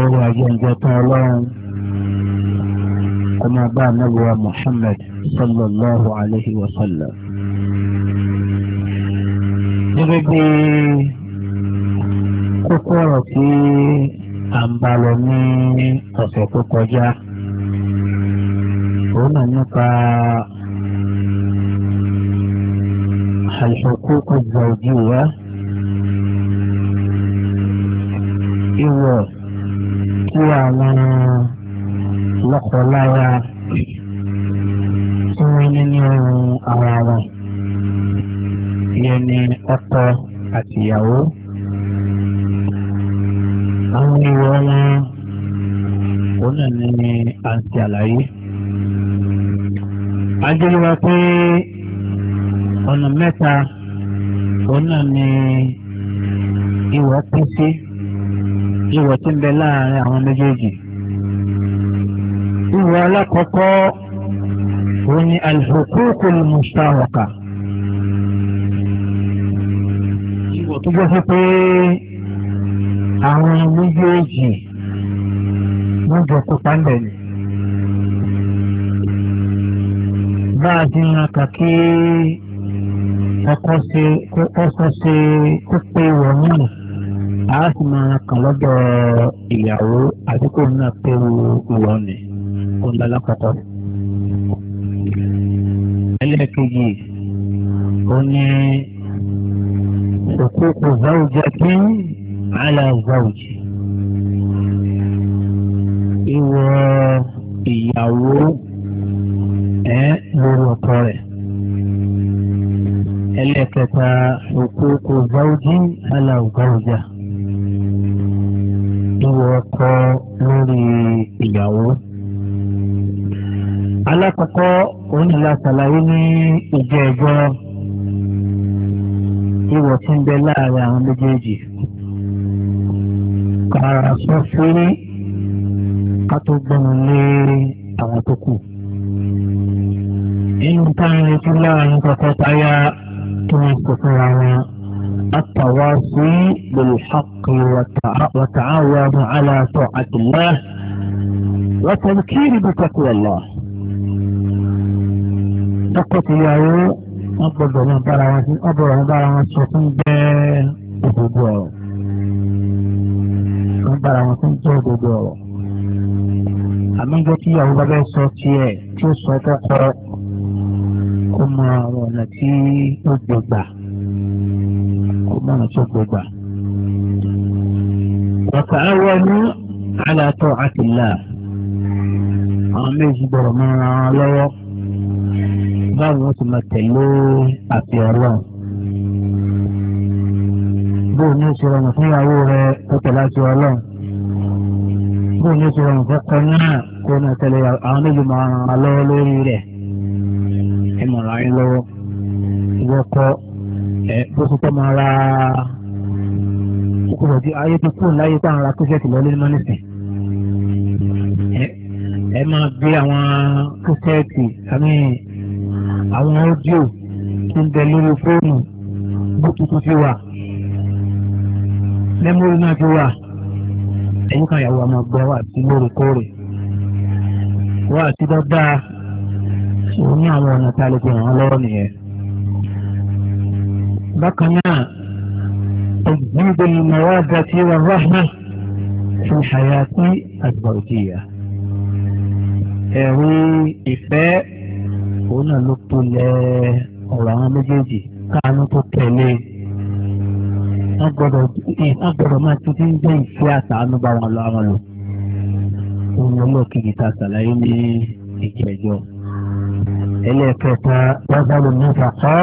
orí ajẹ́njẹ́ta ọlọ́run kó máa bá anábùwà Muhammad sallallahu alayhi wa sallam. níbi bí kókó ọ̀rọ̀ tí à ń bá lọ ní ọ̀sẹ̀ tó kọjá òun náà nípa al-huquq az-zawjiyya sí àwọn lọ́kọ̀ọ́lára tí wọ́n nínú ara wọn ìyẹn ni ọkọ àtìyàwó àwọn ìwọ wọn òun náà ní àǹtí àlàyé. ajẹ́lẹ́wà pé ọ̀nà mẹ́ta òun náà ní ìwọ pín sí ìwọ̀ tí ń bẹ láàrin àwọn méjèèjì. ìwọ̀ alákọ̀ọ́kọ́ òun ni alhuququ almushtaraka. ìwọ̀ tó jẹ́ pé àwọn méjèèjì wọ́n jọ kópa ń ni. bá ti yan kàkí ọkọ ṣe kó pé ìwọ̀ nínú a sì máa kàn lọ́dọ̀ ìyàwó àti kò ní àpérò ìwọ ni kò ń lọ kọ̀kọ́. ẹlẹ́ẹ̀kejì ó ní òkúkú zawjatin ala zawji. ìwọ ìyàwó ẹ lórí ọkọ rẹ̀ ẹlẹ́kẹta òkúkú zawji ala zawja kọ́ lórí ìyàwó. alákọ̀ọ́kọ́ òun ni lásàlàyé ní ìjẹ́ ẹ̀gbọ́ ìwọ̀ tí ń bẹ láàrin àwọn méjèèjì. kàrà sọ fúrí ká tó gbọ́n lé àwọn tó kù. inú táwọn ẹni tó láàrin kọ̀ọ̀kan táyà tó ń sọ fúnra wọn. التواصي بالحق وتعاون على طاعة الله وتذكير بتقوى الله تقوى الله أبدا أبو برعاتي أبدا ما برعاتي صوتين بأبدا ما برعاتي جودو أبو tí ìyàwó bá أبو sọ tiẹ̀ tí ó sọ tó kọ́ kó mọ àwọn ọ̀nà máa sọ̀kò gbà. Bàtà àwọn ní àlàtọ̀ àtìlá. Àwọn méjì bọ̀rọ̀ máa ràn án lọ́wọ́. Báwo wọ́n ti máa tẹ̀lé àti ọlọ́run? Bóò ní ìṣòro ọ̀nà fún ìyàwó rẹ̀ tó tẹ̀lé àti ọlọ́run? Bóò ní ìṣòro ọ̀nà fọ́kọ náà kó náà tẹ̀lé àwọn méjì máa lọ́wọ́ lórí rẹ̀? Ẹ mọ̀ràn án lọ́wọ́. Ìwọ́kọ̀ bó tún kọ́ máa ra kókó rẹ̀ bí ayé tó kúrò láyé tó àwọn ra kóṣẹ́ẹ̀tì lọ́lé ní mọ́nísì ẹ máa gbé àwọn kóṣẹ́ẹ̀tì àmì àwọn ọ́díò tó ń bẹ lórí fóònù bó tuntun ti wà mẹ́mórì náà ti wà ẹ̀yìn kan ìyàwó àmọ́ gbọ́ wà sí lóòrèkóòrè wà sí dáadáa òun ní àwọn ọ̀nà tá a lè fi ràn án lọ́wọ́ nìyẹn bákan náà تجديد المودة والرحمة في الحياة الزوجية ẹ̀rí ìfẹ́ òun náà ló pilẹ̀ ọ̀rọ̀ àwọn méjèèjì káàánú tó tẹ̀lé wọ́n gbọ́dọ̀ máa ti ti ń jẹ́ ìfẹ́ àtàánú bá wọn lọ àwọn lò òun ló lọ́ọ́ kejì ta ṣàlàyé ní ìjẹ́jọ́ ẹlẹ́ẹ̀kẹta bàbá lòun ní ìfàkọ́.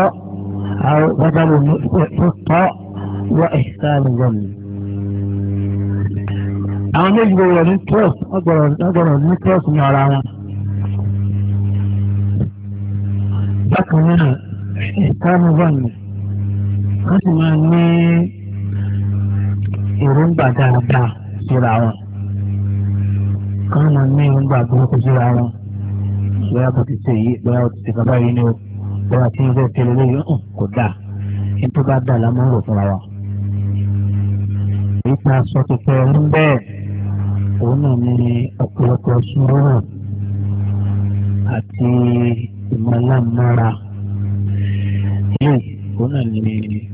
أو بدل حق وإحسان ظن àwọn méjì ló wọ ní trust ọgbọ̀rọ̀ ní trust ní ara wọn bákan náà ìtànù bọ́ọ̀nù wọ́n sì máa ní èròǹgbà dáadáa síra wọn kọ́nà ní èròǹgbà burúkú síra wọn bóyá kò ti ṣe yìí bóyá kò ti ṣe bàbá yìí ni o bọ́ra tí wọ́n fẹ́ tẹ́lẹ̀ lórí hàn kò dáa nítorí bá dáa la máa ń rò fúnra wa. ìta sọ ti fẹ́ ń bẹ́ẹ̀ òun náà ní ọ̀pọ̀lọpọ̀ sùúrù àti ìmọ̀lámọ́ra. ilé òun náà ní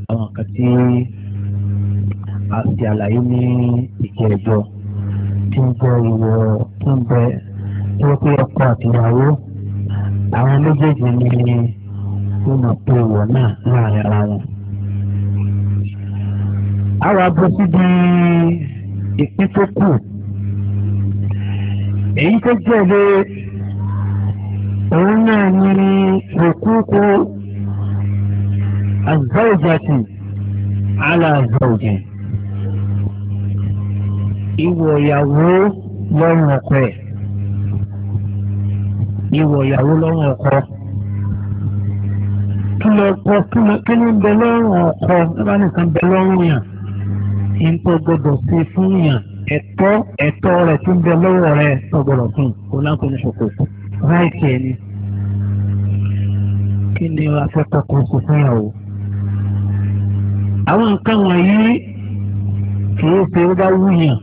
àwọn kan tí a ti àlàyé ní ìjẹ́jọ́ tí ń bẹ ìwọ̀ tí ń bẹ tí wọ́n pé ọkọ àtìyàwó àwọn méjèèjì ní wọ́n máa tó wọ̀ náà láàrin ara wọn. ara bọ́ síbi ìpín tó kù èyí tó jẹ́lé òun náà ní òkúkú azọ́ọ̀jàtì aláàzọ́ọ̀jì ìwọ̀ ìyàwó lọ́rùn ọkọ ìwọ̀ ìyàwó lọ́rùn ọkọ kí lọ kọ kí ló ń bẹ lọ́rùn ọkọ nígbà nìkan bẹ lọ́rùn yàn ń tó gbọdọ̀ sí fún yàn ẹ̀tọ́ ẹ̀tọ́ rẹ̀ tó ń bẹ lọ́wọ́ rẹ̀ tó gbọdọ̀ fún kó láǹkó ní ṣòkò ráìtì ẹni. kí ni afẹ́kọ̀ọ́ kan sọ fún yàwó. àwọn nǹkan wọ̀nyí kì í ṣe ó bá wúyàn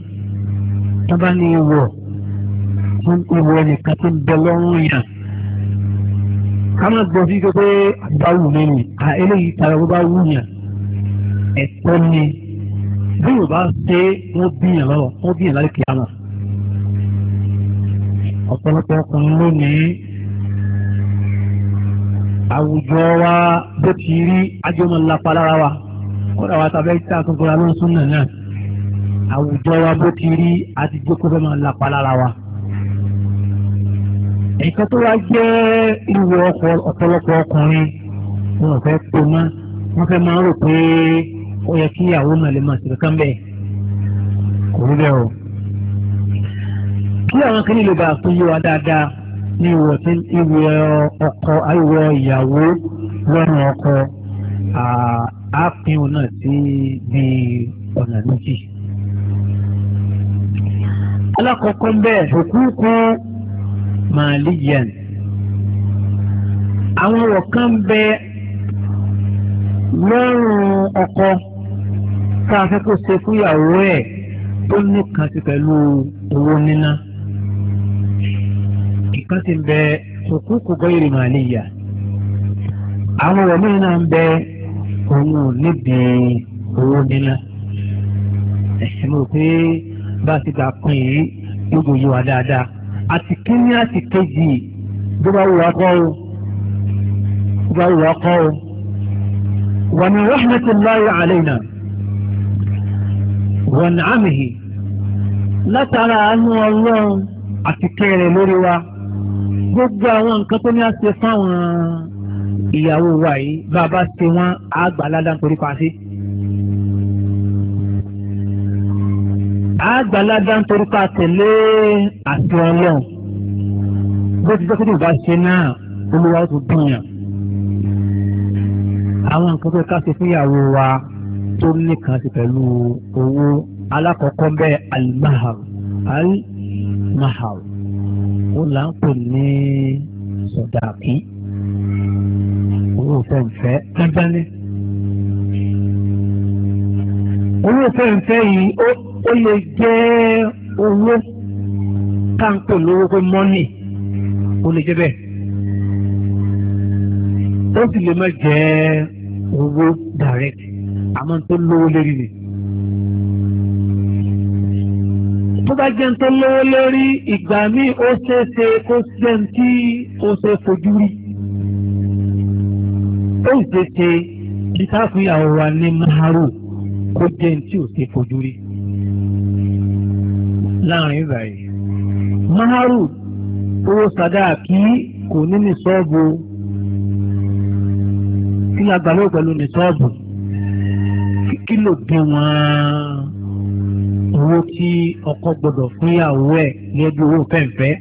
tó bá ní ìwọ̀ ìwọ̀ nìkan tó ń bẹ lọ́rùn yàn ká má gbọ́ sí pé àbáwù nínú à eléyìí tara bó bá wù yàn ẹ̀tọ́ ni bí yóò bá ṣe wọ́n bíyàn lọ́wọ́ wọ́n bíyàn láì kí á mọ̀ ọ̀pọ̀lọpọ̀ ọkùnrin lónìí àwùjọ wa bó ti rí ajọmọ ńlapa lára wa kódà wa tàbí tá a tún kóra ló ń sún náà náà àwùjọ wa bó ti rí àti jókòó fẹ́ máa ńlapa wa nǹkan tó wá jẹ́ ìwọ ọ̀pọ̀lọpọ̀ ọkùnrin wọn fẹ́ tó mọ́ wọn fẹ́ máa rò pé ó yẹ kí ìyàwó náà lè máa ṣe kankan bẹ́ẹ̀ kò rí bẹ́ẹ̀ o. kí àwọn kan nílò bá a fún yíwa dáadáa ní ìwọ tí ìwọ ọkọ ìwọ ìyàwó lọ́rùn ọkọ àápinnu náà sí bí ọ̀nà méjì. alákọ̀ọ́kọ́ bẹ́ẹ̀ òkú kún màálíyàn àwọn ọ̀rọ̀ kan bẹ lọ́rùn ọkọ tá a fẹ́ kó ṣe fúyàwó ẹ̀ tó nìkan ti pẹ̀lú owó níná ìkan ti bẹ òkúkú gọ́yìrì màálíyà àwọn ọ̀rọ̀ mìíràn ń bẹ òun ò níbi owó níná ẹ̀sìn mọ̀ pé bá a ti gbà pín in yóò gbòòyò wa dáadáa. àti kíní àti kejì bó bá wù akọ́ o bó bá wù akọ́ o wa min rahmatullahi alayna wa ni'amihi látara àánú ọlọ́run àti kẹrẹ lórí wa gbogbo àwọn nǹkan tó ní àṣẹ fáwọn ìyàwó wa yìí ṣe wọn àgbà ládàá nítorí àgbàládá ń torí pa tẹ̀lé àti ọlọ́run bó ti dọ́kítà ìbá ṣe náà olúwa ó tún dùnyàn. àwọn nǹkan tó ká ṣe fúnyàwó wa tó nìkan ṣe pẹ̀lú owó alákọ̀ọ́kọ́ bẹ́ẹ̀ alimahar alimahar ó là ń pè ní sọ̀dàkí owó fẹ́ǹfẹ́ tẹ́ńtẹ́ńlẹ́ owó fẹ́ǹfẹ́ yìí ó ó lè jẹ́ owó táǹkò lówó pé mọ́nì ó lè jẹ́ bẹ́ẹ̀ ó sì lè má jẹ́ owó direct àmọ́ tó lówó lérí ni. tó bá jẹun tó lówó lérí ìgbà míì ó ṣeéṣe kó jẹun tí ó ṣe fojú rí ó ṣeéṣe kí sáfù ìyàwó ní maharu kó jẹun tí ó ṣe fojú rí láàrin báyìí maharu owó sàdáàkì kò ní ní sọ́ọ̀bù kí la gbàlọ́ pẹ̀lú ní sọ́ọ̀bù kí ló dé wọn owó tí ọkọ gbọ́dọ̀ fún ìyàwó ẹ̀ lẹ́bi owó fẹ́ǹfẹ́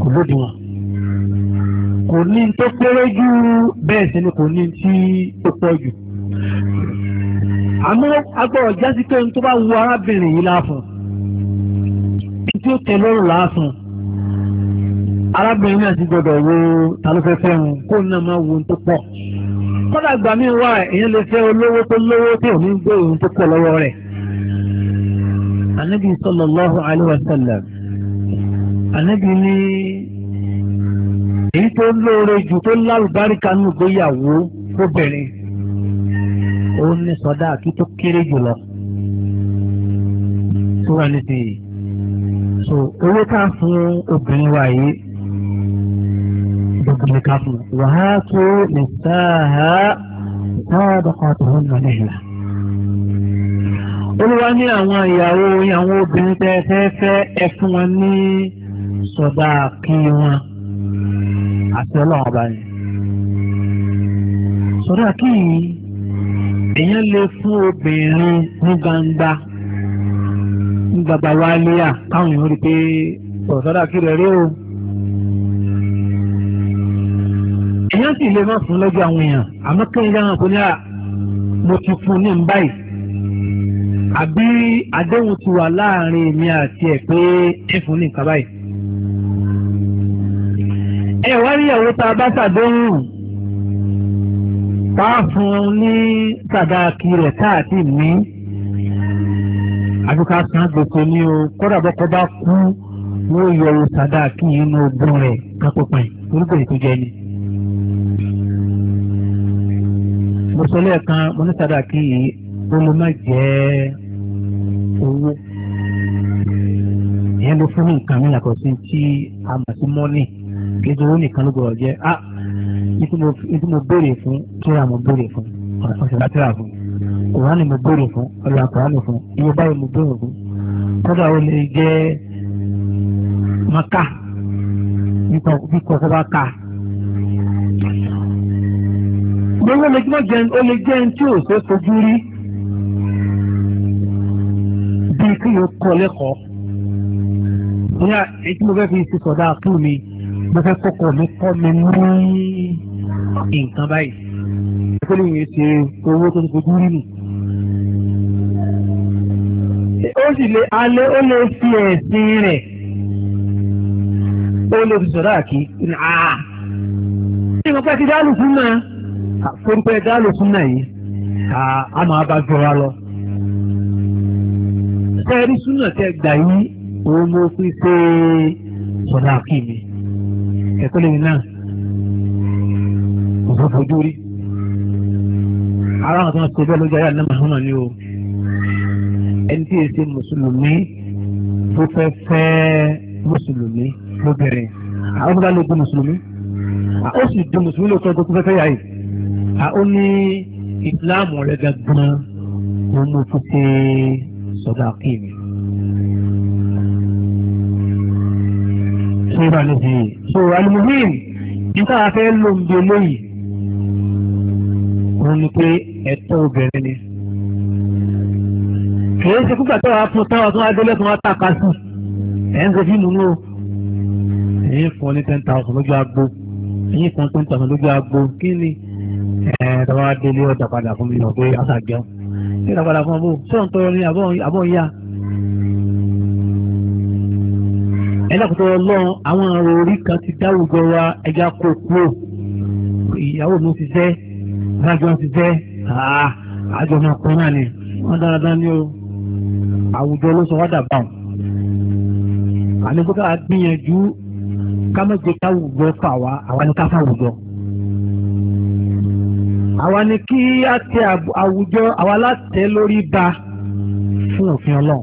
kò lóde wọn kò ní tó kéré jù bẹ́ẹ̀ sì ni kò ní tí ó pọ̀ jù àmọ́ agbọ́rọ̀ jásí pé n tó bá wu arábìnrin yìí láàfọ̀ tí ó tẹ lọ́rùn láàfún arábìnrin náà ti gbọdọ̀ wo ta ló fẹ́ fẹ́ wọn kó náà máa wo ohun tó pọ̀ kọ́dà gbà mí wá èèyàn lè fẹ́ olówó tó lówó tí ò ní gbé ohun tó pọ̀ lọ́wọ́ rẹ̀ anabi sallallahu alayhi wa anabi ní èyí tó lóore jù tó lálùbáríkà nù gbéyàwó obìnrin òun ní sọdá àti tó kéré jùlọ tó wà nísìnyí so owó ká fún obìnrin wa yìí gbogbo ní ká fún wàhálà tó lè sáà sáàbàkọ̀ tó ń lọ nílà. olúwa ní àwọn ìyàwó yín àwọn obìnrin tẹ́ ẹ fún wọn ní sọ̀dá kí wọn àti ọlọ́run ọba yìí. sọ̀dá kí èèyàn lè fún obìnrin ní gbangba ní bàbá wa léyà káwọn èèyàn rí pé ọ̀rọ̀ sọ́dà kí rẹ̀ rí o. èèyàn sì lè má fún lọ́jọ́ àwọn èèyàn àmọ́ kéèyàn dáhùn kó ní à mo ti fún ní n báyìí àbí àdéhùn ti wà láàrin èmi àti ẹ̀ pé ẹ fún ní nǹkan báyìí. ẹ wá rí ìyàwó tá a bá ṣàdéhùn tá a fún un ní sàdáàkì rẹ̀ káàtì mí àdúgbò kan gbèsè ní o kódà bọ́kọ bá kú wọ́n yọ owó sàdá kí inú ogún rẹ̀ kápẹ́ pẹ̀ orúkọ ètò jẹ ni. mo sọ lẹ́ẹ̀kan mo ní sàdá kí yìí ó ló má jẹ́ owó ìyẹn ló fún mi nǹkan mi yàtọ̀ sí tí a mọ̀ sí mọ́nì kéde owó nìkan ló gbọ́dọ̀ jẹ́ ah ní tí mo béèrè fún kí ni a mọ̀ béèrè fún ọ̀sẹ̀ láti rà fún kùránì mo béèrè fún ọlá kùránì fún iye báyìí mo béèrè fún kódà ó lè jẹ́ maka bí kọ̀ọ̀kan bá ka. gbogbo lè jẹ́ ó lè jẹ́ tí ò ṣe fojú rí bíi kí yóò kọ́ lẹ́kọ̀ọ́ bóyá èyí mo fẹ́ fi ṣe sọ̀dá fún mi mo fẹ́ kọ́kọ́ mi kọ́ mi ní nǹkan báyìí. ìpínlẹ̀ yìí ṣe owó tó ń fojú rí nù. ó sì lè alẹ́ ó lè fi ẹ̀sìn rẹ̀ ó lè fi sọ̀rọ̀ àkí ṣé ìwọ́n pẹ́ ti dálù fún náà forúkọ ẹ̀ dálù fún náà yìí a máa bá jọra lọ. sẹ́ẹ̀rí súnà tẹ gbà yìí òun mo fi ṣe sọ̀rọ̀ àkí mi ẹ̀kọ́ lè náà ara àwọn tó ń sọ bẹ́ẹ̀ ló jẹ́ àyà náà hàn o. ẹni tí èsì mùsùlùmí tó fẹ́ fẹ́ mùsùlùmí lóbìnrin àwọn tó bá lè di mùsùlùmí ó sì di mùsùlùmí lóòótọ́ tó fẹ́ fẹ́ yà yìí ó ní ìsìláàmù rẹ̀ gangan ló mú fún ṣe sọ̀dọ̀ àkíyèmí. sura nuhi so alimuhim nígbà afẹ́ ló ń bi eléyìí òun ni pé ẹ̀tọ́ obìnrin ni kìí ṣe kúgbà tó wà fún táwọn tó wá délé tó wá tàka sí ẹ̀ ń gojú nínú o èyí fún ní ten thousand lójú agbo èyí fún ten thousand lójú agbo kí ni ẹ̀ tó wá délé ọ̀dà padà fún mi lọ pé àṣà jẹun ṣé ìdá padà fún ọmọ sọ̀rọ̀ tó rin àbọ̀ ìyá ẹlẹ́kùtọ̀ ọlọ́run àwọn ọ̀rọ̀ orí kan ti dáwùjọ wa ẹja kó kúrò ìyàwó mi ti fẹ́ ìdájọ́ ti fẹ́ àjọ náà ni wọ́n dáradára ní o àwùjọ ló sọ wá dà báwọn. àmì kó káà gbìyànjú ká má jẹ káwùjọ fà wá àwa ni ká fàwùjọ. àwa ni kí á tẹ àwùjọ àwa látẹ lórí ba fún òfin ọlọ́run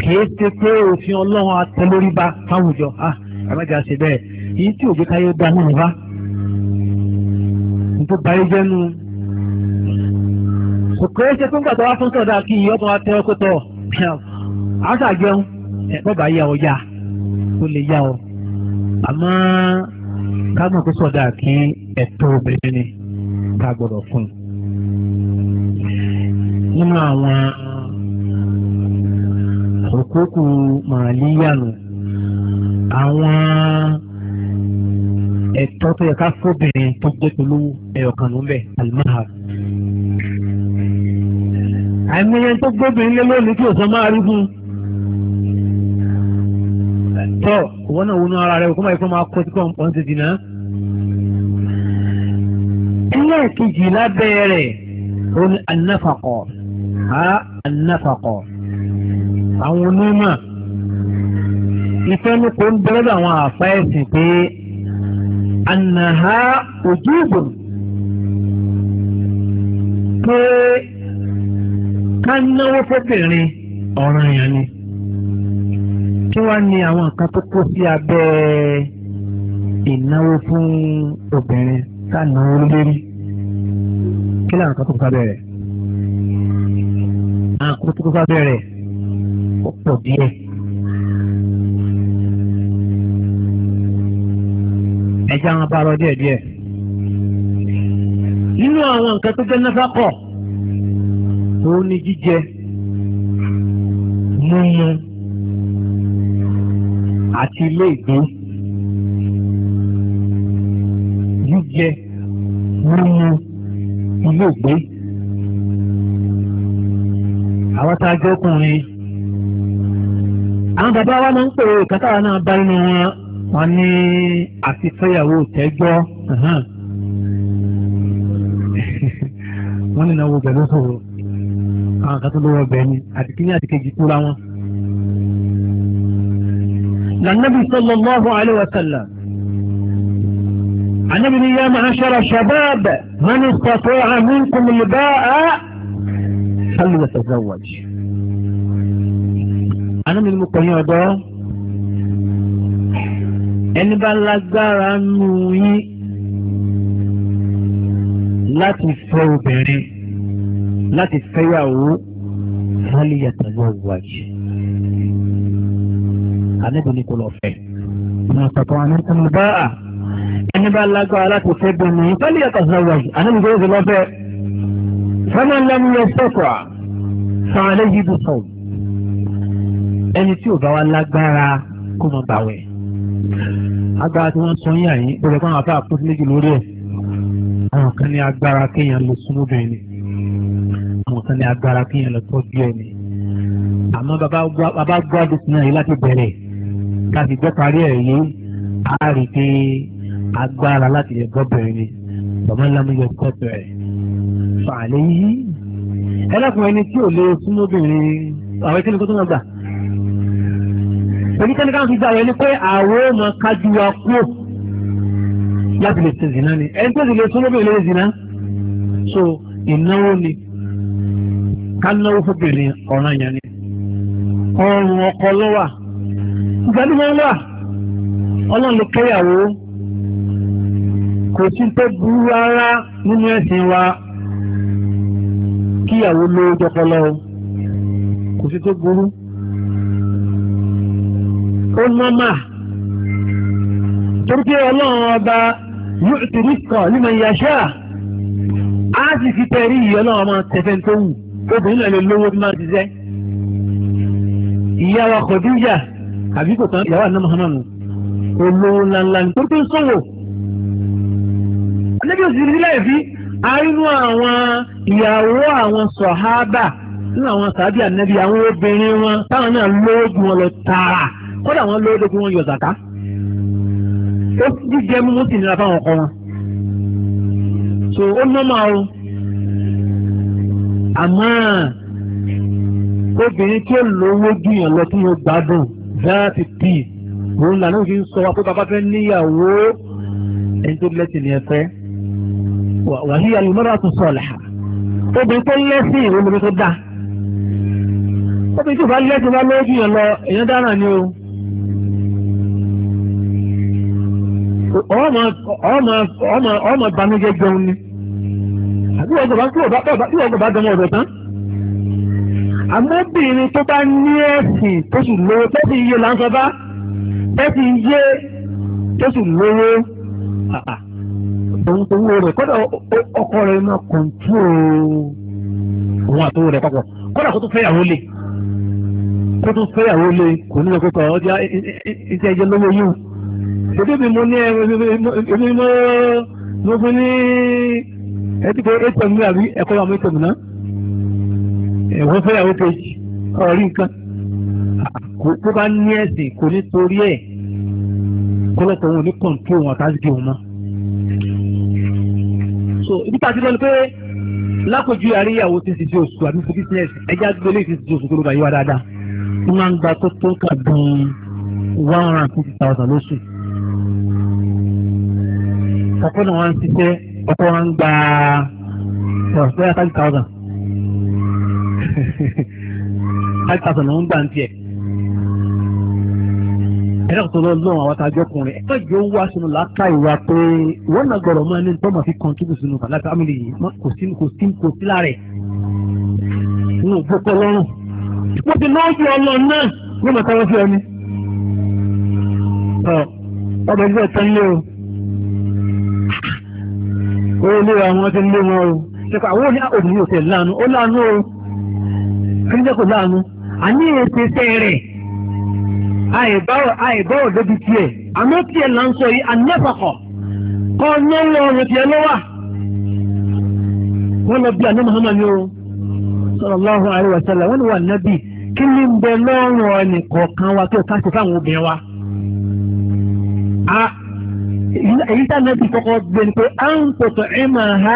kìí ṣe pé òfin ọlọ́run atẹ lórí ba fáwùjọ ah ẹ má jà ṣe bẹ́ẹ̀ èyí tí òjò káyé dá náà wá nítorí báyé jẹ́nu kò é ṣe tó ń gbàtọ́ wá fún sọ̀dá kí iye ọkùnrin atẹ́ ọkọ̀ tọ̀ àṣà jẹun bọ́bà yà ọ yá ó lè yá ọ àmọ́ ká mọ̀ pé sọ̀dá kí ẹ̀tọ́ obìnrin ni ká gbọ́dọ̀ fún un nínú àwọn òkúkú màálíyànù àwọn ẹ̀tọ́ tó yẹ ká fóbìnrin tó jẹ́ pẹ̀lú ẹ̀yọ̀kan ló ń bẹ̀ alimahar àìmọye tó gbóbìnrin lé lónìí kí òsán máa rí fún un. tọ́ ìwọ náà wọnú ara rẹ̀ kó máa kó máa kó tí kò ti dìnnà. ẹlẹ́ẹ̀kejì lábẹ́ rẹ̀ ó ní anáfàkọ̀ á anáfàkọ̀ àwọn onímọ̀ ìfẹ́nukò ń bẹ́rẹ̀ àwọn àfa ẹ̀sìn pé ànàhà òjúbò pé ká náwó fóbìnrin ọ̀ràn yẹn ni kí wàá ní àwọn nǹkan tó kó sí abẹ́ ìnáwó fún obìnrin ká náwó lórí kí làwọn kan tó kó sábẹ́ rẹ̀ àwọn kan tó kó sábẹ́ rẹ̀ ó pọ̀ díẹ̀. ẹ̀jẹ̀ àwọn abárọ̀ díẹ̀díẹ̀ nínú àwọn nǹkan tó jẹ́ náfà kọ̀. bò ó ní jíjẹ mímu àti ilé ìgbé jíjẹ mímu ilé ìgbé àwọn a jẹ́ na àwọn bàbá wa máa ń pè àwọn kan tó lówó ọbẹ̀ ni àti kíní àti kejì kúra wọn. lànàbí sallallahu alaihi wa sallam ànábì ní yá ma'ashara shabab man istata'a minkum al-ba'a falyatazawwaj. ànábì ní mo kàn yín ọ̀dọ́ ẹni bá lágbára nù yín láti fẹ́ obìnrin. láti fẹ́yàwó fálíyàtọ̀ lọ wájú. Àlejò ni kò lọ fẹ́. Mọ̀tàkùn àná ti mú bá a. Ẹni bá lágbára láti fẹ́ bẹ̀rẹ̀ fálíyàtọ̀ lọ wájú. Àlejò kò lọ fẹ́. Fẹ́mi lẹ́nu yẹ sọ́kọ̀ à. Sàn alẹ́ yìí bù sọ̀rọ̀. Ẹni tí ò bá wa lágbára kó mọ bàwẹ̀. Agbára tí wọ́n sọ yín àyín, ó kọ́ àwọn afẹ́ àkóso méjì lórí ẹ̀. Àwọn kan ní agbára kéèyàn lè súnmọ́ bẹ̀rẹ̀ ni kan ní agbára kí yẹn lọ tọ́jú ẹni. àmọ́ bàbá gbọ́ àdùkú náà yìí láti bẹ̀rẹ̀ láti gbọ́ parí ẹ̀ yìí á rí pé agbára láti lè gbọ́ bẹ̀rẹ̀ ni bàbá ńlá mi yọ tọ́jú ẹ̀. fàlẹ́ yìí ẹlẹ́kùnrin ẹni tí ò lè súnmọ́bìnrin àwọn ìkíni tó tó wọn gbà. oníkẹ́ni káwọn fi gbà yẹn ni pé àwọn ọmọ kájú wa kú láti lè ṣe zìnà ni ẹni tó sì lè súnmọ́bìnrin lè zìnà so ìnáwó ni kánáwó fóbìnrin ọ̀ràn yẹn ni ọrụ ọkọ ló ọlọ́run ló kẹ́yàwó kò sí tó burú rárá nínú ẹ̀sìn wa kíyàwó ló jọpọ kò sí tó burú ó nọ́mà torí pé ọlọ́run ọba yóò ti rí á sì fi ìyọ́ obìnrin náà lè lówó bí máa ṣiṣẹ́ ìyá wa Khadija àbí kò tán ìyàwó àná Muhammadu olówó ńláńlá ní tó tó ń sọ̀wọ̀ anábì òsì ní láì fi àínú àwọn ìyàwó àwọn sọ̀hábà nínú àwọn sàbí ànábì àwọn obìnrin wọn táwọn náà lówó ju wọn lọ tààrà kódà wọn lówó ju wọn yọ zàká ó jíjẹ mú mú sì nira fáwọn ọkọ wọn so ó nọ́mà o àmọ́ obìnrin tí ó lówó jùyàn lọ tí yóò gbádùn láti tì òun lànà òfin sọ wa pé bàbá fẹ́ níyàwó ẹni tó lẹ́sìn ni ẹ fẹ́ wàhí alùmọ́ra tó sọ̀lá obìnrin tó lẹ́sìn ìwé lóbi tó dá obìnrin tó bá lẹ́sìn bá lówó jùyàn lọ èèyàn dára ni o. ọmọ ọmọ ọmọ ọmọ ìbànújẹ́ jẹun ni àbí wọn kò bá dánwò ọ̀dọ̀ tán. àmọ́bìnrin tó bá ní ẹ̀sìn tó sì lówó tó sì yé láńsọ bá tó sì yé tó sì lówó òun tó wúwo rẹ̀ kọ́dọ̀ ọkọ rẹ̀ máa kọ̀ǹtúrò òun àtòwò rẹ̀ papọ̀ kọ́dọ̀ kó tó fẹ́yàwó lè kó tó fẹ́yàwó lè kò ní ọkọ̀ tọ̀ ọjà iṣẹ́ ẹjẹ́ lówó yìí ṣètò bí mo ní ẹ mo fún ní ẹ ti fẹ́ eight hundred àbí ẹ̀kọ́ àwọn eight hundred náà ẹ̀wọ́n fẹ́ àwọn kejì ọ̀rí nǹkan kó bá ní ẹ̀sìn kò ní torí ẹ̀ kọ́lọ́pọ̀ wọn ò ní kọ̀ǹtó wọn àtàzìkì wọn mọ́. so ibi tá a ti lọ ni pé lákòjú àríyàwó ti ṣiṣẹ́ oṣù àbí fún bísíǹnẹ̀sì ẹja gbélé ti ṣiṣẹ́ oṣù tó ló bá yí wa dáadáa wọ́n máa gba tó tó kà gan one hundred and fifty thousand lóṣù. ọ̀pọ̀ náà wọ́n ń ṣiṣẹ́ ọkọ̀ wọn gba ọ̀sẹ̀ thirty thousand thirty thousand ló ń gbà ń tiẹ̀ ẹ̀rọ tó lọ lọ́wọ́ àwọn tá a jọkùnrin ẹ̀ka jọ ń wá sínú làákà ìwà pé wọ́n náà gbọ́dọ̀ máa ní tọ́mọ̀ fi kọ́ńtúbù sínú bàlá fámìlì yìí kò sí kò sí kò sí lára ẹ̀ nínú gbọ́kọ́ lọ́rùn wọ́n ti náà fi ọlọ́ náà wọ́n mọ̀ tọ́wọ́ fi ẹni. ọ̀bẹ̀ ìgbà ìtàn lé o. bóyá ilé ra wọn ti lé wọn o ṣẹpẹ àwọn òní àkòdì ní òtẹ láàánú ó láàánú o kí ní jẹ́ kó láàánú àní ètè sẹ́ rẹ̀ àìbá a débi tiẹ̀ àmọ́ tiẹ̀ là ń sọ yìí ànẹ́fàkọ̀ kọ́ náwó ọrùn tiẹ̀ lọ́wà wọ́n lọ bí àná Muhammad ni o sallallahu alaihi wasallam wọ́n wà nábì kí ń bẹ lọ́rùn ọ̀nì kọ̀ọ̀kan wa ká èyí tá nàbì kọ́kọ́ gbé ni pé à ń tọ̀tọ̀ ẹ̀ máa ha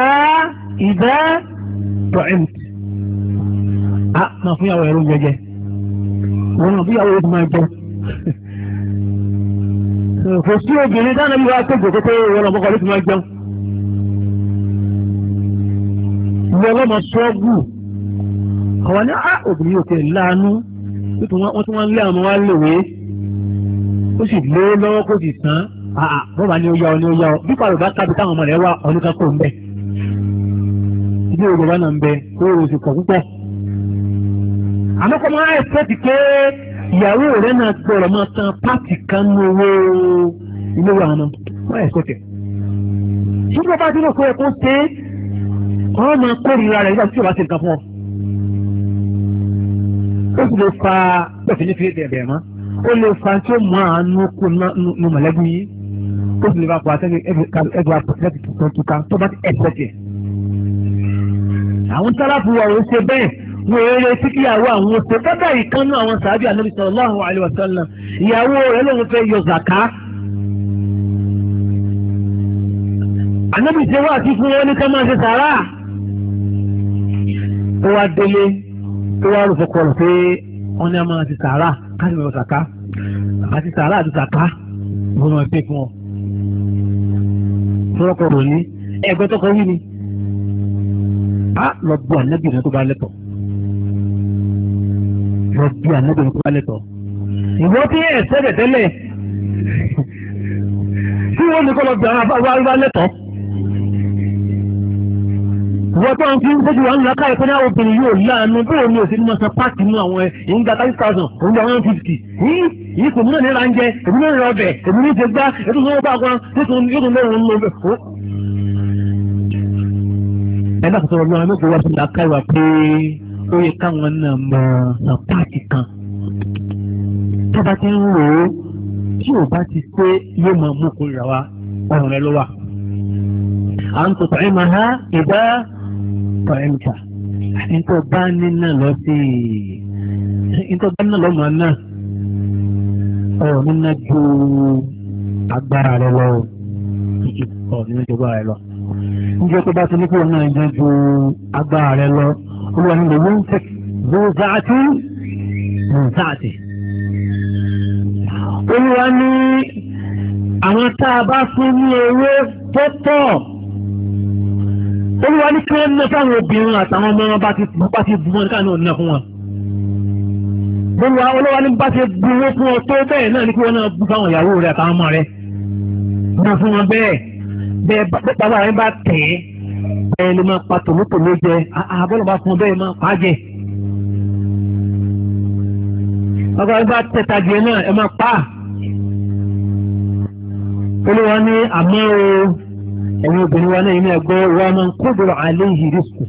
ìdá tọ̀ ẹ̀ mùtì. a máa fún yàwó ẹ̀rọ jẹjẹ wọn náà fún yàwó ẹ̀rọ máa jẹ. kò sí obìnrin tá nàbì wàá kéjọ pé wọn náà mọ́kànlá fún máa jẹun. ìwọ lọ́mọ sọ́ọ̀gù àwọn ní á ah, obìnrin òkè lánú wọ́n tún wá ń lé àwọn wá lèwe ó sì lé lọ́wọ́ kó sì tán. Ah, ah, bọ́ọ̀bà ni ó yá ọ ni ó yá ọ bí pàrọ̀ bá kábi táwọn ọmọ rẹ̀ wá ọ̀nìkan kò ń bẹ̀. ilé ìwé bàbá náà ń bẹ kó o sì pọ̀ púpọ̀. àmọ́kọ́ máa ń pẹ́ẹ́tì pé ìyàwó rẹ̀ náà gbọ́dọ̀ máa tan pàtì kan ní owó ilé wa náà wọ́n ẹ̀ sọ́tẹ̀. ṣùgbọ́n bá dín kó ẹ kó ṣe é wọ́n máa kórìíra rẹ̀ nígbà tí ìwà ṣe nǹkan fún ọ. ó sì lè fa pẹ̀fẹ́ ní fi ó lè fa tí ó mọ àánú kó nu mọ̀lẹ́bí yìí ó sì lè máa pọ̀ àtẹ́gbẹ́ ẹgbẹ́ àpọ̀tẹ́tì tuntun tuka tó bá ti ẹ̀sẹ̀ tẹ̀. àwọn sáláfù wa ò ṣe bẹ́ẹ̀ wọ́n eré tí kíyàwó àwọn oṣù kọ́dà ìkànnú àwọn sàábì ànábì sallallahu alaihi wasallam ìyàwó rẹ̀ lòun fẹ́ yọ zàká. ànábì ṣe wá àti fún wọn ní ká máa ṣe sàrà. ó wá délé tó wá rò fọkọrọ pé wọn ní a máa ṣe sàrà ká lè yọ zàká àti sàrà àti zàká wọn máa pè fún ọ tọ́kọ̀ rò ní ẹgbẹ́ tọ́kọ̀ wí ni a lọ bu ànábì rẹ tó bá lẹ́tọ̀ lọ bu ànábì rẹ tó bá lẹ́tọ̀ ìwọ tí ẹ̀ sẹ́dẹ̀ tẹ́lẹ̀ tí wọ́n ní kọ́ lọ àwọn abáwá lẹ́tọ̀ọ́ wọ́n tó ń fi ń fojú wọn lọ́ka ẹ̀kọ́ náà obìnrin yóò láàánú bóò ní òsínú mọ́sán páàkì nínú àwọn ìgbà thirty thousand òun gba one fifty yìí yìí kò múlò nílà ń jẹ èmi ní ìrìn ọbẹ̀ èmi ní ìṣègbà ètò ìṣòwò bá wọn tó tún yóò tún lóun lò ó. ẹ dákun sọ̀rọ̀ lọ́wọ́ mẹ́kọ̀ọ́ wá sí làákà ìwà pé ó yẹ káwọn náà mọ san páàkì kan tó bá ti ń rò ó tí ò bá ti pé yóò máa mú kó ìràwá ọ̀rùn rẹ lọ́wọ́ à ń tọ̀tọ̀ ẹ̀ máa ha ìdá kọ̀rẹ́ǹtà nítorí bá ní náà lọ sí nítorí bá náà lọ́mọ náà ọ̀rọ̀ nínú ju agbára rẹ lọ ọ̀ nínú ju agbára rẹ lọ. níjẹ́ tó bá ti ní kúrò náà jẹ́ ju agbára rẹ lọ olúwa ni wọ́n fẹ́ bó zaati bó zaati. olúwa ni àwọn tá a bá fún ní ewé tó tọ̀ olúwa ní kí wọ́n ná fáwọn obìnrin àtàwọn ọmọ wọn bá ti bu wọn káà náà ná fún wọn olúwa olúwa ní bá ti bu wọn fún ọ tó bẹ́ẹ̀ náà ní kí wọ́n náà bu fáwọn ìyàwó rẹ̀ àtàwọn ọmọ rẹ̀ ná fún wọn bẹ́ẹ̀ bẹ́ẹ̀ bàbá rẹ̀ bá tẹ̀ ẹ́ bẹ́ẹ̀ ló máa pa tòlótòló jẹ àbọ̀lọ̀ bá fún ọ bẹ́ẹ̀ máa pa jẹ. bàbá rẹ̀ bá tẹ̀ tajẹ náà ẹ máa pa á olúwa àmọ́ ẹ̀yin obìnrin wa náà yìí náà gbọ́ wa máa ń kóbòrò àlẹ́ ìhìrì kù.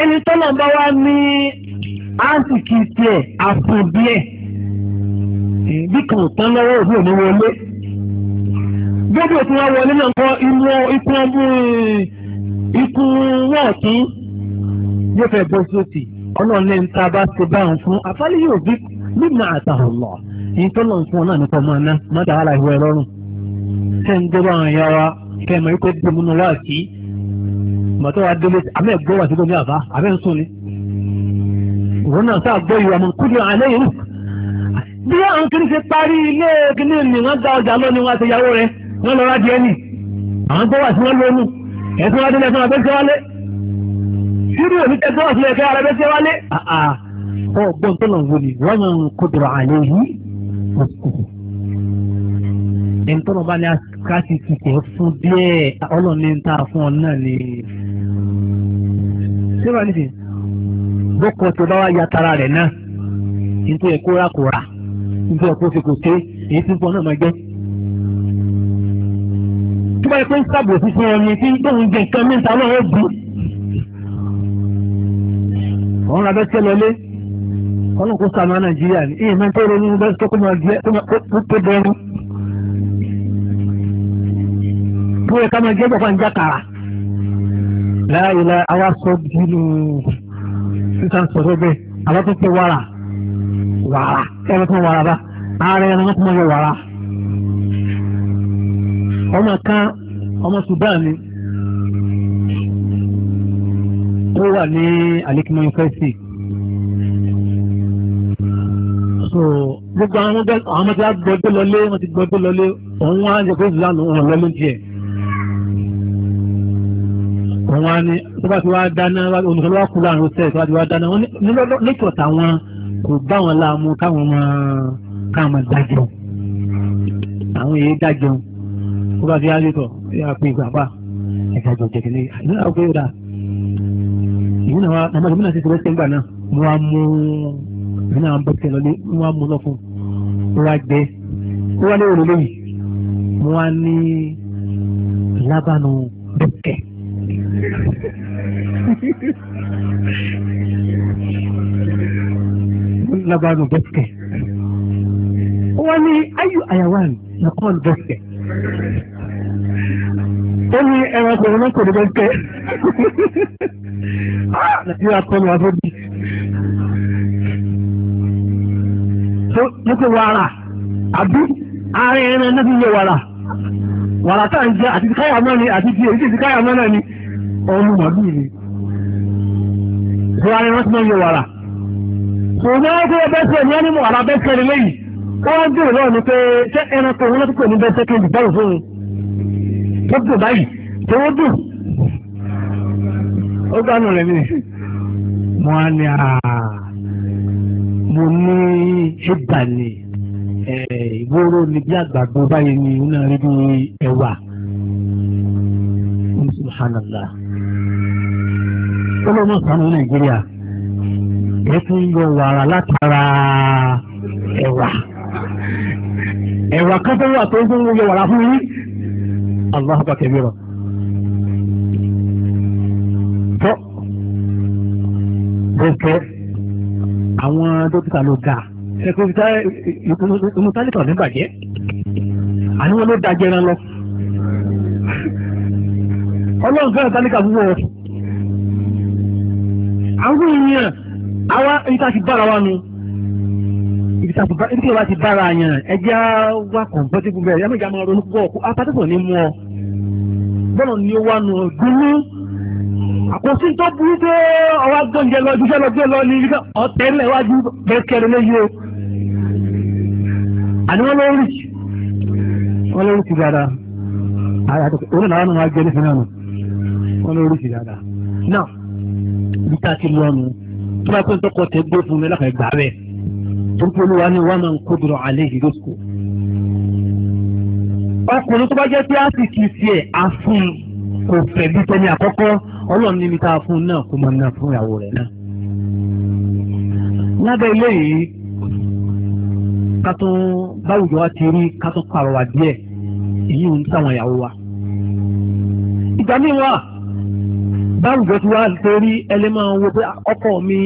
ẹni bá wá ní tiẹ̀ bí kan tán lọ́wọ́ òbí òní wọlé. wọlé náà kọ́ inú ikú ọdún ikú yóò fẹ́ bọ́ sóòtì a bá ṣe báyìí fún afálẹ́ yóò bí nígbà àtàwọn lọ. ìyẹn tọ́lọ̀ ń fún ọ náà nípa ọmọ náà tẹ́ ń gbọ́ àwọn ẹ̀yà wa kẹ́ ẹ̀ mọ̀ wípé bí mo nù wá sí màtọ́ wa délé àmì ẹ̀gbọ́ wà sí gómìnà àbá àbẹ́ ń sùn ni. òun náà sáà gbọ́ ìwà mọ̀ kúndùn àlẹ́ yìí bí àwọn kiri ṣe parí ilé kíní ni wọ́n gba ọjà lọ ni wọ́n ti yàwó rẹ̀ wọ́n lọ rájì ẹni àwọn gbọ́ wà sí wọn lónù ẹ̀sùn wa délé ẹ̀sùn wa bẹ́sẹ̀ wálé sírù òní tẹ́ gbọ́ sílẹ̀ kẹ́ ẹni tọ́nà bá ní àkáṣí ti tẹ̀ fún díẹ̀ ọlọ́ni ń ta fún ọ náà ni. ṣé wàá nìsín bọ́kọ̀ tó bá wá ya tara rẹ̀ náà nítorí ẹ̀kọ́ rà kò rà nítorí ẹ̀kọ́ fi kò té èyí tí ń fọ náà máa jẹ́. tó bá yẹ pé ń sábò fífún ẹni tí tóun jẹ nǹkan mẹ́ta lọ́wọ́ bí. ọ̀run abẹ́sẹ̀ lọlé ọlọ́run kó sàmà nàìjíríà ní èèyàn máa ń ní bẹ́ẹ̀ tó kó máa gbé tó tó dẹrù. tó yẹ ká máa jẹ́ bọ̀fà ń já kàrà láàyè la àwa sọ bínú sísan sọ̀rọ̀ bẹ́ẹ̀ àwa tó pé wàrà wàrà ẹ̀rọ tó wàrà bá ààrẹ ẹ̀rọ tó máa yọ wàrà. ọmọ kan ọmọ Sudan ni ó wà ní alikimo university so gbogbo àwọn ọmọdé àgbọ̀dé lọlé wọn ti gbọ́dé lọlé òun wá ń jẹ pé ìlànà òun lọlé díẹ̀ àwọn á ní tó bá ti wá dáná oníkan ló wá kú láàrin oṣù tó bá ti wá dáná wọn ní lẹ́kọ̀ọ́ táwọn kò bá wọn láàmú káwọn máa káwọn máa dájọ́ àwọn èyí dájọ́ tó bá ti wá lẹ́kọ̀ọ́ yóò pín ìgbà pa ìdájọ́ jẹ̀kẹ̀lẹ́ àdúrà ó kéwòrà ìwé náà àmọ́ ìwé náà ti sọ̀rọ̀ sẹ́gbà náà mo wá mú ìwé náà bọ́tẹ̀ lọ́lé mo wá mú lọ fún mo wá gbẹ labanu bẹ́tẹ̀ wọ́n ní ayù àyàwán na paul bẹ́tẹ̀ ó ní ẹranko wọn ah, na ní bẹ́tẹ̀ nàìjíríà kọ́ ni wọ́n fẹ́ bí tó lókè wàrà àbí ààrẹ ẹran náà ti yẹ wàrà wàrà tá à ń jẹ àti káyà náà ni àti ti èyí ti káyà náà ni ọmọ màbí ni ṣe wáyé rántí náà yẹ wàrà ṣùgbọ́n wọ́n kó bẹ́sẹ̀ ní ẹni mọ̀ àrà bẹ́sẹ̀ rẹ lẹ́yìn wọ́n dùn lọ́ọ̀ ni pé ṣé ẹranko wọn lọ́tún pè ní bẹ́sẹ̀ kí n dì bẹ́ẹ̀ fún un tó dùn báyìí tó wọ́n dùn ó gbánú rẹ̀ ni mo á ní àá mo ní ìgbà ni ìgboro ni bí àgbàdo báyìí ni ó náà bí ẹwà subhanallah ọlọ́mọ sanu nàìjíríà ẹ tún yọ wàrà látara ẹ̀wà ẹ̀wà kan tó wà tó ń gbóngbó yọ wàrà fún yín allah bá kẹ́mi rọ. tọ́ gbogbo àwọn dókítà ló ga sẹkúrítà ìmútálítọ̀ ní bàjẹ́ àníwọ̀n ló da jẹran lọ ọlọ́run fẹ́ràn tálíkà fún wọn àwọn ènìyàn àwa ìta ti bára wa nu ibi tí ìwà ti bára yàn ẹjẹ́ wa kọ̀ǹpọ́tébù bẹ̀rẹ̀ yàmú ìjà máa ronú púpọ̀ apátẹ́sọ̀ ní mú ọ bọ́ọ̀nà ni ó wà nù dúró àkóso tó burú pé ọwọ́ agbóúnjẹ lọ jíjẹ́ lọ gbé lọ ní ibi ọ̀tẹ́ ńlẹ̀ wájú bẹ́ẹ̀ kẹrin lẹ́yìn o àní wọ́n lórí wọ́n lórí ti dáadáa òun náà wọ́n máa gbé nífẹ̀ẹ́ náà wọ́n lórí ti dáadáa náà níta ti lọ nù tó bá pẹ́ tọkọ tẹ gbé fún mi lọ́kàn gbà bẹ́ẹ̀ tó ń polówó wa ni wọ́n máa ń kó dùrọ̀ alẹ́ yìí lóṣù. ọkùnrin tó bá jẹ́ pé àsìkò tiẹ̀ àfún kò fẹ́ bí tẹ́ni àkọ́kọ́ ọlọ́run níbi tá a fún náà kó máa ná fún ìyàwó rẹ̀ náà. lábẹ́ ilé yìí ká tó báwùjọ wa ti rí ká tó pàrọwà díẹ̀ èyí ń sáwọn ìyàwó wa. ìgbà míì wà báwùjọ tí wàá torí ẹlẹ́ máa ń wo pé ọkọ mi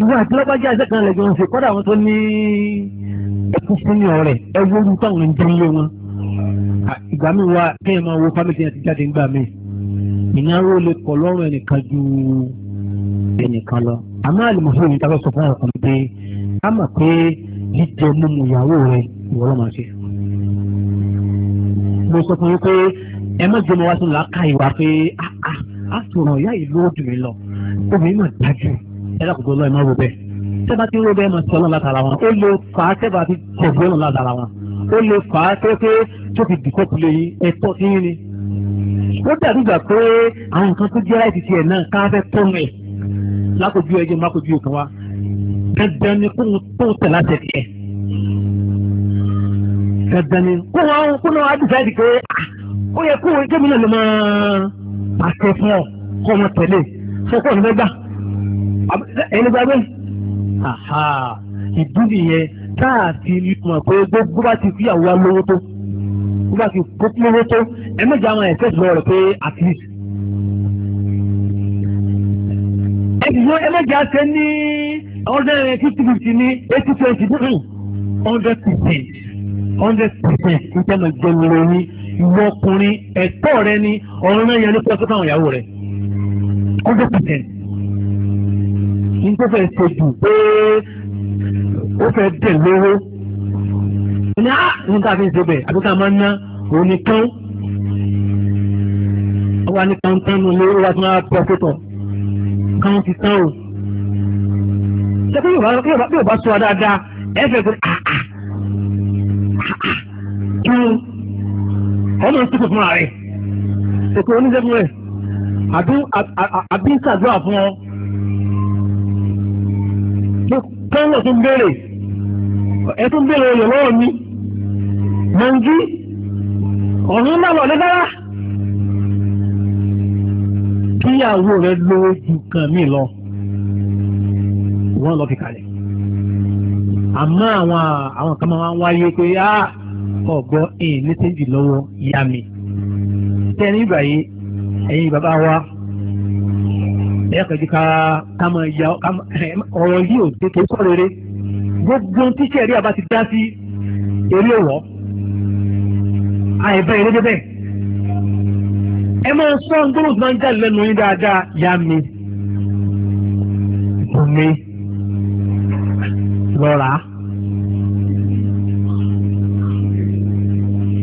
ìwé àti lọ́gbàjá ẹsẹ̀ kan lẹ́jọ́ ń ṣe kọ́dà wọn tó ní ẹkú fún ní ọ̀rẹ́ ẹ wo ojú táwọn ń délé wọn. ìgbà mi wá kéèyàn máa wo fámìlì yẹn ti jáde ńgbà mi ìnáwó lè kọ lọ́rùn ẹnìkan ju ẹnìkan lọ. àmọ́ àlùmọ́sọ́ yìí táwọn sọ fún ọkàn pé a mọ̀ pé jíjẹ mímu ìyàwó rẹ ìwọ ló máa ṣe. mo sọ fún yín pé ẹ má jẹ́ mo wá sí làákà ìwà pé áá ah, ah, á sọ̀rọ̀ ìyá yìí ló dùn mí lọ omi mà dájú ẹ dàkùtò lọ́ọ̀ ẹ má ro bẹ́ẹ̀ tẹ́bà tí ń ro bẹ́ẹ̀ máa sọ náà látara wọn ó lè fà á tẹ́bà tí kọ̀ọ̀bù náà látara wọn ó lè fà á tó pé tó fi dìkọ́ kulè yín ẹ̀tọ́ sí yín ni. ó dàbí gbà pé àwọn nǹkan tó jẹ́ láìsí tiẹ̀ náà ká fẹ́ tó mẹ́ lákòjú ẹ̀jẹ̀ mákòjú ìkan wa dandan ni kó ń tẹ̀ láti ẹ̀ dandan ni kó wọn kó náà wá dìsáìdì pé ah, ó yẹ kó wọn jẹ́mi àtẹ fún ọ kọ́ ọmọ tẹ̀lé fọ́kọ́ ní gbẹ́gbà ẹni gbàgbé ìdúnì yẹn táàtì mọ̀ pé gbogbo bá ti fi àwọn wa lówó tó gbogbo bá ti kó lówó tó ẹ méjì àwọn ẹ̀fẹ́ lọ rẹ̀ pé at least. ẹ méjì àṣẹ ní hundred and fifty fifty ní eighty twenty hundred percent hundred percent ní tẹ́lẹ̀ jẹ́ lórí ìwọ ọkùnrin ẹ̀tọ́ rẹ ni ọ̀rọ̀ náà yẹn ló pẹ́ fún àwọn ìyàwó rẹ̀ hundred percent ní tó fẹ́ ṣe jù pé ó fẹ́ dẹ̀ lówó ní á ní ká fi ń ṣe bẹ̀ àbí ká máa ń ná òun nìkan wá ní kàńtánù lówó wá tí wọ́n á pọ̀ pẹ́tọ̀ káwọn ti tán o ṣé bí yóò bá sọ dáadáa ẹ fẹ́ pé ah, ah, ah, kí ni ọmọ ìsìnkú fún ààrẹ ètò oníṣẹ́gun rẹ̀ àbí ń ṣàdúrà fún ọ kọ́ńgọ̀ tó ń béèrè ẹ tó ń béèrè oyè lọ́wọ́ mi mọ̀njú ọ̀run náà wà lẹ́dára kíyàwó rẹ̀ lo nǹkan mi lọ wọ́n lọ fi kalẹ̀ àmọ́ àwọn àwọn kan máa ń wáyé pé áà ọ̀gbọ́ èyí ní tẹ́jì lọ́wọ́ ìyá mi. tẹ́ni ìgbà yìí ẹ̀yin bàbá wa ẹ̀yà kẹ́jú ká ká mọ ìyá ọ̀rọ̀ yìí ò tètè sọ rere gbogbo tíṣẹ́ rí àbá ti dá sí eré ọ̀wọ́ àìbẹ́ eré débẹ̀ ẹ máa sọ gbólóhùn tó máa ń jáde lẹ́nu yín dáadáa ìyá mi bùnmi lọ́ra.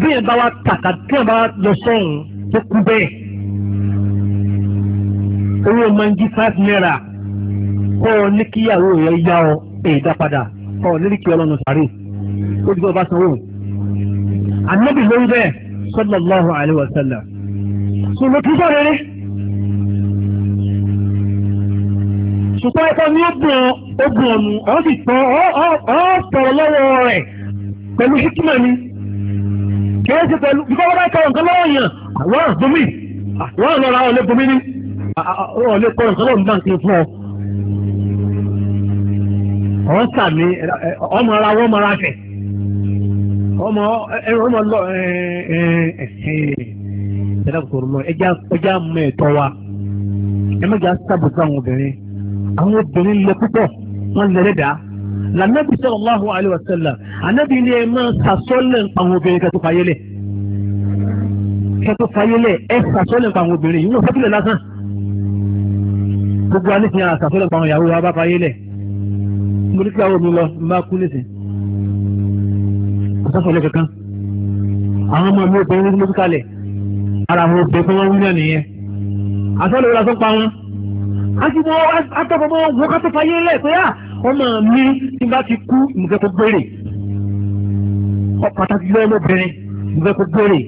bí ẹ bá wa tàkà tí ẹ bá wa lọ sọ́hún tó kú bẹ́ẹ̀ owó máa ń jí five naira kọ́ ọ ní kíyàwó rẹ̀ yá ọ èyí dá padà kọ́ ọ lérìkì ọlọ́run sàárè ó dúró bá sanwó. ànábì ló ń bẹ́ẹ̀ sallallahu alaihi wa sallam. sùnmọ́ kí sọ̀rọ̀ rẹ̀ ṣùgbọ́n ẹ̀kọ́ ni ó bùn ó bùn ọ̀nù ọ̀ sì tán ọ̀ tọ̀rọ̀ lọ́wọ́ rẹ̀ pẹ̀lú hikima ni. kìí ṣe pẹ̀lú nke kọ́kọ́ bá kọ nǹkan lọ́wọ́ lọ wa lànàbì sallallahu alaihi wasallam ànàbì ni ẹ máa sàsọ́lẹ̀ àwọn obìnrin kẹtù fàyẹlẹ̀ kẹtù fàyẹlẹ̀ ẹ sàsọ́lẹ̀ àwọn obìnrin yìí wọ́n sọ́kìlẹ̀ lásán gbogbo anísìn àsàsọ́lẹ̀ àwọn ìyàwó wa bá fàyẹlẹ̀ mo ní kí àwọn mi lọ bá kú nísìn sàsọ́lẹ̀ kankan àwọn ọmọ mi obìnrin ló fi kalẹ̀ ara àwọn obìnrin tó wọ́n wí náà nìyẹn àsọ́lẹ̀ wọn lásán pa wọn àti wọn wọ́n kátó fàyẹlẹ̀ pé à ah, ọmọ mi tí bá ti kú nǹkan tó gbére ọ̀pàtàkì lọ́wọ́ lóbìnrin nǹkan tó gbére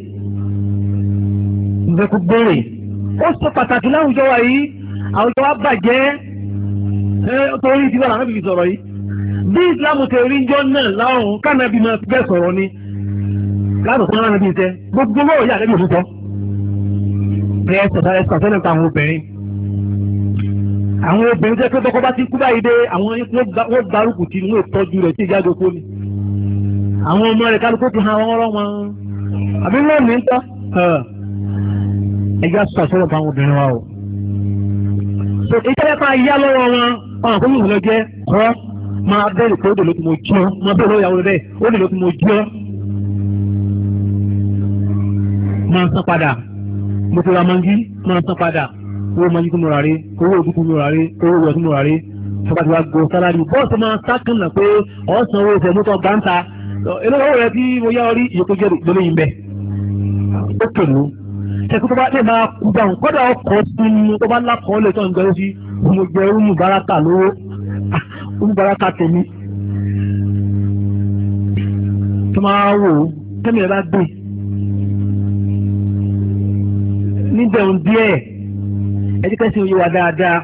nǹkan tó gbére ó sọ pàtàkì láwùjọ wa yìí àwùjọ wa bàjẹ́ torí ti wàhálà bìbí sọ̀rọ̀ yìí bí ìsìlámù ṣe rí jọ náà láwọn kánàbí máa fi bẹ́ẹ̀ sọ̀rọ̀ ni láàbò fún aláàbí iṣẹ́ gbogbo owó ìyá àdébí òfin sọ bẹ́ẹ̀ sọ̀tà ẹ̀sọ̀ sẹ́nẹ̀ta àwọn obìnrin àwọn obìnrin jẹ́ pé tọkọ bá ti kú báyìí dé àwọn wọ́n gbárùkù tí wọ́n tọ́jú rẹ̀ tí ìjáde kó ni àwọn ọmọ rẹ̀ kálukú ti hàn wọ́n rọ́mọ àbí wọ́n ní tọ́ ẹja sọ àṣọ ọ̀pọ̀ àwọn obìnrin wa o. so ìjọba pa ìyá lọ́wọ́ wọn ọ̀hún kó yìí lọ jẹ́ kọ́ máa bẹ̀rẹ̀ pé ó dè ló ti mo máa bẹ̀rẹ̀ lọ́wọ́ ìyàwó rẹ̀ ó dè ló ti mo jẹ́ máa san padà mo ti ra mangi máa san padà owó mọ́jú tó múra rí owó òbí tó múra rí owó ìwọ̀ tó múra rí ṣọba ti wá gbọ́ sálárì bọ́ọ̀sì máa sákànnà pé ọ̀sán owó ìfẹ̀mú tó gbáǹta eléwọ́ rẹ tí mo yá ọ rí ìyókò jẹ́ lórí yìí bẹ́ẹ̀ ó kèlú ṣẹ́kù tó bá lè máa kú dáhùn kọ́dà ọkọ̀ sínú tó bá lákọ̀ọ́ lè tọ́ nǹkan sí mo jẹ rúmù báràkà lówó rúmù ah, báràkà tèmi tó máa wò ó tẹ́mi ẹ̀ bá dé níbẹ̀ ń díẹ̀ ẹtí kẹsì oyè wa dáadáa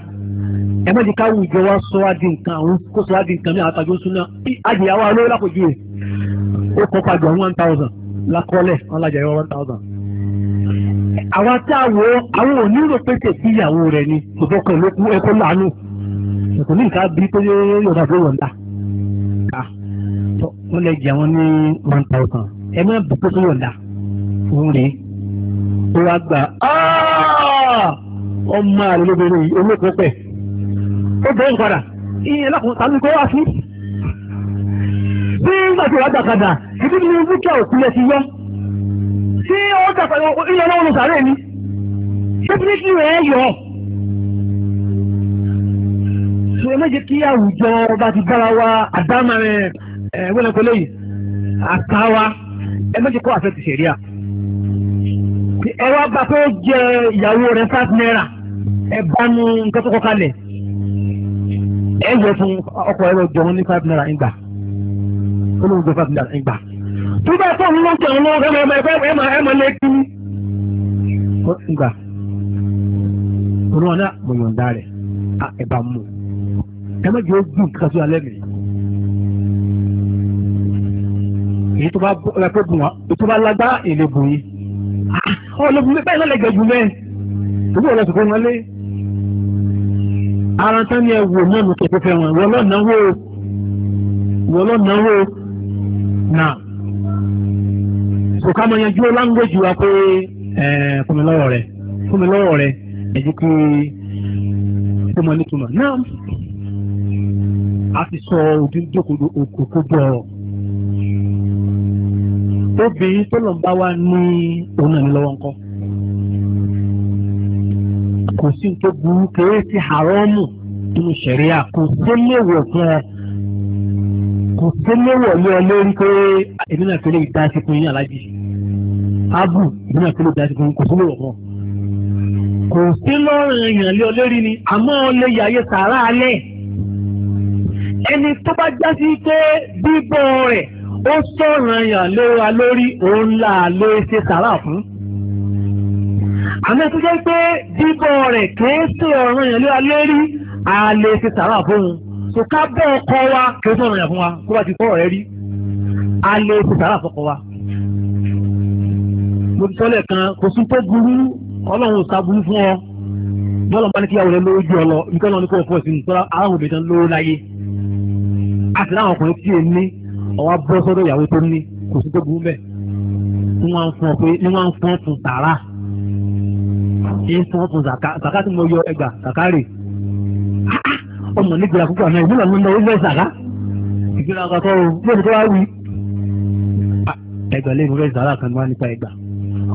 ẹ má di ká wùjọ wa sọ wá di nǹkan àwọn kó sọ wá di nǹkan ní àwọn àtàjọ súná àjẹyà wa ló lápòjú rẹ ó kọ́ pàjọ one thousand lakọ́lẹ̀ ọlájà yọ one thousand. àwa tá wo àwọn òní rò pé tètè ìyàwó rẹ ni ṣùgbọ́n kan ló kú ẹkọ lànà kò ní nǹkan bí pé yọ̀dà tó wọ̀ ńlá. wọ́n lè jẹ́ wọn ní one thousand ẹ má bí pé tó wọ̀ ńlá fún rèé ó wá gbà áá ọmọ àlelóbìnrin yìí olóko pẹ̀ ó bẹ́ẹ̀ padà ìyẹn lákùn tàbí kó wá sí. bí nígbà tí wàá gbàkadà ìdí ni dúkìá òkúlẹ̀ ti yọ tí ó dàpọ̀ ìyẹn lọ́wọ́ ló sàárẹ̀ ni definitely rẹ̀ yọ. sọ méje kí àwùjọ bá ti dára wa àdámà rẹ̀ ẹ̀ wọ́n lẹ́kọ̀ọ́ lẹ́yìn àtàwa ẹ méje kó àfẹ́ ti ṣẹ̀ríà ẹ wá bá tó jẹ ìyàwó rẹ̀ five naira ẹ bánú nǹkan tó kọ kalẹ̀ ẹ yẹ fún ọkọ̀ ẹ̀rọ jọ̀wọ́n ní five naira ìgbà ó lóun jọ five naira ìgbà tó bá tó ń lóun jẹun lọ́wọ́ ẹ máa ẹ máa ẹ máa lé kí ìgbà olùwọ̀n náà mo yọ̀ǹda rẹ̀ ẹ bá mú ẹ má jẹ́ ó gbìn kíkà sí alẹ́ mi. èyí tó bá ẹ̀kọ́ bùn wá èyí tó bá lágbá èlé bùn yìí. ọ̀lẹ́bùn mi báyìí lọ́lẹ̀ gẹ̀jú mẹ́. òbí wọn lọ sọ̀kọ́ wọn lé ara tán ni ẹ wò mọ́nu kẹ̀kẹ́ fẹ́ wọn wọ́n lọ́nàwó wọ́n lọ́nàwó náà kò ká mọ yanjú láńgbèjì wa pé fún mi lọ́wọ́ rẹ̀ fún mi lọ́wọ́ rẹ̀ ẹ̀jú kí ó mọ nítumọ̀ náà a ti sọ ojúdókòdó òkòkòdó ọ̀rọ̀ obìnrin tó lọ́n bá wa ní òun náà ní lọ́wọ́ ńkọ́ kò sí tó burú kéré sí haramu nínú sẹ̀ríà kò sí léwọ̀ fún ọ kò sí léwọ̀ lé ọ lórí pé èmi náà fi lè dá sí fún yín aláàjì abu èmi náà fi lè dá sí fún yín kò sí léwọ̀ kò sí èèyàn lé ọ ni àmọ́ ọ lè yàyẹ sàrà alẹ́ ẹni tó bá já sí pé bíbọ̀ rẹ̀ ó sọ̀ràn èèyàn lé lórí òun là lè ṣe sàrà fún àmì tó jẹ́ pé bíbọ̀ rẹ̀ kìí ṣe ọ̀ràn yẹn lé alẹ́ rí àlè ṣe sàrà fún un kò ká bọ́ ọkọ wa kìí ṣe ọ̀ràn yẹn fún wa kó bá ti kọ́ ọ̀rẹ́ rí àlè ṣe sàrà fọkọ wa. mo ti sọ́lẹ̀ kan kò sún tó burú ọlọ́run ò sá burú fún ọ bọ́lọ̀ bá ní kíyàwó rẹ lójú ọ lọ nǹkan náà ní kò fọ́ sí ní sọ́ra àwọn òbí tán lówó láyé àti láwọn ọkùnrin tí èmi ọwọ́ bọ́ sọ́dọ̀ ìyàwó tó ní kò sí tó burú bẹ́ẹ̀ ni wọ́n á fún ọ pé ni wọ́n á fún ọ fún tààrà ṣe fún fún zaka zaka tí mo yọ ẹgbà zaka rè ah, ah, ọmọ nígbìlá púpọ̀ àná ìmúlò ní ọmọ ìfẹ́ zaka ìgbìlá kakọ́ o bóyá tó wá wí. Ah, ẹgbà lè mú fẹ́ zara kan wá nípa ẹgbà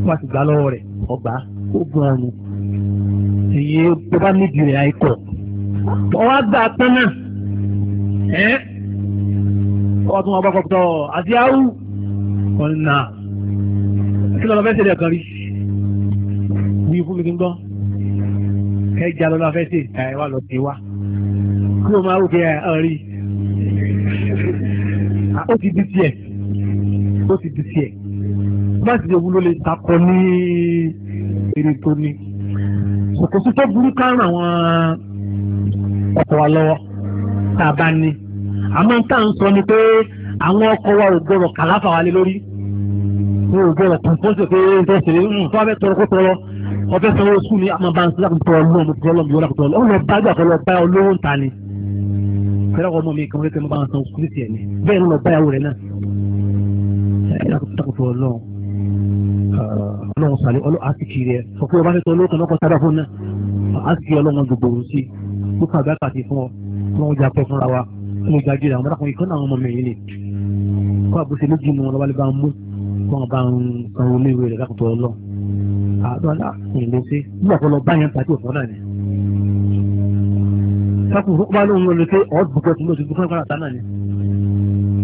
wọ́n ti gbà lọ́wọ́ rẹ̀ ọgbà ó gbọ́n ọ̀nù ìyẹ́ tó bá nídìí rẹ̀ àìkọ̀ ọwọ́ àgbà tán náà ẹ́ ọwọ́ tó wọn bá kọ́ pọ̀ àti áwù ọ̀nà kí lọ́ọ́ fẹ́ ṣe wí fún mi kí n gbọ́ ẹja lọ́la fẹ́ sí ẹ wà lọ sí wa kí ló máa rò pé ẹ rí ó ti di tiẹ̀ ó ti di tiẹ̀ bá ti wúlò lè takọ ní èrè tó ní kòkòsí tó burú kárùn àwọn ọkọ̀ wa lọ́wọ́ tá a bá ní àmọ́ tá à ń sọ ni pé àwọn ọkọ̀ wa ò gbọ́dọ̀ kàláfà wa lé lórí wọn ò gbọ́dọ̀ kàn fọ́sẹ̀ pé ń tọ́sẹ̀ ń fọ́ abẹ́ tọrọ kó tọrọ ọ̀fẹ́ sanwó sùn ní àmọ́ bá ń sọ́dọ̀ ọlọ́run mo tọ́ ọlọ́run yóò lákòótọ́ ọlọ́run ọ̀nà bá gbà kọ́lọ́ bá olówó ń ta ni. fẹ́rẹ́ ọkọ ọmọ mi kan wípé mo bá ń san sukúlù tiẹ̀ ni bẹ́ẹ̀ ni mo bá yàwó rẹ̀ náà. ẹ lákòótọ́ ọlọ́run ọlọ́run sàlẹ̀ ọlọ́run àtìkì rẹ̀ sọ pé ọba tẹ́tọ́ olókan lọ́kọ̀ sábà fún náà àtìkì ọlọ́run gbogbo òun sí kó kà bá kàtì fún ọ fún ọjà pẹ́ fúnra wa fún ìgbà jìnnà àwọn ọmọdé kan náà àwọn ọmọ mi yìí àdọ́là ìlẹ́sẹ̀ nígbà tó lọ bá yẹn pàdé òfin náà ni. sákùn fún bá lóun lọ pé ọ̀ dùkọ̀ tó lọ sí fún ẹ̀kọ́ àtàná ni.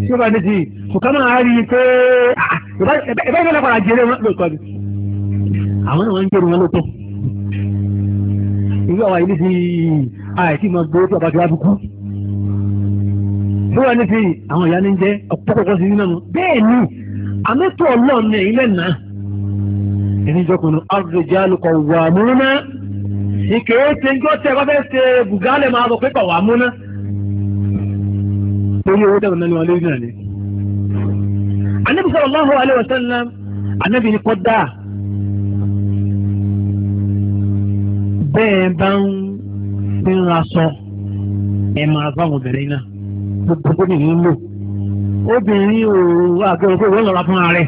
tí ó bá ní ti kòkà náà rí i pé ah, ìbá ìbá ìlẹ́kọ̀ọ́ àjẹrẹ wọn lóòótọ́ ni. àwọn náà wọ́n ń jẹ́rù wọn lóòótọ́. ìwé àwa yìí ti àìsí ah, máa gbowó tó àbájọ abúkú. tí ó bá ní ti àwọn ìyá ní jẹ́ ọ̀pọ̀pọ̀ ìníjọkùnrin arìjálù kọ̀ wà múná ìkéèké ń gọ́tẹ̀ wọ́n fẹ́ ṣe bùgálẹ̀ máa bọ̀ pé kọ̀ wà múná lórí owó tẹ̀wọ̀n náà ni wọ́n lé náà ni. anábì sallallahu alaihi wasallam anábì ni kọ́ dáa bẹ́ẹ̀ bá ń fínra sọ ẹ máa bá àwọn obìnrin náà gbogbo ní ìlú obìnrin ò àgbẹ̀wò pé wọ́n lọ́ra fúnra rẹ̀.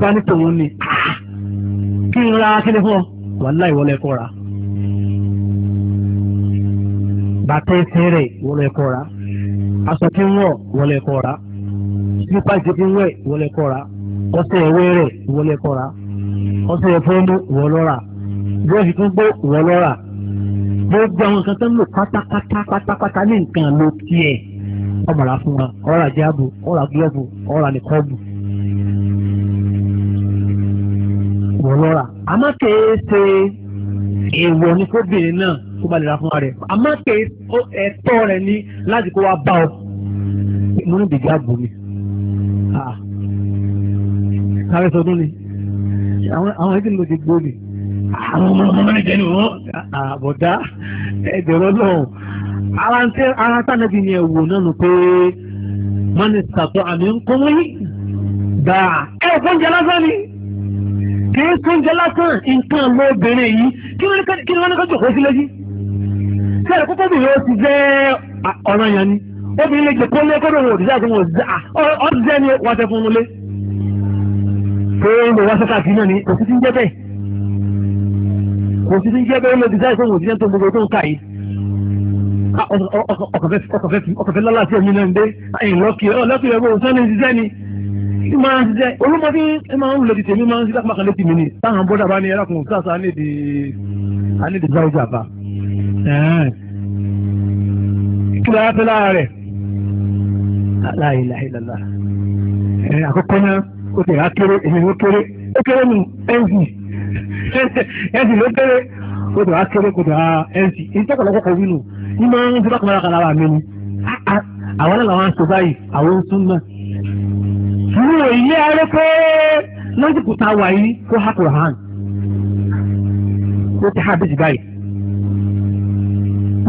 bá ní tòun ni ah, kí n ra kíni fún ọ wàláhì ìwọlẹ̀ kọ́ ra bàtà rẹ̀ ìwọlẹ̀ kọ́ ra aṣọ tí ń wọ̀ ìwọlẹ̀ kọ́ ra sípà ìṣe wọ́n lọ́ra àmọ́ kèé ṣe èèwọ̀ ni kóbìnrin náà kó ba lè ra fún rẹ̀ àmọ́ kèé ẹ̀tọ́ rẹ̀ ni láti kó wa bá ọ mo ní dìgbà gbò mi sáré sọdún ni àwọn ẹbí ló ti gbó mi àwọn ọmọ ọmọ mẹ́rin jẹ́ ni wọ́n àbọ̀dá ẹ̀dẹ̀rọ̀ lọ́hùn ara ń tẹ́ ara tánàbí ni ẹ̀wò náà nù pé mọ́nìsítà tó àmì ń kọ́ wọ́n yìí dáa ẹ̀ òkú oúnjẹ lásán ni kìí sóúnjẹ lásán nǹkan lọ obìnrin yìí kí ni wọ́n ní kọ́jọ́ kó sí lójú. ṣé ẹ̀rọ kókó bìnrin ó ti jẹ́ ọ̀ràn yẹn ni obìnrin lè jẹ kó lé kó lóun òdìjà fún wọn ọ̀dìjẹ́ ni wọ́n ṣe fún un lé. pé mo wá sọ́kà sí náà ni kò sí ti ń jẹ́ bẹ́ẹ̀ kò sí ti ń jẹ́ bẹ́ẹ̀ ló ti sáyẹ̀ fún òdìjẹ́ tó ń gbogbo tó ń kà yìí ọkọ̀fẹ́ lọ́lá sí omi náà ń dé ẹ̀yìn lọ́kì ni. ní máa ń ṣiṣẹ́ olùmọdé ẹ máa ń lò di tèmi máa ń ṣiṣẹ́ kọ́mọkàn létí mi ni táwọn bọ́dà bá ní ẹlẹ́kùn sáàsà á ní di á ní di záwọ́jà bá. kí ló yà a lára rẹ̀ aláìláìlàlá àkọ́kọ́ a ó ti rà kéré èmi ló kéré ó kéré nù ẹ́ǹsì ẹ́ǹsì ló a ó ti rà a kó ti rà ẹ́ǹsì ìtọ́kọ̀lọ́kọ̀ kọ̀ wínú ní máa ń ṣiṣẹ́ kọ́mọkàn lára mi a àwọn náà làwọn ń ṣe báyìí àwọn ń tún náà. mi ò yé ẹrú pé lásìkò tá a wà ha kò ha bí jìgá yìí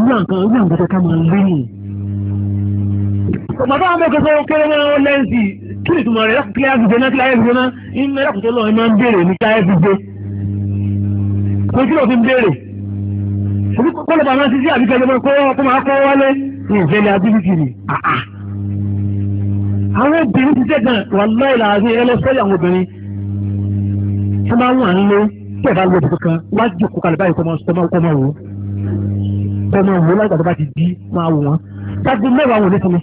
ní àǹkan ka àǹkan tó ká máa àwọn ọmọkè sọ kéré náà ó kí ni ìtumọ̀ rẹ̀ lọ́kùn kílẹ̀ náà kílẹ̀ ẹ̀fìdé náà ń mẹ́rẹ̀ lọ́wọ́ ẹ ń ní kò àbíkẹ́ máa kọ́ wálé ní àwọn obìnrin ti dẹ́gàn wàláì láàrin ẹlẹ́sẹ̀ àwọn obìnrin tí máa ń wà ń lé tẹ̀ bá lóbi kankan wá jòkó kalẹ̀ báyìí kọ́ máa kọ́ máa wò ó kọ́ máa wò ó lágbàdo bá ti di máa wò wọ́n tágbó mẹ́wàá wò ní sinmi.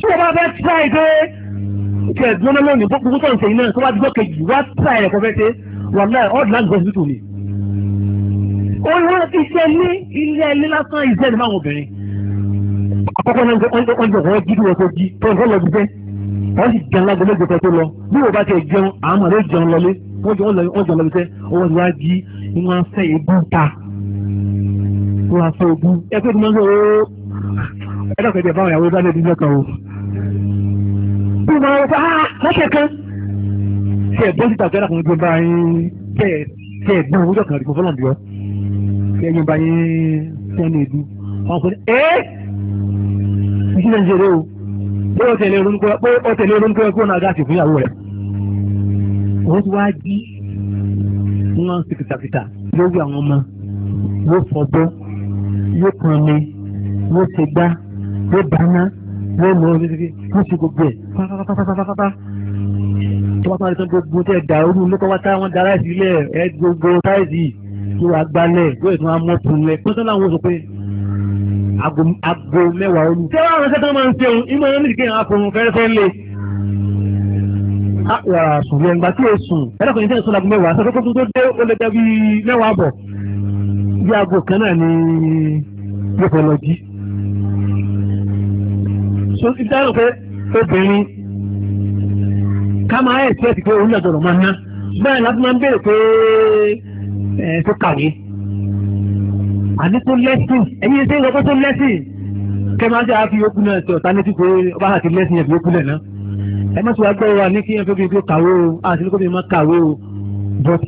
tí wọ́n bá fẹ́ tíráì pé kẹ̀ gbọ́n náà lónìí gbogbo tó ń sẹ́yìn náà tó bá dúró kejì wá tíráì ẹ̀kọ́ fẹ́ ṣe wàláì ọ̀dùn láti gbọ́ sí tòun ni. ó wá iṣẹ́ ní ilé ẹni lásán iṣẹ́ ni máa wọ obìnrin àkọ́kọ́ náà wọ́n jọ wọ́n jí bí wọ́n tó jí tó ń fẹ́ lọ jíjẹ́ wọ́n sì jẹun lágbo méje tó tó lọ bí wọ́n bá tẹ̀ jẹun àmọ́ ló jẹun lọlé wọ́n jọ wọ́n jọ lọ jíjẹ́ wọ́n ti wá jí ni wọ́n fẹ́ ebú ta wọ́n á fẹ́ ebú ẹ pé ìdúmọ̀ sọ ooo ẹ dàgbẹ́ ìdí àbáwọn ìyàwó ìbáde ìdílé kan o. bí wọ́n wọ́n fẹ́ ah lọ́sẹ̀ kan tẹ̀ bọ́ síta tẹ́lá kan tó bá yín tẹ̀ tẹ̀ gbọ́n òwúrọ̀ kan àdìgbò fọlọ́ǹdì ọ́ tẹ̀ yín bá yín tẹ́ ní edu wọ́n fọ́ ẹ́ ní nàìjíríà o pé ó tẹ̀lé orúkọ pé ó tẹ̀lé orúkọ ẹ̀kọ́ náà gáàsì fún ìyàwó rẹ̀ wọ́n ti wá jí wọ́n sì kìtàkìtà lórí àwọn ọmọ ló fọgbọ́ ló pọn mi ló ṣe gbá ló dáná ló mọ ọ́ títí ló ṣe gbogbo ẹ̀ pátápátápátá tó bá tó wà lẹ́sán gbogbo tẹ̀ dà orú lókọ́ wá táwọn dará ìsílẹ̀ ẹ̀ gbogbo táìsì yóò wá gbálẹ̀ yóò tún wá mọ́tò lẹ̀ pátá láwọn oṣù pé aago mẹ́wàá olú. tí wọ́n á ránṣẹ́ tó máa ń ṣe òun ìmọ̀ ẹni kéèyàn afọ̀run fẹ́rẹ́fẹ́ lé. a ah, wàrà sùn lẹ́yìn ìgbà tí o sùn ẹ̀rọ kìíní sẹ́yìn sọ́nà aago mẹ́wàá sọ́dọ́ tó tó dé ó lè dàbí mẹ́wàá bọ̀ bí aago kan náà ni yóò fẹ́ lọ jí. so ìdáhùn pé obìnrin ká máa ẹ̀ tẹ́ẹ̀tì pé orílẹ̀-èdè ọ̀rọ̀ máa ná bẹ́ẹ̀ ni a ti máa ń béèrè pé ẹ̀ tó kàwé àní tó lẹ́sìn ẹ̀yìn ṣe ń lọ́kọ́ tó lẹ́sìn kẹ máa jẹ́ àfi yókù náà ṣe ọ̀tá létí pé ọba àti lẹ́sìn ẹ̀fì yókù náà ẹ má ṣe wá gbọ́ wa ní kí ẹ fẹ́ kàwé o àti lókọ́ máa kàwé o but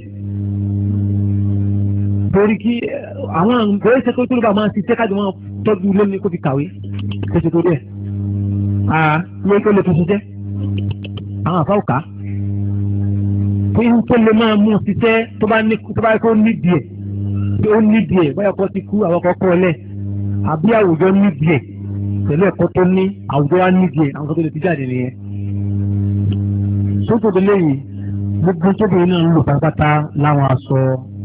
torí kí eh, àwọn àgbẹ̀ ṣe kó tó ló bá máa ṣiṣẹ́ káàdì wọn tọ́jú ilé ní kó fi kàwé kó ṣe torí ẹ̀ àà ló tó lè fi ṣiṣẹ́ àwọn àfa òkà pé ń tó lè máa mú ṣiṣẹ́ tó bá kó nídìí ẹ̀ pé ó nídìí ẹ̀ báyọ̀ kọ́ ti kú àwọn kọ́kọ́ lẹ̀ àbí àwùjọ nídìí ẹ̀ pẹ̀lú ẹ̀kọ́ tó ní àwùjọ wa nídìí ẹ̀ àwọn kan tó lè ti jáde nìyẹn. sótò tó léyìí gbogbo tóbìnrin náà ń lò pátápátá láwọn aṣọ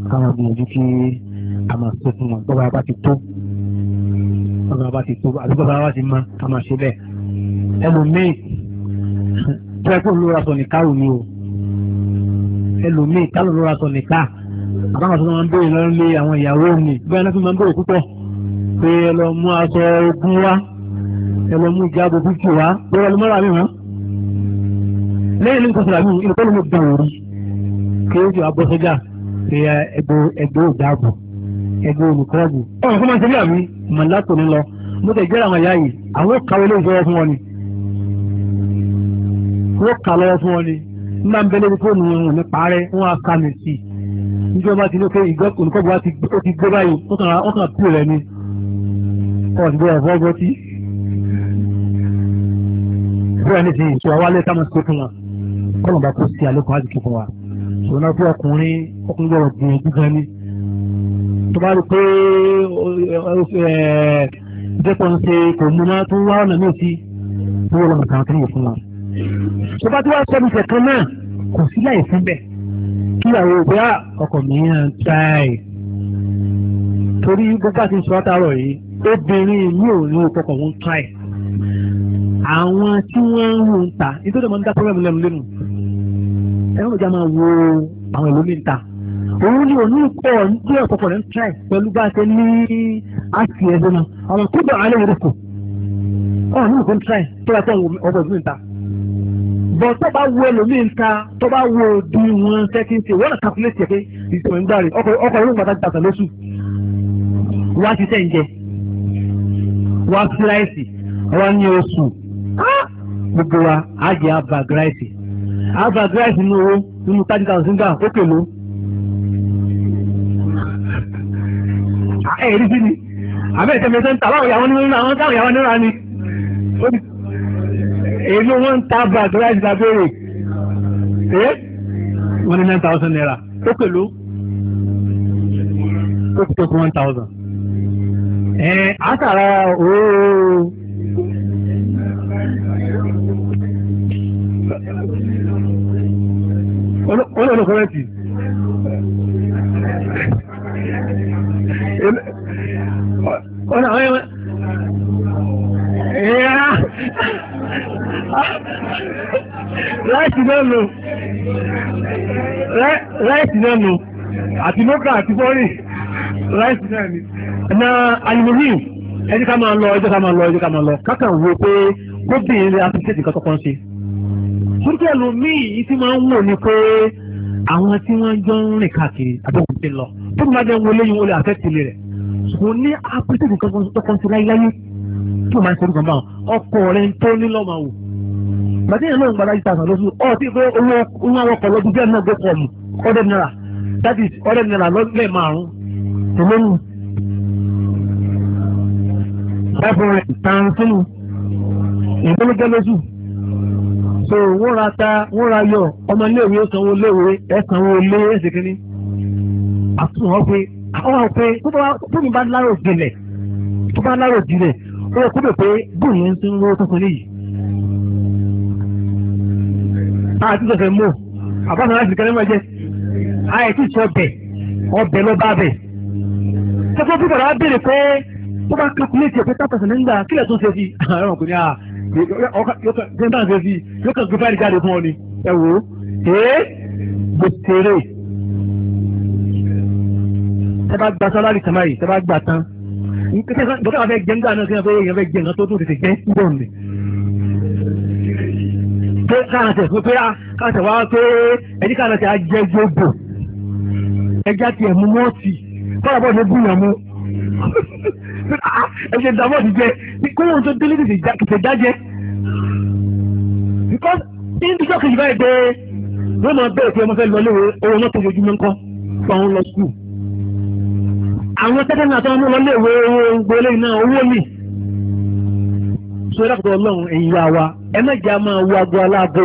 káwọn gbìyànjú kí a máa ṣe fún wọn bọ́ba bá ti tó bọ́ba bá ti tó àbí bọ́ba bá ti mọ ká máa ṣe bẹ́ẹ̀ ẹlòmíì tó ẹ kó lóra sọ nìka òní o ẹlòmíì ká lóra sọ nìka àbáwọn tó máa ń béèrè lọ́rùn lé àwọn ìyàwó mi bẹ́ẹ̀ náà tó máa ń béèrè púpọ̀ pé ẹ lọ mú aṣọ ogun wá ẹ lọ mú ìjábò púpọ̀ wá lọ́wọ́ ló mọ́ra mi wọ́n. lẹ́yìn lóko sọ̀rọ̀ mi ìlú pẹ́lú mi gbà wọ́n rí kí ó jù abọ́ sọ́jà pé ẹgbẹ́ òdàbò ẹgbẹ́ olùkọ́ọ̀bù. ọ̀rọ̀ kó máa ń ṣe bí àmì màláàtò ní lọ mo tẹ̀ jẹ́rọ àwọn ìyá yìí àwọn kàwé ló ń sọ fún wọn ni wọ́n kà lọ́wọ́ fún wọn ni nígbà ń bẹ lórí fóònù wọn ní parẹ́ wọ́n á kà mí sí i níjọba ti ní pé olùkọ́gbọ̀ ó ti gbé báyìí ó kàn pè rẹ̀ ni ọ̀dùgbò ẹ̀fọ́ ọgbọ́ tí bẹ́ẹ̀ ní ti ìṣọ́ wálé táwọn ṣe fún wa kọ́nà bá kó sí àlékún àti kí fún wa ṣòwò náà fún ọkùnrin ọkùnrin gbọ́dọ̀ gbìyànjú gan ni tó bá rí pé dẹ́pọ̀ eh, ń ṣe kò múná tó wá ọ̀nà náà sí tó wọ́n lọ́nà kan kiri fún wa tó bá tí wàá sọ́dún kẹ̀kẹ́ náà kò sí kí àwọn òbí ọkọ̀ mi náà ń táì torí gbogbo àti ìṣòro àtàrọ̀ yìí obìnrin mi ò ní ọkọ̀ wọn táì àwọn tí wọ́n ń hun ta nítorí ọmọ nígbà pọ́nrẹ́mù lẹ́nu lẹ́nu ẹ̀rọ ìjà máa wo àwọn ìlú mi ń ta òun ni òun pọ̀ ní ọ̀pọ̀pọ̀ rẹ̀ ń táì pẹ̀lú bá a ṣe ní àti ẹ̀dọ́ náà àwọn kúndà alẹ́ yẹn kù ọ̀ ní òun táì tó yà tó ọ̀pọ̀ mi ń ta. but tó bá wo ẹlòmíín ta tó bá wo di wọn na wọ́n náà kàkúlẹ̀tì pé ìtò ń gbàre ọkọ̀ ọkọ̀ ìlú pàtàkì lóṣù wá ti sẹ́ǹjẹ wá síláìsì wá ní oṣù gbogbo wa abagiraisi abagiraisi ní owó nínú thirty thousand gbà sí ni ń ta ìyàwó nínú àwọn táwọn ìyàwó èlò wọn ń ta bag rice labẹ́rẹ̀ ẹ́ wọ́n ní nine thousand naira ó pèlú ó ti tókù one thousand ẹ̀ àtàrà ooo olóòlù kọ́rẹ́tì ọ̀nà ọ̀yẹ́wọ̀n. Ráìsì náà nù. Ráìsì náà nù. Àti lókà àti fọ́rì. Ráìsì náà ni. Na alimohim, ẹjẹ́ ká máa lọ, ẹjẹ́ ká máa lọ, ẹjẹ́ ká máa lọ. Kákà wo pé gómìnà ilé asosiyeti kan tọ́kọ́ ṣe. Sọ́jà ló mí tí máa ń wò ni pé àwọn tí wọ́n jọ ń rìn káàkiri àbẹ̀wò ti lọ. Tó bí máa jẹ́ wọlé yín wọlé àfẹ́tìlẹ̀ rẹ̀. Mo ní apẹ́tẹ̀tì tọ́kọ́ ń ṣe láyé láyé. Tó máa ń ṣe orúkọ báwọn. Ọkọ̀ rẹ̀ ń tó nílọ́mà wò màtíyàn náà ń gbàdá yìí tàṣà lóṣù pé owó ọkọ̀ lọ́dún díẹ̀ náà gbé pọ̀ mù ọ̀dẹ̀ that is ọ̀dẹ̀ náírà lọ́lẹ̀ márùn tòlóhùn bẹ́ẹ̀ tàn sínú ìgbélégé lóṣù so wọ́n ra ta wọ́n ra yọ ọmọ iléèwé sanwó iléèwé ẹ̀sanwó ilé ẹ̀sìn kínní àtúnwọ̀n pé àwọn pé tó bá lárò tó bá lárò ó yẹ kó dè pé bóun ń sin owó tuntun àti ìjọsẹ̀ mọ́ àbáṣe láti kẹ́lẹ́ máa jẹ àìsí sọ bẹ̀ ọbẹ̀ ló bá bẹ̀. sọ́kọ́ bí bàbá béèrè pé tó bá calculate ẹ̀ pé tá pẹ̀sẹ̀ nígbà kílẹ̀ tó ṣe sí àwọn ọkùnrin à yóò kàn ṣe sí yóò kàn gbé báyìí jáde fún ọ ni ẹ wò ó ee mo tèrè tẹ bá gba sọláàrì tẹ bá gba tán dókítà fẹ́ jẹ́ nígbà náà sí ẹ pé èèyàn fẹ́ jẹ́ nǹkan tó tó tètè jẹ́ ń bọ̀ dé káàtẹ̀ fún ah, káàtẹ̀ wá pé ẹni káàtẹ̀ á gbogbo ẹjá ti ẹ̀mú mọ́ọ̀tì kọ́lá bọ́ọ̀dù gbìyàn mú ẹ̀ṣẹ̀ ìdààmú ti jẹ kóhùn tó délé tètè dájẹ́ because indijọ́ kejì báyìí pé wọ́n máa bẹ̀rẹ̀ pé ọmọ fẹ́ lọ léwe owó náà tó fojú mọ́ńkọ́ fún àwọn lọ sùkúù àwọn tẹ́tẹ́ náà tó ń mú lọ léwe owó gbọ́lé náà owó nìí so ìdákùtọ̀ ọlọ́run ẹ̀yìn wa wa ẹ mẹ́jà máa wo aago aláàbò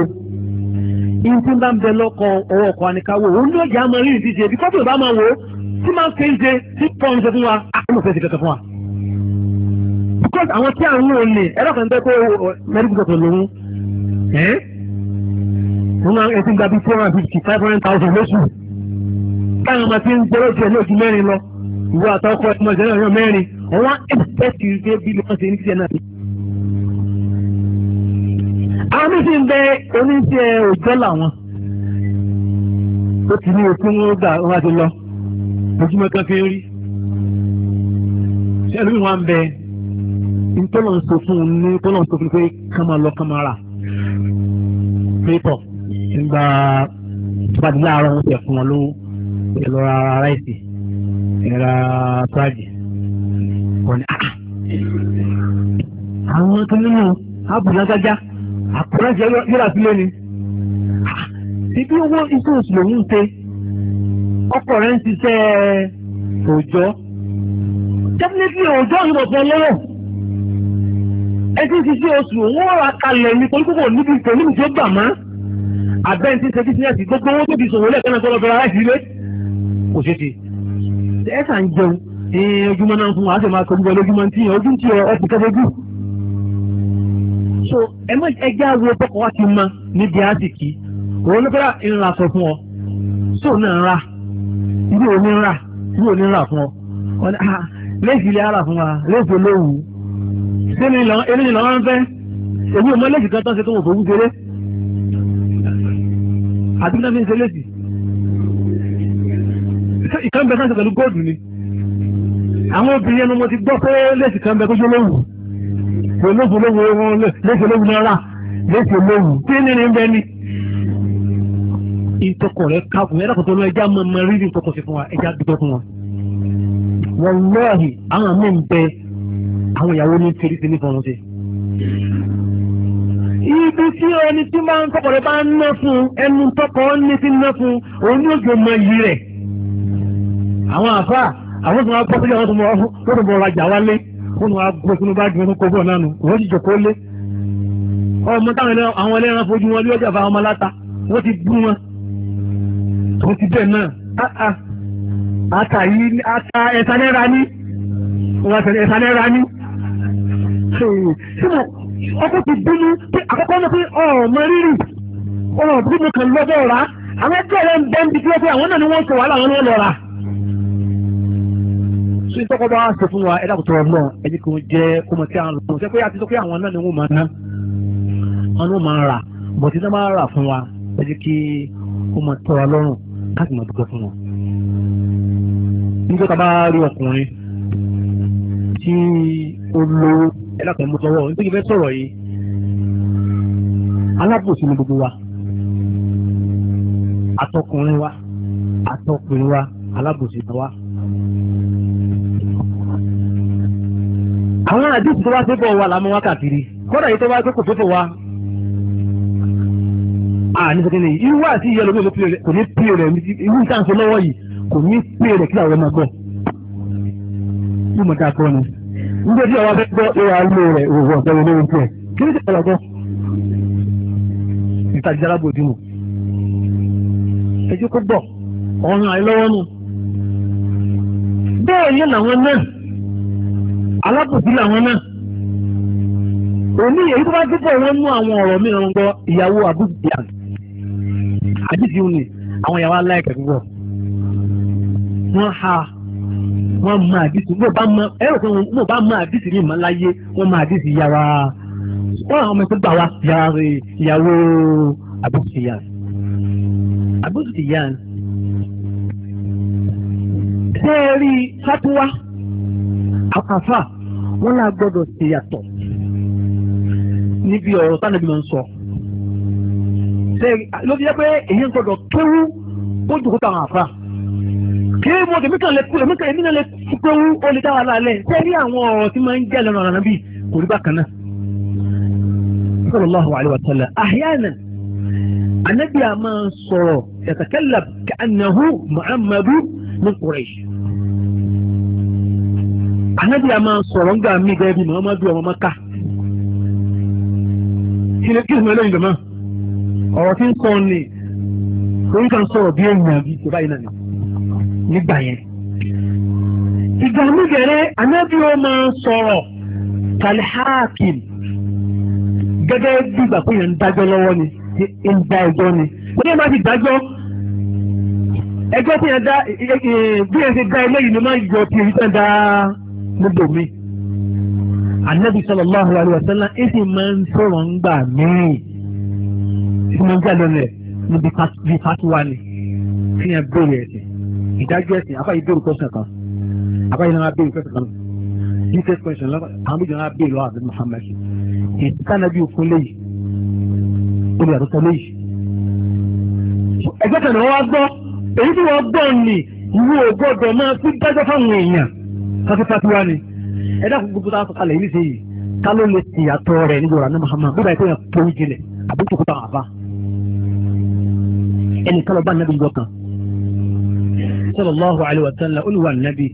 ìyẹn tí ń bá ń bẹ lọ́kọ̀ ọwọ́ ọkọ̀ àníkáwò òun ní ọjà máa rí ní ìdíje bí kọ́tù ìbá máa wò ó tí máa ń ṣe ń ṣe tí pọ́n ṣe fún wa àwọn òfin ṣe kẹ̀kẹ́ fún wa. because àwọn tí àwọn ò ní ẹ̀rọ kan tẹ́ pé mẹ́rin kò tó lòun ẹ́ wọ́n máa ń ẹtí gba bíi four hundred fifty five hundred thousand lóṣù táwọn ọmọ tí ń gbọ́dọ̀ jẹ ní oṣù mẹ́rin lọ ìwọ àtọkọ ẹ̀kọ́ ọ̀sẹ̀ náà mẹ́rin wọ́n á ẹ̀ àwọn méjì ń bẹ oníṣẹ́ òjọ́ làwọn ó ti ní okun wọn gbà wọn ti lọ ojúmọ́ kan fi ń rí ẹlòmíì wọn bẹ ntọ́nà ń sọ fún un ní ntọ́nà ń sọ fún un pé kámá lọ kámá rà pépọ̀ nígbà ìpàdé láàárọ̀ wọn tẹ̀ fún wọn lówó ẹ lọ ra ráìsì ẹ ra tíwájì wọn ni àwọn tó nínú abùlágájá àkùrẹ́sì yọ́ra sílé ni ibi owó iṣẹ́ oṣù lòún ṣe ọkọ̀ rẹ̀ ń ṣiṣẹ́ òòjọ́ definitely òòjọ́ yìí mọ̀ fún ọlọ́rọ̀ ẹtí ṣiṣẹ́ oṣù òun ọ̀rọ̀ akalẹ̀ ní torí kókò níbi ìtọ́ níbi tí ó gbà mọ́ abẹ́ni tí ń ṣe bísíǹsì gbogbo owó tó fi ṣòwò lẹ́ẹ̀kan náà tọ́lọ́ fẹ́ra láìsí ilé kò ṣe ti ẹ sàn jẹun ojúmọ́ náà fún wa á sì máa kọjú bọ́ lójúmọ́ tí ojúmọ́ tí ọ ẹ ti kẹ́ so ẹmọ ẹgbẹ́ awo tọkọ wa ti ma níbi àsìkí òun ló fẹ́ràn ìrìnlá sọ fún ọ tó náà ń ra irú òní ń ra irú òní ń ra fún ọ wọn ni ah léèsì ilé ara fún wa léèsì olówù sínú ìlànà eléyìí lọ́wọ́ ń fẹ́ èmi ò mọ léèsì kan tán ṣe tó wọ́n fòwú ṣeré àti nígbà fi ń ṣe léèsì ìkànnì bẹ́ẹ̀ sáà ṣe pẹ̀lú góòdù ni àwọn obìnrin ẹnu mo ti gbọ́ pé léèsì kan bẹ́ẹ̀ kó ṣe olówù pé léṣelówu wọn léṣelówu náírà léṣelówu tí ní ní ni. ìtọkọ rẹ káàkùn ẹ̀rọ kòtò lọ ẹja mọ̀mọ́ rírì ìtọkọ sí fún wa ẹja dúpẹ́ fún wa. wọ́n lọ́ọ̀hì àwọn àmì ń bẹ àwọn ìyàwó ní torí ti ní fọwọ́n ṣe. ibi tí ẹni tí máa ń tọkọ rẹ bá ń ná fún ẹnu tọkọ ní ti ná fún òun òjò mọ iyì rẹ. àwọn àfa àwọn tó máa pọ́ sílẹ̀ wọ́n tó mọ ọ̀rajà ó nu agbó sínú bá gbẹ̀rún kó bọ̀ náà nù wọ́n ti jòkó lé ọmọ táwọn àwọn ẹlẹ́ran fojú wọn bí ó jàfa ọmọ láta wọ́n ti bú wọn wọ́n ti bẹ̀ náà ah, ah. ata yìí ata ẹ̀sán náírà ní wọ́n ti ẹ̀sán náírà ní ọkọ̀ ti bínú pé àkọ́kọ́ náà pé ọmọ rírì ọmọ bínú kan lọ́dọ̀ rà àwọn ẹgbẹ́ rẹ̀ ń bẹ́ẹ̀ bí wọ́n pé àwọn náà ni wọ́n sọ wàhálà wọn lọ́ra so ní tọ́kọ bá wá sọ fún wa ẹ dàkùtọ̀ ọlọ́run ẹni kò jẹ́ kó mọ̀ sí àwọn lọ́wọ́ sẹ́kọ́ yà ti sọ pé àwọn náà ni wọ́n máa ná wọn ló máa rà bọ̀ tí wọ́n máa rà fún wa ẹ kí ó máa tọ́ wa lọ́rùn káàkiri máa dúpẹ́ fún wọn. nígbà tá a bá rí ọkùnrin tí ó lo ẹlẹ́kùnrin mú sọ́wọ́ nítorí fẹ́ sọ̀rọ̀ yìí alábòsí ni gbogbo wa atọkùnrin wa atọkùnrin wa alábòsí ni wa. àwọn àdìsí tó wá sí bọ̀ wa làmú wákàtí rí kọ́dà yìí tó kókò tó wa. àní sọ kíni irú àti ìyá kò ní pè rẹ̀ irú lọ́wọ́ kò ní pè rẹ̀ kí àwọn ọmọ gbọ́. alábòsí làwọn náà òní èyí tó bá dúpọ̀ wọn mú àwọn ọ̀rọ̀ mi rán gbọ́ ìyàwó àbújá àdìsí òní àwọn ìyàwó aláìkẹ́ púpọ̀ wọ́n ha wọ́n mọ àdìsí mo bá mọ ẹ̀rọ kan mo bá mọ àdìsí ní ìmọ̀láyé wọ́n mọ àdìsí yàrá wọ́n àwọn ọmọ ẹ̀kọ́ gbà wá yàrá rẹ̀ ìyàwó àbújá àbújá ṣé ẹ rí sápúwá àkàfà wọ́n náà gbọ́dọ̀ ṣe yàtọ̀ níbi ọ̀rọ̀ táwọn ẹbí máa ń sọ. ló fi jẹ́ pé èyí ń gbọ́dọ̀ kéwú kó jòkó táwọn àfa. kí mo tèmi kan lè kú èmi kan èmi náà lè kéwú ó lè dáwà lálẹ́ sẹ́rí àwọn ọ̀rọ̀ tí máa ń jẹ́ lẹ́nu ọ̀rọ̀ bíi kò rí bákan náà. sallallahu alaihi wa sallam ahyana anabi a máa sọ̀rọ̀ yatakallam ànábì a máa sọ̀rọ̀ ń gbà mí gẹ́gẹ́ bí muhammadu ọmọ maka kí ni kí ni mẹ́lẹ́ ìjọba ọ̀rọ̀ tí ń sọ ni orí kan sọ̀rọ̀ bí ènìyàn bí kò báyìí náà nígbà yẹn. ìgbà mí gẹ̀rẹ́ ànábì ó máa sọ̀rọ̀ kalhakim gẹ́gẹ́ bí ìgbà pé ń dájọ́ lọ́wọ́ ni ń da ẹjọ́ ni wọ́n yẹn máa ti dájọ́ ẹjọ́ tí yẹn dá bí yẹn ti dá eléyìí ni máa yọ ti èyí tán dáa níbòmí anabi sallallahu alayhi wa sallam èsì máa ń sọ̀rọ̀ ń gbà míì èsì máa ń jáde rẹ̀ níbi bíi fatuwa ni fi hàn bèrè ẹ̀sìn ìdájọ́ ẹ̀sìn afáyí bèrè kọ́sìn kan afáyí náà bèrè kọ́sìn kan yìí tẹ́ kọ́sìn lọ́wọ́ àwọn méjì náà bèrè lọ́wọ́ àbí Muhammad èsì kánábì òfin léyìí olè àtúntò léyìí ẹgbẹ́ tẹ̀lé wọn wá gbọ́ èyí tí wọ́n gbọ́ ni ìwé ògbọ́dọ̀ máa fi dájọ́ fáwọn kásítà tí wá ni ẹ̀dá kò gbogbo táwọn sọ̀kalẹ̀ yìí nìyí ká ló lè ti àtọ̀ rẹ̀ níbi ọ̀rọ̀ anamọ̀ hama bíbá ìpínyà tó ń jinlẹ̀ àbí tó kó táwọn àbá ẹnì kan lọ bá nàbí ìjọ kan sallallahu alaihi wa sallam olùwà nàbí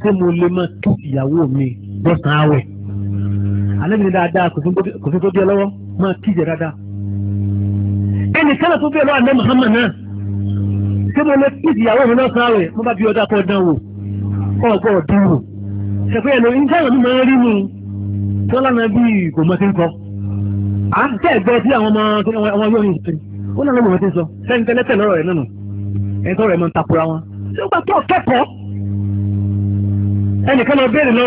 ṣé mo lè má kí ìyàwó mi lọ́sàn-án àwẹ̀ alẹ́ mi dáadáa kò sí tó dé lọ́wọ́ máa kí ìjẹ dáadáa ẹnì tó bẹ́ẹ̀ lọ́wọ́ anamọ̀ hama náà ṣé mo lè kí mi lọ́sàn-án àwẹ̀ mo bá bí ọjà kọ́ dán wò. ọ̀pọ̀ ọ̀dúnrún ṣẹ̀fẹ́ ẹ̀lò ìjọ́rọ̀ ní máa rí mú tó lánà bí kò mọ́ sí ń kọ́ à ń tẹ́ ẹ̀gbẹ́ sí àwọn ọmọ yóò ní ìsìn ó lánà mọ̀ sí ń sọ sẹ́ni tẹ́lẹ́tẹ̀ lọ́rọ̀ ẹ̀ nínú ẹ̀tọ́ rẹ̀ mọ́ ń tapura wọn nígbà tó kẹ́kọ̀ọ́ ẹnìkan béèrè rẹ̀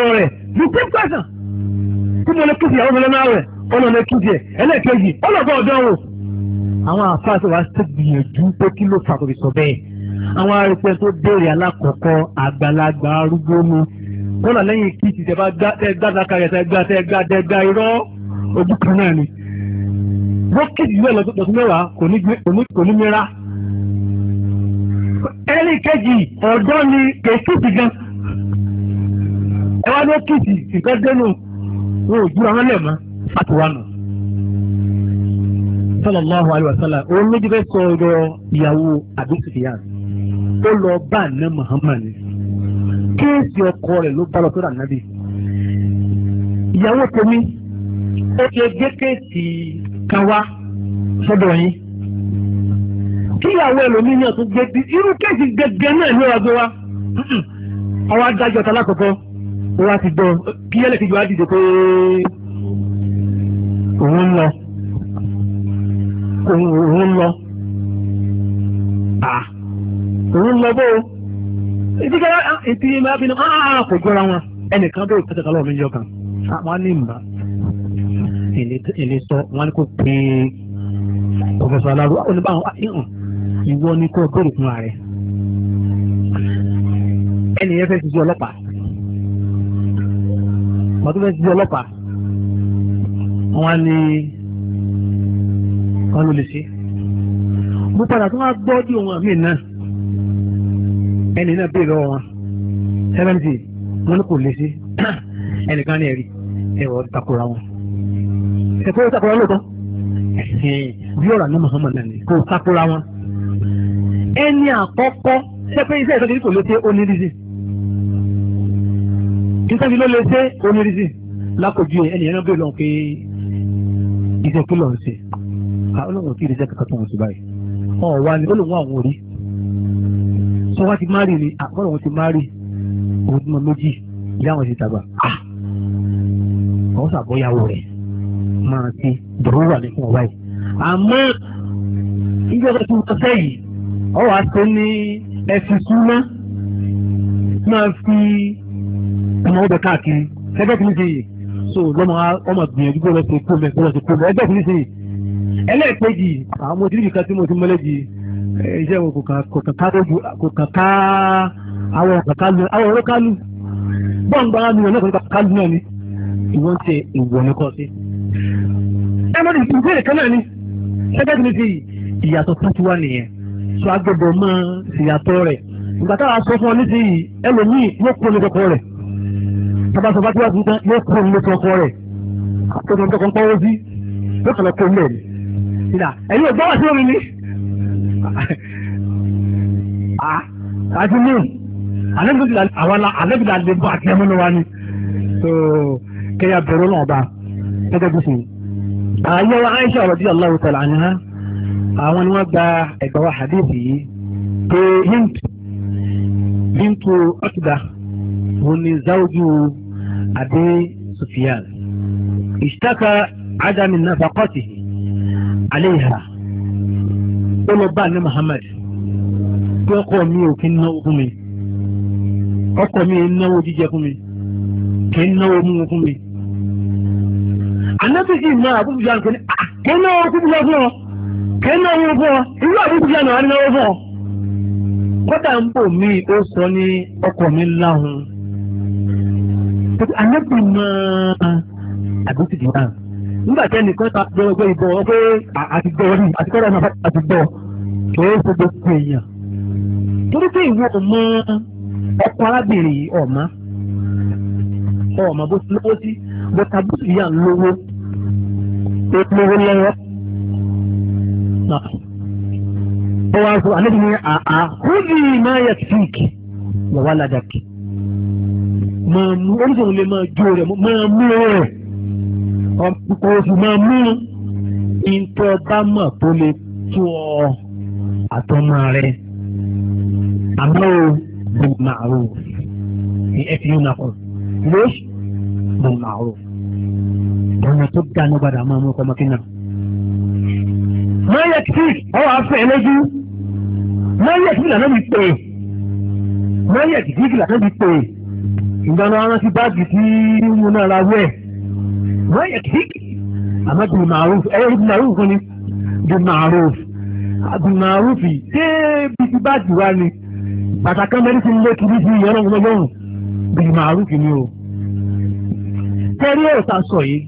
ní rẹ̀ àwọn arìnrìn tó béèrè alákọ̀ọ́kọ́ àgbàlagbà arúgbó mu kọ́nà lẹ́yìn kí ti tẹ̀bá gbàdáka rẹ̀ tẹ̀gbà tẹ̀gbà tẹ̀gbà irọ́ ojú kan náà ni. wọ́n kéde lọ tó mẹ́wàá kò ní mìíràn. ní kìtì nǹkan wọn ò ó lọ bá àná Muhammad kéèsì ọkọ rẹ̀ ló bá lọ sọ́dọ̀ ànábì ìyàwó tèmi ó ṣe gbé kéèsì kan wá sọ́dọ̀ yín kíyàwó ẹlòmíì náà tún gbé bí irú kéèsì gẹ́gẹ́ náà ní ọjọ́ wa àwọn adájọ́ ta lákòókò wọ́n á ti gbọ́ kí ẹlẹ́kejì wá dìde pé òun ń lọ òun ń lọ òun lọ bó ìdíkẹ́ ètí máa bí náà ah, ah, ah, kò jọra wọn ẹnìkan bẹ́ẹ̀ pẹ́tẹ́kà lọ́wọ́ mi yọ kan wọ́n ní ìmọ̀ èlé sọ wọ́n ní kò pé pọfẹsọ aláró oníbàwọn ìhàn ìwọ ni kò béèrè fún ààrẹ ẹnì yẹn fẹ́ ti di ọlọ́pàá màtó fẹ́ ti di ọlọ́pàá wọ́n ní wọ́n ló lè ṣe mo padà tó wá gbọ́ di ohun àmì náà ẹni náà béèrè lọ́wọ́ wọn seventy wọn ní kò lè sí ẹnìkan ní ẹ̀rí ẹ̀rọ takora wọn ẹ̀kọ́ yóò takora lóòótọ́ bí ọ̀rọ̀ àná Muhammad náà ni kò takora wọn ẹni àkọ́kọ́ sẹ́pẹ́ iṣẹ́ ìtọ́jú kò lè ṣe onírísì nítorí ló lè ṣe onírísì lákòjú ẹni ẹ̀rọ béèrè lọ́wọ́ pé iṣẹ́ kí lọ́ọ́ ṣe olóhùn tí ìrẹsẹ̀ kankan tó ń ṣe báyìí wọn ò wá ní olóhùn àwọn orí sọ wá ti má rí ni àkọ́rọ̀ ah, wọn ti má rí òun ti mọ méjì ìyá wọn ti dàgbà àwọn ah! sàbọ̀yàwó rẹ̀ máa ti dùrú wà ní fún ọba yìí àmọ́ ìjọba tí wọ́n fẹ́ yìí ọ wàá ní ẹ̀sìn súnmọ́ máa fi ọmọ ọbẹ̀ káàkiri ẹgbẹ́ kìíní ṣe yìí so lọ́mọ ọmọ gbìyànjú bó lọ sí kó mẹ́ bó lọ sí kó mẹ́ ẹgbẹ́ kìíní ṣe yìí ẹlẹ́ẹ̀kejì àwọn ọmọ ìdílé kan tí mo ti mọ́lẹ́ yìí iṣẹ́ wọn kò kàn ká kò kàn ká àwọn ọ̀kàn kálù àwọn ọ̀rọ̀ kálù bọ́ǹgbà mi ò lọ́kàn kálù náà ni ìwọ́n ṣe ìwọ̀n ní kọ́ sí. ẹ mọ́ ní ìbéèrè kan náà ni ṣẹ́gbẹ́ tí mi ti ìyàtọ̀ pàtó wà nìyẹn sọ agbọ́dọ̀ mọ́ ìyàtọ̀ rẹ̀ ìgbà táwa sọ fún ọ nísìnyí ẹlòmíì yóò kó ní kọkọ rẹ̀ bàbá sọ fàtíwà tuntun yóò kó ní kọkọ rẹ̀ àtọ́jọ́ ń tọkọ ń pọ́wọ́ sí yóò kàn lọ kó ń bẹ̀ ni. ẹ̀yin ò gbọ́ wá sí omi ni. Ah, àti ní àlẹ́gbẹ̀dà lè bọ́ àti ẹmú wa ni so kẹ́yà bẹ̀rù náà bá gẹ́gẹ́ bí sìn. àyẹ̀wò Aisha radiyallahu ta'ala anha àwọn ni wọ́n gba ẹ̀gbọ́n wa hadith yìí pé hint hint ọ̀túdà òun ni záwójú adé Sufyan. ishtaka adami nafaqatihi alayha. ó lọ bá ní Muhammad bí ọkọ mi ò kí ń náwó fún mi ọkọ mi ń náwó jíjẹ fún mi kì ń náwó mú fún mi. ànábì sì náà àbúrò ìjà nìkan ní kì ń náwó fún ìjà fún ọ kì ń náwó fún ọ irú àbúrò ìjà náà á fún ọ. kódà ń nígbà tí ẹnìkan ta gbẹgbẹ ìbọn ọ pé àti gbọ́ rí àti kọ́ra ọmọ àti gbogbo èèyàn torí pé ìwọ ọmọ ọkọ arábìnrin ọmọ ọmọ bó ti lówó sí bó ta bó ti yà ń lówó ó lówó lọ́wọ́ ó wá sọ àlejò ní àá kúndì máa yẹ síkì wọ́n wá ládàkì máa mú oníṣòwò lè máa jó rẹ̀ máa mú rẹ̀ kò sì máa mú ìtọ́ bá mọ̀ tó lè tó ọ àtọmọ rẹ àmọ́ o bí màrú ní ẹ fi yún náà kọ́ lé bí màrú ọ̀nà tó dá ní gbàdá máa mú ọmọ kínà. mọ́yẹ̀ tí ọwọ́ afẹ́ lójú mọ́yẹ̀ tí lànà mi pè mọ́yẹ̀ tí lànà mi pè ìgbàlọ́ aránsí báàgì tí mo náà ra wẹ̀. ما يكفيك أما بالمعروف أي بالمعروف هني بالمعروف بالمعروف تبي تبعد واني bàtàkà ni o. tẹ́rí ọ̀tá sọ yìí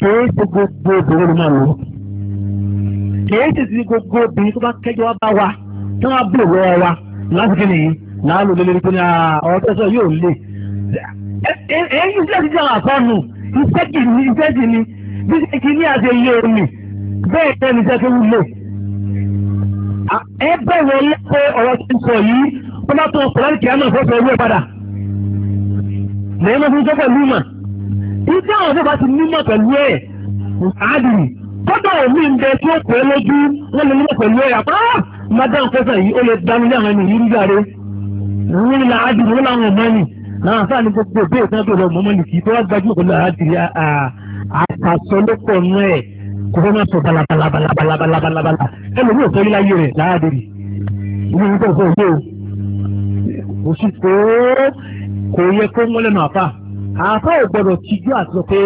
kìí ṣe gbogbo obìnrin ló máa lò ó. kìí si ti gbogbo obìnrin tó ba wa tí wọ́n wa láti kí nìyí láàlú lélẹ́rìí pé ọ̀rọ̀ tẹ́sán yóò lè. èyí sílẹ̀ ti iṣẹ́ kì ní iṣẹ́ kì ní bí ṣe kì ní àṣẹ iye omi bẹ́ẹ̀ náà ní iṣẹ́ wúlò. ẹ bẹ̀rẹ̀ lẹ́kọ̀ọ́ ọ̀rọ̀ tó ń sọ yìí wọ́n bá tó ọ̀pọ̀ láti kíámà fọ́sọ̀ owó ẹ̀ padà. lẹ́yìn lọ́sùn tó pẹ̀lú mà àwọn tó bá ti pẹ̀lú ẹ̀ omi ń bẹ pẹ́ lójú lè pẹ̀lú ẹ̀ àpá náà sáà ní gbogbo ìbéèrè tí wọ́n bèèrè ọmọ ọmọ nìkì tó wá gbajúmọ̀ pẹ̀lú àádìrí àtàsọ́lọ́pọ̀ nú ẹ̀ kò fẹ́ máa sọ balabalabalabalabala ẹlòmíì ò sọ́yìn láyé rẹ̀ láàdìrí ìwé ìwé tó fẹ́ òde o oṣù tó kò yẹ kó ń wọlé nù àfà àfà ò gbọdọ̀ tijú àti sọ pé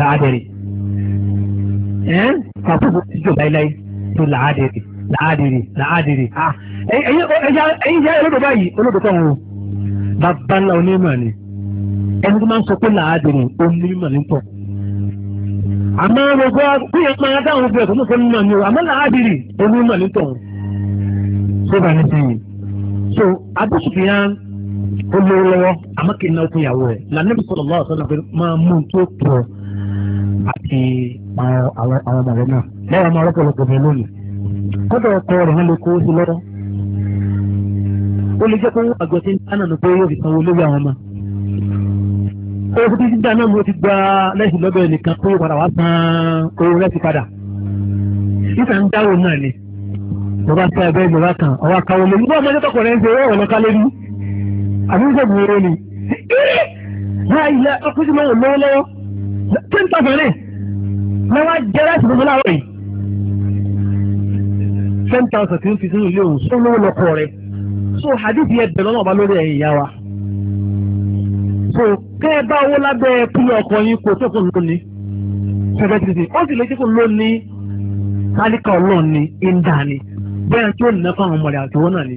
láàdìrí ẹ̀ fàbùkù tijú láíláí tó láàdìrí láàdìrí láàdìrí ẹ̀yin ẹ̀yin ẹ̀yin olódò báyìí olódò tó o wò. bàbá ńlá onímọ̀ ni ẹni tó máa ń sọ pé làádìrín onímọ̀ ní tọ̀ àmọ́ gbogbo kúyẹ̀ máa dáhùn bí ẹ̀kọ́ mọ́kọ́ mímọ̀ ni o àmọ́ làádìrín onímọ̀ ní tọ̀ tó bá ní so abúṣùfìyà ó lówó lọ́wọ́ àmọ́ kì í náà fúnyàwó ẹ̀ lànàbí sọ̀rọ̀ lọ́wọ́ sọ́nà pé máa mú tó tọ̀ àti àwọn ọmọ rẹ̀ náà lọ́wọ́ máa rọ́pọ̀lọpọ̀ bẹ́ẹ̀ lónìí kọ́dọ̀ ó lè jẹ́ pé wọ́n àgọ́ tí ń dáná ní pé yóò fi sanwó lórí àwọn ọmọ. ó fi ti dáná mo ti gba lẹ́sìn lọ́bẹ̀ nìkan pé padà wá san owó lẹ́sìn padà. níta ń dáwọ́ náà ni mo bá sá ẹgbẹ́ mi bá kàn ọwọ́ akáwọ́ lórí bá ọmọdé tọkọ rẹ̀ ń ṣe owó ọ̀nà ká lórí àbí ń sọ̀bù oró ni. láì lẹ ọkùnrin máa ń lọ́wọ́ lọ́wọ́ tí ń tàbí rẹ̀ lọ́wọ́ jẹ́ láti fún mi láwọ̀ yìí. ten thousand tí ń fi sínú ilé òun sọ́nà ọlọ́kọ̀ rẹ̀ so hadith yẹn bẹ̀rẹ̀ náà bá lórí ẹ̀yìn ìyá wa so kẹ́ ẹ bá owó lábẹ́ pílẹ̀ ọkọ yín kò tó fún lónìí sẹfẹtìrìtì ó sì lè jẹ́ kó lónìí kálíkà ọlọ́run ni ìndà ni bẹ́ẹ̀ tí ó nà fún àwọn ọmọdé àti owó náà ni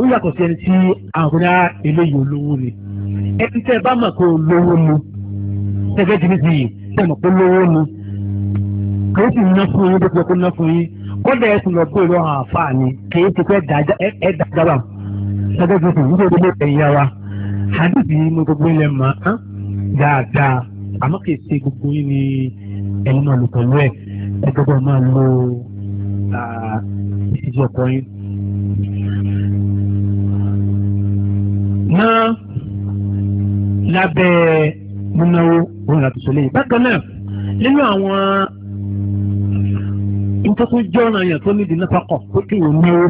ó yàtọ̀ sí ẹni tí àwọn eléyìí olówó ni ẹni tẹ́ ẹ bá mọ̀ pé olówó ni sẹfẹtìrìtì yìí tẹ́ mọ̀ pé olówó ni kò sì ná fún yín bó ti yẹ kó ná fún yín kọ́dà ẹ̀ sùn lọ bó lọ hàn àfa ni kì í ti fẹ́ ẹ̀ dàgbà sábẹ́ tuntun nítorí ilé ẹ̀yà wa hadithi mo gbogbo ilẹ̀ mọ̀ án dáadáa àmọ́ kì í ṣe gbogbo yín ni ẹ̀yin náà lò pẹ̀lú ẹ̀ ẹ gbọ́dọ̀ máa lo ìṣèjì ọ̀pọ̀ yín. náà lábẹ́ múnáwó òun àtúnṣe lẹ́yìn bákan náà nínú àwọn tó tún jọ́nà yẹn tó nídìí náfàkọ̀ tó kí ìwọ̀n náwó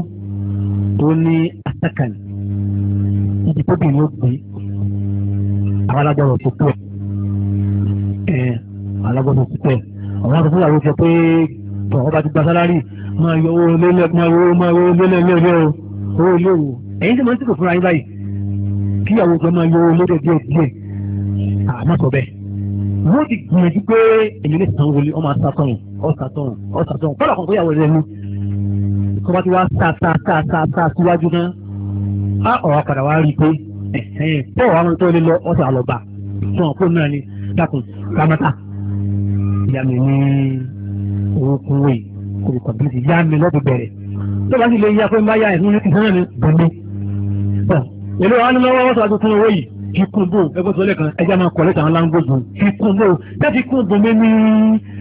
tó ní àtàkàn ibi tó bìnrin ó gbé àwọn alágbọ̀rọ̀ tó pẹ̀ ẹ̀ alágbọ̀rọ̀ tó pẹ̀ àwọn akọ̀tún ìyàwó jẹ pé tọ̀wọ́ bá ti gba sálárì máa yọ owó lélẹ̀ máa yọ owó máa yọ owó lélẹ̀ lélẹ̀ o owó ilé wo ẹ̀yin tí mo ń tìkọ̀ fúnra yín báyìí kí ìyàwó jẹ máa yọ owó lélẹ̀ díẹ̀ díẹ̀ àmọ́ sọ bẹ́ẹ̀ wọ́n ti gbìyànjú pé èmi lè san wọlé ọmọ asásán o ọ̀sàtọ̀hún ọ̀sàtọ̀hún kọ́lá kan tó yàwó rẹ̀ ni tó bá ti wá sa sa sa sa sa síwájú náà á ọ̀rọ̀ padà wá rí i pé tó wàá mọ̀ tó lé lọ ọ̀sà àlọ́ba tó hàn náà ni dákun kámẹ́tà ìyá mi ní owó kún wẹ̀ kò kò bí ti yá mi lọ́dún bẹ̀rẹ̀ tó bá sì lè yá pé má yá ẹ̀sìn ti sẹ́yìn mi bẹ̀rẹ̀ èlò wa ni lọ́wọ́ sọ àti owó yìí kíkún bò ẹgbẹ́ tó lẹ́kan ẹja máa kọ̀ lẹ́tà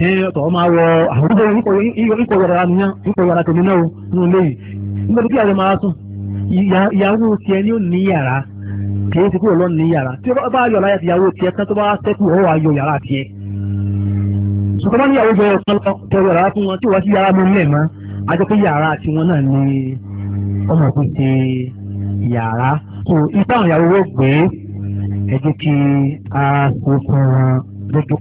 ẹ tọ̀ máa wọ àwùjọ ipò yàrá nìyẹn ipò na tèmi náà nínú ilé yìí nígbà tí yàrá máa sùn ìyàwó tiẹ̀ ni ó ní yàrá kìí ti kúrò lọ́nà ní yàrá tí ó bá yọ láyà tiẹ̀ tó bá sẹ́kù yàrá tiẹ̀. bá ní ọ̀kan lọ tẹ̀wé yàrá fún wọn tí wọ́n ti yàrá lẹ̀ mọ́ ajọ́ pé yàrá àti wọn náà ọmọ ti yàrá. ipa àwọn ìyàwó gbé ẹ jẹ́ kí a fún wọn lójú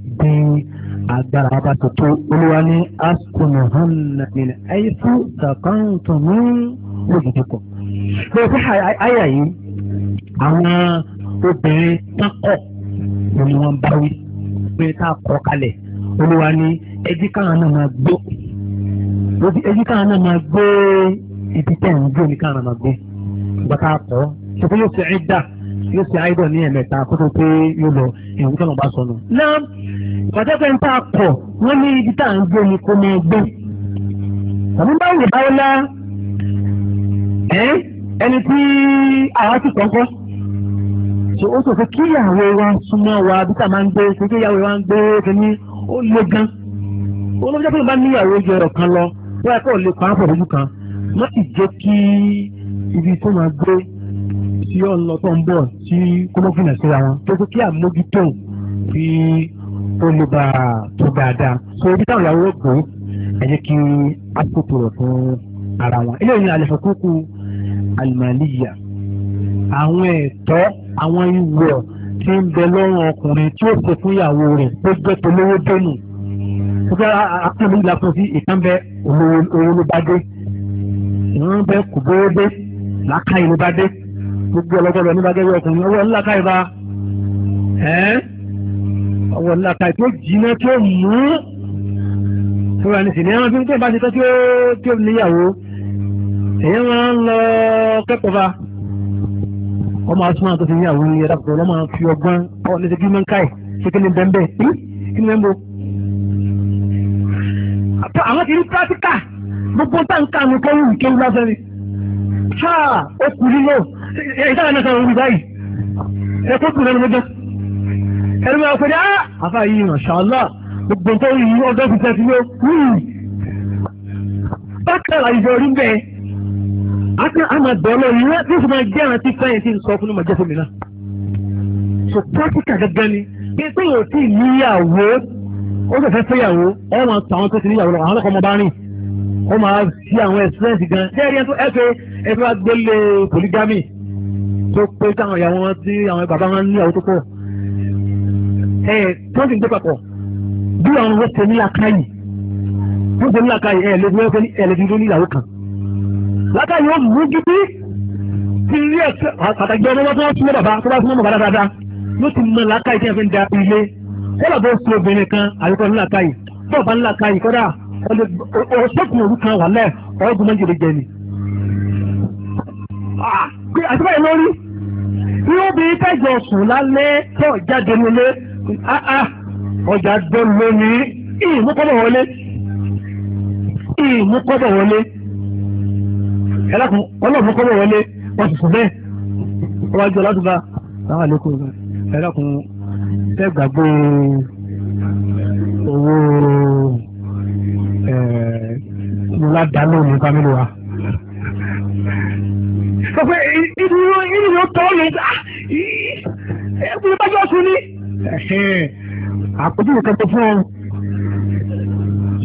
agbára wa bá ti tó olúwa ní asùnmùhánà nínú àìsù sàkáǹtù ní òjìdíkọ̀. bó ṣe àyà yìí àwọn obìnrin tákọ̀ ni wọ́n bá wí pé tá a kọ́ kalẹ̀ olúwa ní ẹjí káwọn náà máa gbó ẹjí káwọn náà máa gbé ibi tẹ̀ ń gbó ní káwọn náà máa gbé bàtà kọ́ ṣùgbọ́n yóò ṣe ẹ́ dà yóò ṣe àìdọ̀ ní ẹ̀mẹ́ta kó tó pé yóò lọ ìwọ̀n tó lọ bá sọnù. náà ìpàtẹ́pẹ́ ń tà pọ̀ wọ́n ní ibi tá à ń gbé ni kò ní gbé. àmì bá wù báwo la ẹni tí àwa ti kọ́kọ́ ṣe ó sọ pé kí ìyàwó wa súnmọ́ wa bí tá a máa ń gbé kí ìyàwó wa ń gbé kíní ó le gan. olóòjọ́ pé bá níyàwó jẹ ọ̀rọ̀ kan lọ wọ́n yà kó lè pa á pọ̀ lójú kan wọ́n sì jẹ́ kí ibi tó máa gbé tí ó ń lọ tó ń bọ̀ tí kó mọ́ fìnà síra wọn tó kó kí àmójútó fi ó lè bá a tó dáadáa so ibi táwọn ìyàwó rẹ̀ ẹ jẹ́ kí àkókò rẹ̀ fún ara wọn eléyìí ni àlefẹ́ kúkú alimaliya àwọn ẹ̀tọ́ àwọn ìwọ̀ tí ń bẹ lọ́rùn ọkùnrin tí ó ṣe fún ìyàwó rẹ̀ tó jẹ́ tolówó dónù tó fẹ́ akọ́ni ìlàkùn sí ìtànbẹ́ olówó ló bá kò bówó dé làákàyè ló gbogbo ọlọ́gbọ́dọ̀ ní bàgẹ́wé ọkùnrin ọwọ́ ńlá káyìí bá ọwọ́ ńlá káyìí tó jìnnà tó mú fúnra ní ní ẹran tí ń bá ti tọ́ tí ó níyàwó èyí máa ń lọ kẹ́kọ̀ọ́ bá ọmọ asúnmọ́ àtọ́sí níyàwó ní ẹ̀dá kòtò ọlọ́mọ fi ọgbọ́n ọ ní sẹ́kí mẹ́ńkáì sẹ́kí ní bẹ́ńbẹ́ kí ni bẹ́ńbó. Hm? àwọn ti rí pírátíkà gbogbo táǹkà ní kẹ́yìn kéwù lásán ni. ṣáà ó kù nílò ìṣáà náà sọ̀rọ̀ orí báyìí ẹ kó kù lẹ́nu mọ́jọ́ ẹni máa pẹ̀lú ah! àfà yìí ràn ṣàlá gbogbo tó yìí ọjọ́ fi tẹ́sí ló wù bákan àìjọ orí bẹ́ẹ̀ àti àmàdọ́lọ́ yìí wọ́n ti máa jẹ́ àwọn tí fẹ́yìn tí ń sọ fún ọmọdé fún mi náà so practical gẹ́gẹ́ ni bí pé yóò tí níyàwó ó sì fẹ́ fẹ́yàwó O máa tọ àwọn tó ti níyàwó lọ àwọn ọlọ́kọ̀ ọmọ bá rìn ó máa fi àwọn experience gan jẹ́rìí ẹ̀ tó ẹ fẹ́ ẹ fẹ́ wá gbélé polygamy tó pé táwọn ìyàwó wọn tí àwọn bàbá wọn ní àwọn tó pọ̀ ẹ tó sì ń gbé papọ̀ bí àwọn ọmọ ṣe ní làkàyè tó ṣe ní làkàyè ẹ lè fi wọn ẹ lè fi ní ìyàwó kan làkàyè ó mú gidi ti rí ẹ pàtàkì ọmọ wọn tó wọn súnmọ́ bàbá tó bá súnmọ́ bàbá dáadáa ló ti mọ làkàyè tí wọn fi ń da ilé kọ́lá bó ṣe obìnrin kan àyíkọ́ ní làkàyè bọ́ọ̀bá ní làkàyè kọ́dà ọ̀ṣọ́kùn òru kan wà lẹ́ẹ̀ ọ̀ọ́dún mọ́jì Ah, àti báyìí lórí ní obìnrin tẹ́jọ sùn lálẹ́ tẹ́ ọ̀já denulé ah, ah, ọjà denulé ní ìmúkọ́bọ̀ wọlé ìmúkọ́bọ̀ wọlé ẹlẹ́kùn ọlọ́múkọ́bọ̀ wọlé wọ́n sì sùn bẹ́ẹ̀ wọ́n jọ ládùúgbà láwọn àlékún ẹlẹ́kùn tẹ́ gbàgbé owó ẹ̀ẹ́dínlá dáná ní fámílì wa sọ pé ìdúró ìrìnà tọ́ mi ẹgbẹ́ bájọ́ tún ní. àpótí ìkan tó fún ọ.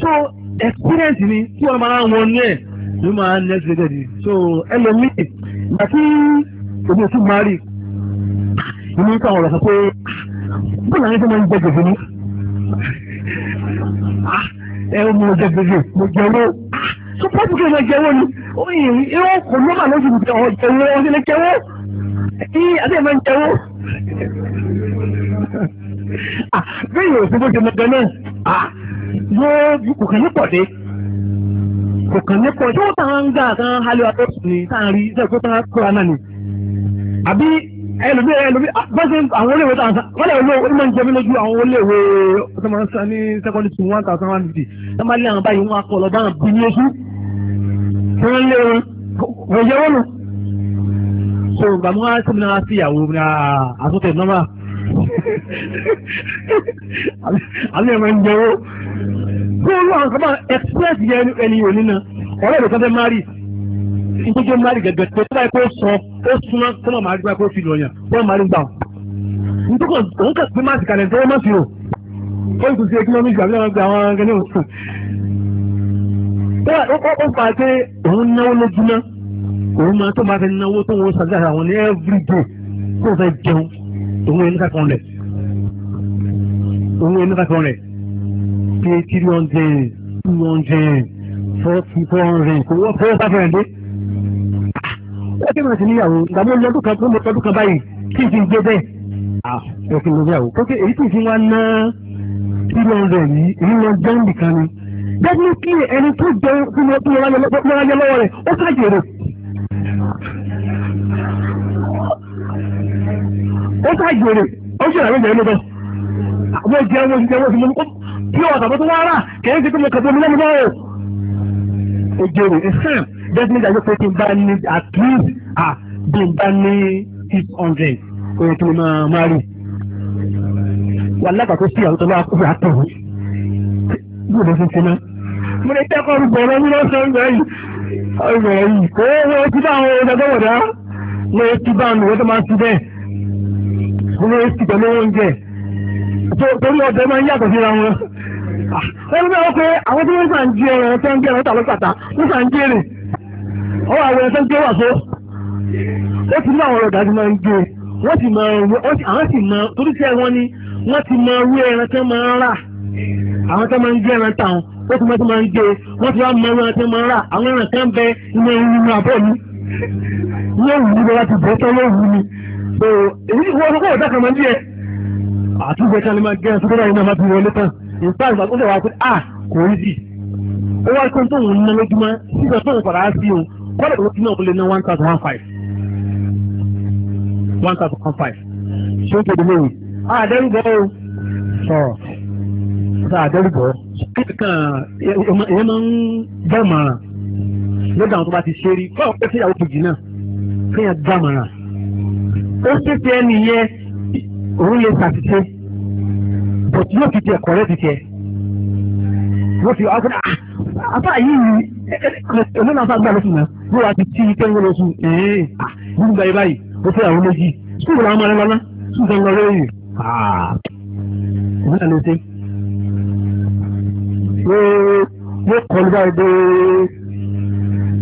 so experience ni tí wọ́n máa ń wọnú ẹ̀ ló máa ń next level ni so ẹlòmíì ìgbà tí omi ò tún máa rí ìmú ń káwọn ọ̀rọ̀ sọ pé ah, bọ́ọ̀lù àwọn ẹgbẹ́ máa ń jẹ gbèsè ni. Ah, ẹ ọmọ ọjọ́ gbèsè mo jẹ olóò tó pọ́pù kí ọmọ jẹ́wọ́ ni oyin irọ́ kò ló mà lóṣù tó ọmọ jẹ́wọ́ ọmọ sílé jẹ́wọ́ kí adé máa ń jẹ́wọ́. Ah, bẹ́ẹ̀ yóò fún bójú mọ́tò náà yóò ah, kò kàn ní pọ̀dé kò kàn ní pọ̀dé tó tàn án gà kan hálíwá tó sì ní tàn án rí sẹ́kọ̀ọ́ tàn kóra náà ni àbí ẹlòmí ẹlòmí ah, bọ́sẹ̀ àwọn olè wẹ́tà àǹsà wọ́n lè wọ́n lè wọ́n máa ń jẹ́ mi lójú àwọn olè wẹ́ ọ̀sán máa ń san ní secondary school one thousand one fifty ẹ máa lé àwọn báyìí wọn akọ lọ bá wọn bí ní oṣù tí wọ́n lé wọn kò yẹ wọ́n nù. so bàmú wa sẹ́mi náà sí ìyàwó ní ah, àtúntẹ̀ nọ́mà àbí ẹ̀ máa ń jẹ́wọ́. kó o lọ àwọn sábà express yẹn ẹni òní náà ọ̀rẹ́ ìdọ̀kọ́ fẹ́ máa rí i nítorí ó mari gẹ́gẹ́ pé tíwáyé kó sọ ó súná kó má mari gbáyé kó fi lọ́yàn kó mari gbà ó. nítorí òun kà pé máàsì kalẹ̀ tó má fi o ó yìí kò sí economics àbí àwọn àwọn akẹ́kẹ́ náà sùn. ó fà á pé òun náwó lójúmọ́ òun máa tó máa fẹ́ náwó tó wọ́n sàgbà àwọn ní everyday tó fẹ́ jẹun òun ẹni kàkan rẹ̀ òun ẹni kàkan rẹ̀ pé three hundred two hundred four hundred kò wọ́n fẹ́ sáfẹ́ rẹ̀ dé ẹ kí n máa ti níyàwó ìgbàmú lọ́dún kan tó ń bọ tọdún kan báyìí kí n ti gbé bẹ́ẹ̀ ẹ kí n lọ níyàwó tó ké èyí tí n fi wá ná three hundred yìí èyí lọ jẹ́ nìkan ni bẹ́ẹ̀ni kí ẹni tó jẹ fún mi tó yẹra yẹ lọ́wọ́ rẹ̀ ó ká jèrè. ó ká jèrè ó ṣe ìrànlọ́wọ́ jẹ̀rẹ̀ lọ́dọ̀ àwọn jẹ́ àwọn oṣù jẹ́wọ́ ìṣúná bí tó wá rà kẹ́yìn ti tó mọ̀ kẹ́tọ́ mi lẹ́nu definitely àjọ pé kí n bá ní at least à bí n bá ní six hundred oye kí n máa máa rí wà lágbàtọ́ sí àwọn tó bá kúrò àtọ̀wé bí òde fífi náà. mo lè tẹ́kọ̀ rúgbọ̀ ọ̀rọ̀ mi lọ́sọ̀ ń bẹ̀rẹ̀ yìí bẹ̀rẹ̀ yìí kó wọ́n ti bá àwọn ọ̀dọ́gbọ̀dá wọ́n ti bá àwọn ìwé máa ń ti bẹ́ẹ̀ wọ́n ti pẹ̀lú oúnjẹ torí ọ̀dọ́ máa ń yàtọ̀ síra wọn. Ah, ẹni bẹ́ẹ̀ wọ́n pé àwọn tó ń sàn jẹ́ ẹran tó ń jẹ́ ọwọ́ àwọn ẹ̀sán tó wà fún ó ti ní àwọn so èyí wọ́n ọ̀dà kan máa ń díẹ̀ máa tó kọ́lẹ̀ tó ti náà lè ná one thousand one five one thousand one five ṣé ó kéde lóyún àdẹ́rùbọ̀ o sọ ọ̀sán àdẹ́rùbọ̀ kíkan èèyàn máa ń bẹ̀ mọ̀ràn lọ́dọ̀ àwọn tó bá ti ṣe rí kọ́ ọ̀pẹ́ sí ìyàwó kejì náà kéèyàn gbà mọ̀ràn ó ṣèṣe ẹni yẹn òun lè ṣàṣìṣe bọ̀t yóò fi tiẹ̀ kọ̀rẹ́ ti tiẹ̀ yóò fi ọ́ àbá yìí olóòlù àbá gbà lóṣù náà ló wà ti tí ikẹ́ ńlọ lóṣù ẹ̀ẹ́n nínú ìgbà yìí báyìí ó fẹ́ àwọn méjì sùkúrù làwọn máa ń lọ́lá sùkúrù kan lọ lórí ìwé náà ló ṣe. yóò kọ́ ló báyìí dé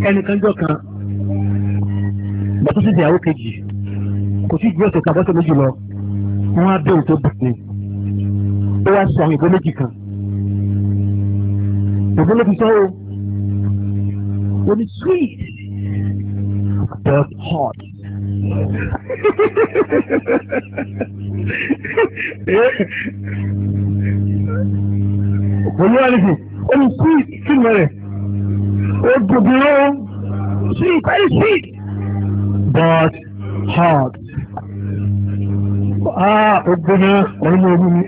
ẹnìkan jọ kan bàtú sí ìyàwó kejì kò sí ìgbésẹ̀ tàbí ọ̀sẹ̀ méjì lọ wọ́n á bẹ̀rù tó bù ní ó wá sọ àwọn ìgbẹ́ méjì kan bàbá ló fi sọ o ó sweet but hot. Olú wa nìkan, ó sweet, sweet sí mẹ́rẹ̀, ó dùbí ó, sweet very sweet but hot. Ah, ó gbóná, ọ̀rọ̀ mi ò mú mi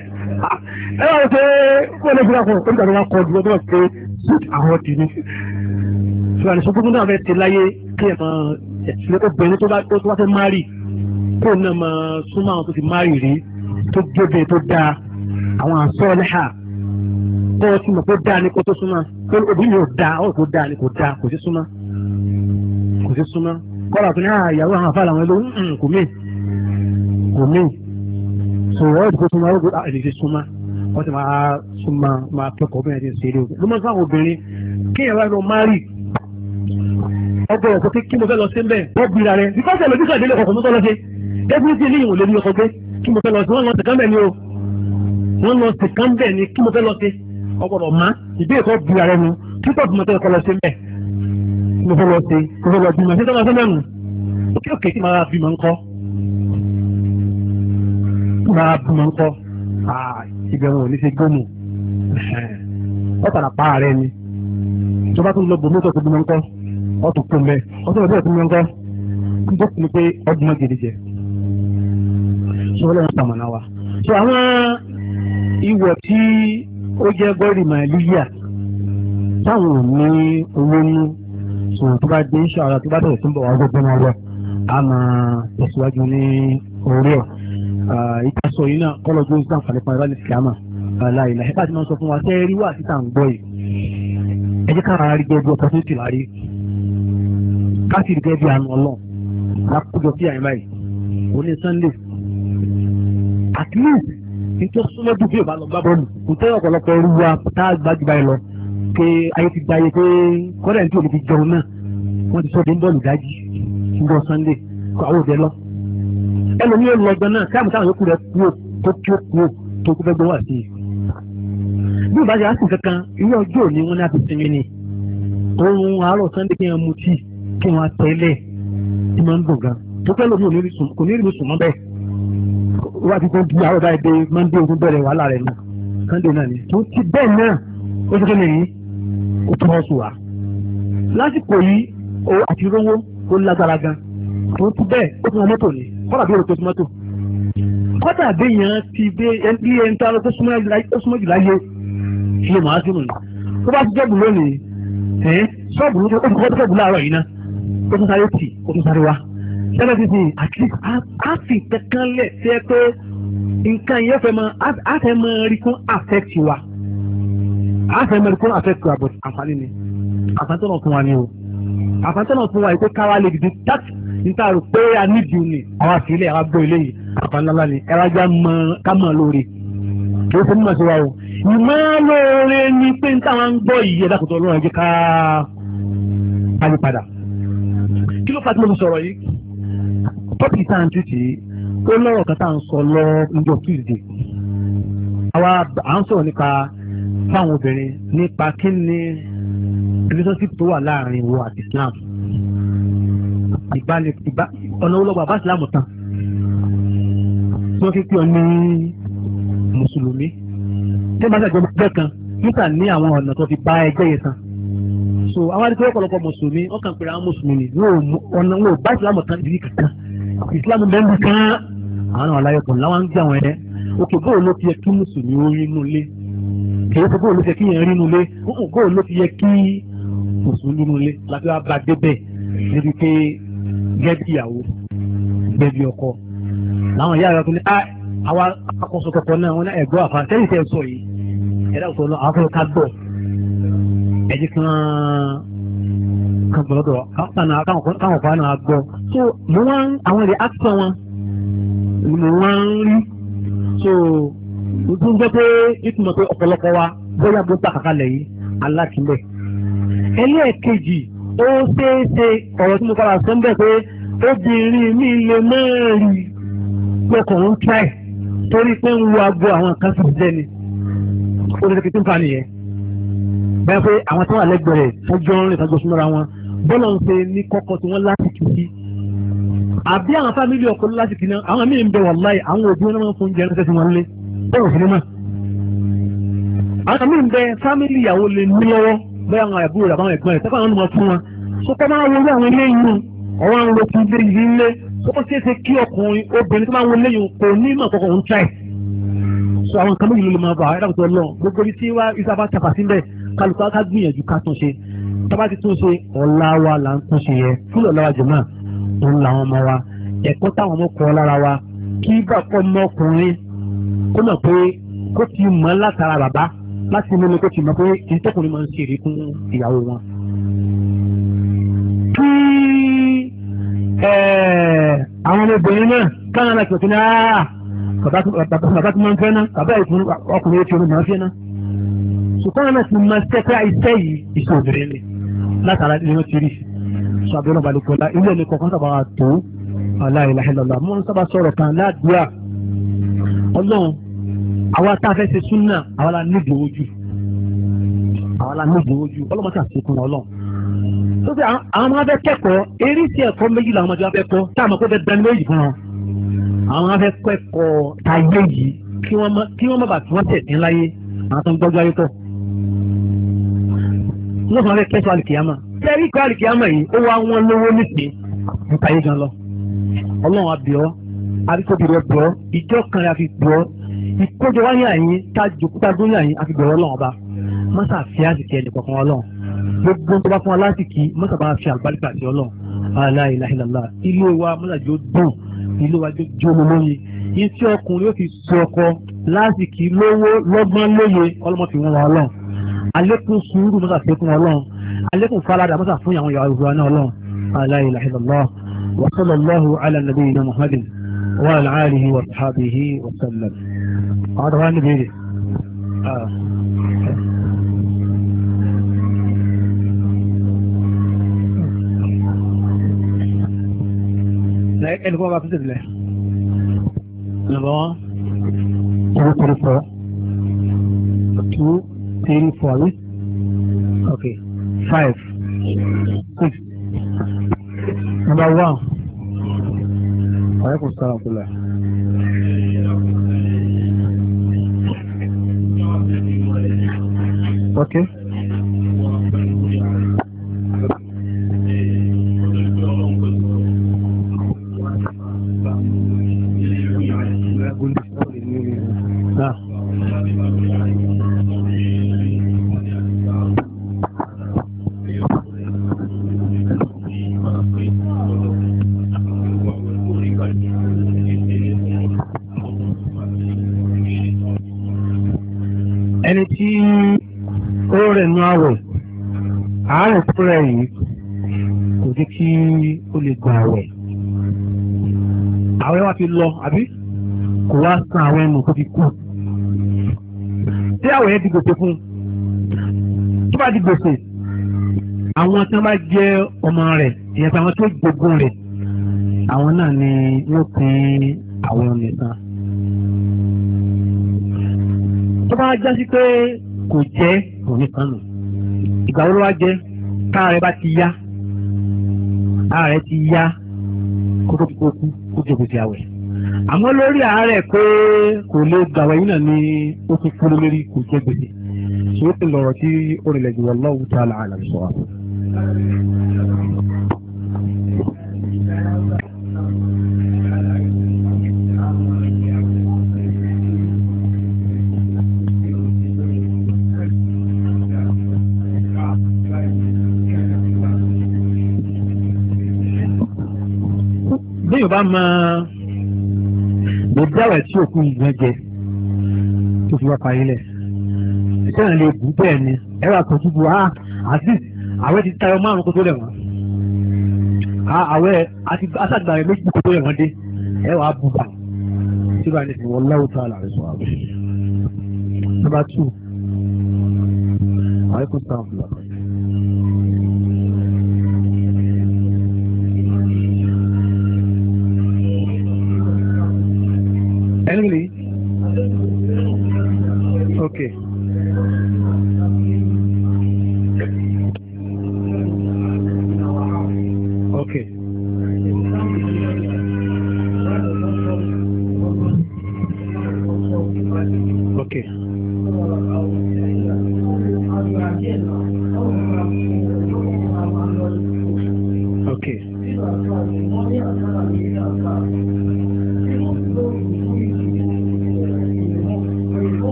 ẹ wá pé wọ́n lè gbúra kan ó ní kàdé wá kọ ọdún ọdún pé àwọn ti ní. sọ àlẹ́ sọ́kúnmọ́ náà fẹ́ ti láyé kí ẹ̀ mọ ẹ̀sìn obìnrin tó bá tó bá fẹ́ márì kó náà mọ súnmọ́ àwọn tó ti márì rí tó gbébè tó dáa àwọn àṣọ lẹ́hà kó o ti mọ̀ pé dáa ni kó tó súnmọ́ pé obìnrin yóò dáa ó tó dáa ni kò dáa kò sí súnmọ́ kò sí súnmọ́ kọ́lá tó ní àyàwó ah, àwọn afáàlà àwọn ẹlòmíì kò mí kò mí sọ̀rọ̀ ẹ̀ wọ́n ti máa súnmọ́ máa kẹ́kọ̀ọ́ bí wọ́n ti ń ṣe eré òkè ló máa ń sáwọn obìnrin kéèyàn wá lọ márì ọgbọ̀n ọ̀pọ̀ kí mo fẹ́ lọ sí mbẹ́ wọ́n gbìyà rẹ̀ bíkọ́sì ẹ̀ lójúkọ̀ ìdílé ọkọ̀ tó tọ́ lọ sí ẹgbẹ́ tí ní ìwòlé ní ọkọ̀ gbé kí mo fẹ́ lọ sí wọ́n lọ sí kánbẹ̀ ni o wọ́n lọ sí kánbẹ̀ ni kí mo fẹ́ lọ sí ọgbọ̀dọ̀ má ìbéèrè kọ́ gbìyà rẹ̀ nu kíkọ́ tí mo fẹ́ lọ sí mbẹ́ Ah, ibẹ̀ wọn ò ní ṣe gbóni ọ̀tàlà pa rẹ ni ìjọba tó ń lọ bòmí ọ̀tọ̀ tó gbóná ńkọ́ ọ̀tọ̀ tó mẹ́ ọ̀tọ̀ tó gbóná ńkọ́ tó kún pé ọgbọ́n gidi jẹ sọ́wọ́lẹ́wọ̀n tàmọ̀nà wa. so àwọn ìwọ̀ tí ó jẹ́ gọ́ọ̀rì màlíyà táwọn ò ní owó ní sọ̀rọ̀ tó bá dé iṣẹ́ ara tó bá bẹ̀rẹ̀ tó ń bọ̀ wá gbogbo náà lọ a máa tẹ̀síwájú ní orí ẹ̀. Ah, sọ yìí náà kọ́lọ̀ jó ń sàn fàlẹ́ fún kìámà aláìlá ẹ̀ báyìí máa sọ fún wa ṣe wà títà ń yìí ẹ jẹ́ kára rí gbogbo ọ̀pọ̀ tó ti wà rí ká rí gẹ́gẹ́ bí àánú ọlọ́run lákòjọ sí àyìnbá yìí òní Sunday at least nítorí súnmọ́ dùn bí ìbá lọ gbá bọ́ọ̀lù kò tẹ́ ọ̀pọ̀lọpọ̀ ẹrú wa tá a gbájú báyìí lọ ẹlòmí yóò lọ gan náà káàmù táwọn yòókù rẹ̀ kúrò tó kí ó kúrò tó kú fẹ́ gbọ́ wà sí i. bí ìbáṣe àsìn kankan ilé ọjọ́ òní wọn láti sinmi ni oorun àárọ̀ sunday kí wọn mu tíì kí wọn tẹ́lẹ̀ tí máa ń dùn gan tó pẹ́ lómi kò ní ìrìn sùn mọ́ bẹ́ẹ̀ wá ti tó di àárọ̀ báyìí dé monday ogun bẹ̀rẹ̀ wàhálà rẹ̀ náà sunday náà ni tó ti bẹ́ẹ̀ náà ó ti kéde yìí ó tún wọ́n sùn wá lásìkò yìí àti ó lágbára gan tó ti bẹ́ẹ̀ ó ti wọn mọ́tò ni kọ́dà bí olùkọ́ ti mọ́tò kọ́dà bí yẹn ti dé bí ẹni tá ló súnmọ́ jù láyé ṣe màá sí mu ni tó bá ti jẹ́ bù lónìí ẹ̀ ṣọ́ọ̀bù ló ti kọ́ tó fẹ́ bù láàárọ̀ yìí náà ó tún sáré tì ó tún sáré wá ṣẹlẹ̀ ti sìn àti àfi kankan lẹ̀ sí ẹ pé nǹkan yẹn fẹ́ máa àfẹ́ máa rí kún affect wa àfẹ́ máa rí kún affect wa but àǹfààní ni àǹfààní tó náà fún wa ni o àǹfààní tó náà fún wa yìí pé káwa lè dìde that nítàrò pé a nídìí ni àwa sílẹ̀ àwa gbọ́ eléyìí àfàlálà ni ẹ̀rọ mọ ká mọ̀ lóore fún mọ̀ sí wa o ìmọ̀ lóore ni pé n táwọn ń gbọ́ yìí ẹ̀dá kòtò ọlọ́run ẹ̀jẹ̀ ká ayé padà kí ló fà tí mo fi sọ̀rọ̀ yìí tọ́pì tá à ń tìtì ó lọ́rọ̀ kan tá à ń sọ lọ njọ tuesday àwa à ń sọ̀rọ̀ nípa fáwọn obìnrin nípa kí ni relationship tó wà láàrin wo àti Islam ìbálẹ̀ ìbá ọ̀nà olóògbà bá ìsìlámù tán tí wọ́n fi pè ọ́ ní mùsùlùmí tí wọ́n bá ṣàjọba ẹgbẹ́ kan níta ní àwọn ọ̀nà tó fi bá ẹgbẹ́ yẹn tán so àwọn adìsẹ́ ọ̀pọ̀lọpọ̀ mùsùlùmí wọ́n kàn pèrè àwọn mùsùlùmí ni wọn ò bá ìsìlámù tán ìdílé kankan ìsìlámù bẹ́ẹ̀ nìkan àwọn aláyọ̀kọ̀ làwọn ń gbà wọn ẹ̀ òkè bóòlù ló ti yẹ kí mùsùlùmí ó rí inú ilé kìí ṣe góòlù ló fi yẹ kí yẹn rínú lé góòlù ló fi yẹ kí mùsùlùmí rínú lé láti wá bá débẹ̀ níbi pé gẹ́bí ìyàwó gẹ́bí ọkọ làwọn ìyá rẹ̀ tó ní ah, àwa akọ̀sọ̀ kọ̀kọ̀ náà wọn ẹ̀gbọ́n àfa sẹ́yìn tẹ́ sọ yìí ẹ̀dá òsọ náà àwọn ká gbọ́ ẹ̀jẹ̀ kan kan gbọ́dọ̀ káwọn kan náà gbọ́ so mo wá àwọn èdè áṣọ wọn mo wá ń rí so ojú ń jẹ́ pé ìtumọ̀ pé ọ̀pọ̀lọpọ̀ wa bóyá bó ta kàkálẹ̀ yìí alákìlẹ̀ ẹlẹ́ẹ̀kejì ó ṣeé ṣe ọ̀rọ̀ tí mo padà sọ ń bẹ̀ pé obìnrin mi lè mẹ́rin pẹ̀kọ̀ọ́ ń tíráì torí pé ń wo agbo àwọn kan sì jẹ́ ni ó lè tẹ́kẹ́ tí ń fa nìyẹn bẹ́ẹ̀ pé àwọn tó wà lẹ́gbẹ̀rẹ̀ tọ́jú ọ̀rìn ìtajọ́ súnmọ́ra wọn bọ́lọ̀ ń ṣe ní kọ́kọ́ tí wọ́n láti kì í àbí àwọn fámìlì ọkọ láti kì í náà àwọn míì ń bẹ wàláì àwọn òbí wọn máa ń fún oúnjẹ ránṣẹ́ sí wọn lé bọ́lọ̀ fún mi mọ́ àwọn míì ń bẹ fámìlì ìyàwó lè ní lọ́wọ́ bẹ́ẹ̀ àwọn àbúrò àbáwọn ẹ̀gbọ́n rẹ̀ tẹ́kọ̀ àwọn ọmọ fún wọn so kọ́ máa wọlé àwọn ilé yìí ọ̀rọ̀ àwọn olókùn ilé yìí ńlẹ̀ so ó ṣeé ṣe kí ọkùnrin obìnrin tó máa wọlé yìí kò ní ìmọ̀ kọ̀ọ̀kan òun tẹ̀ so àwọn nǹkan méjì ló lè máa bà ẹ́ dàgbàtọ̀ lọ gbogbo ibi tí isa bá tàpá sílẹ̀ kálukú ká gbìyànjú ká tún ṣe tábà ti tún ṣe ọ̀la wa là ń tún ṣe yẹ fúlọ̀ lára jùmọ̀ òun làwọn ọmọ wa ẹ̀kọ́ táwọn ọmọ kọ́ lára wa kí bàbá ọmọkùnrin kó mọ̀ pé kó ti mọ̀ látara bàbá láti mímu tó ti mọ̀ pé ìtọ́kùnrin máa ń ṣe èrè fún ìyàwó wọn. kí àwọn ọmọbìnrin náà káwọn aláṣẹ òfin náà bàbá tó máa ń fẹ́ náà bàbá ìfún ọkùnrin ètò ọmọ ìfẹ́ náà. ṣùgbọ́n náà ti máa àìsẹ́ yìí iṣẹ́ ni látara ti rí ilé ẹni kọ̀ọ̀kan sábà tó aláìláhìlọ́lá mọ́ sábà sọ̀rọ̀ kan ọlọ́run àwa tá a fẹ́ ṣe súnà àwa la ní ìdòwò jù àwa la ní ìdòwò jù ọlọ́mọ tí a ṣe fún ọlọ́run. tó ṣe àwọn máa fẹ́ kẹ́kọ̀ọ́ eré sí ẹ̀kọ́ méjì làwọn ọmọdé wa fẹ́ kọ́ tá a mọ̀ pé bẹ́ẹ̀ dání méjì fún wọn. àwọn máa fẹ́ kọ́ ẹ̀kọ́ táyé yìí kí wọ́n má bàa tí wọ́n tẹ̀ ní láyé àwọn tó ń gbọ́jú ayé tọ̀. wọ́n fún wa fẹ́ kẹ́sọ̀ alìkìyàmà tẹ́rí kọ́ alìkìyàmà yìí ó wá wọn lówó nísìnyí nípa ayé gan lọ ọlọ́run àbíọ́ àbíkọ́bí rẹ̀ bọ́ ìjọ kan rẹ̀ àfi bọ́ ìkójọ wáyé àyín tá a jòkó tá a gbóyè àyín àti bẹ̀rẹ̀ ọlọ́run ọba mọ́sà fi àsìkí ẹnì kọ̀ọ̀kan ọlọ́run gbogbo tó bá fún wa lásìkí mọ́sà bá fi àlùbáríkà sí ọlọ́run aláìláìlàlá ilé wa mọ́sà jó dùn ilé wa jó lóye iṣẹ́ ọkùnrin ó fi sọ ọkọ lásìkí lówó lọ́gbọ́n lóye ọlọ́mọ fi wọn wá ọlọ́run alẹ́kùn sùúrù mọ́sà fi kún ọlọ́run alẹ́kùn faradà mọ́sà fún àwọn yàrá ìhùwà náà ọlọ́run aláìláìlàlá àwọn tó bá ní ìbéèrè. ẹnì kan bá tún tẹ̀lé. lọ́wọ́. two two three four. Eh? okay five six. number one. wàhálà kò sára kúlẹ̀. Okay san àwọn ẹnu tó fi kú tí àwọn yẹn di gbèsè fún tó bá di gbèsè àwọn tí wọ́n bá jẹ́ ọmọ rẹ̀ ìyẹn tí àwọn tó gbógun rẹ̀ àwọn náà ni wọ́n pín àwọn nìkan. tó bá jásí pé kò jẹ́ òní nù ìgbà wo ló wá jẹ́ tára rẹ̀ bá ti yá tára rẹ̀ ti yá kótó kókó kú kó jẹ́ gbèsè àwẹ̀ àmọ́ lórí àárẹ̀ pé kò lè gbàwé yín náà ni ó fi kúrò lórí kò jẹ́ gbèsè tí ó ti lọ̀rọ̀ tí ó rìnlẹ̀ jù wallahu ta'ala a'lam sọ̀rọ̀. bí yóò bá máa èdè àwẹ̀ tí òkú ìgbọ́n jẹ tó fi wá parí lẹ̀ ìtẹ́ràn lè bù bẹ́ẹ̀ ni ẹ̀rọ àtọ́jú bu ah àti àwẹ̀ ti tayọ márùn kó tó lẹ̀ wọ́n ah, àwẹ̀ àti aṣàgbà rẹ̀ méjì kó tó wọ́n dé ẹ̀rọ àbùbà tí wọ́n ní wọ́n láwùjọ tó àlàrẹ̀ sọ àwẹ̀. number two àwẹ̀ kò sáà fún wa. Emily. Okay.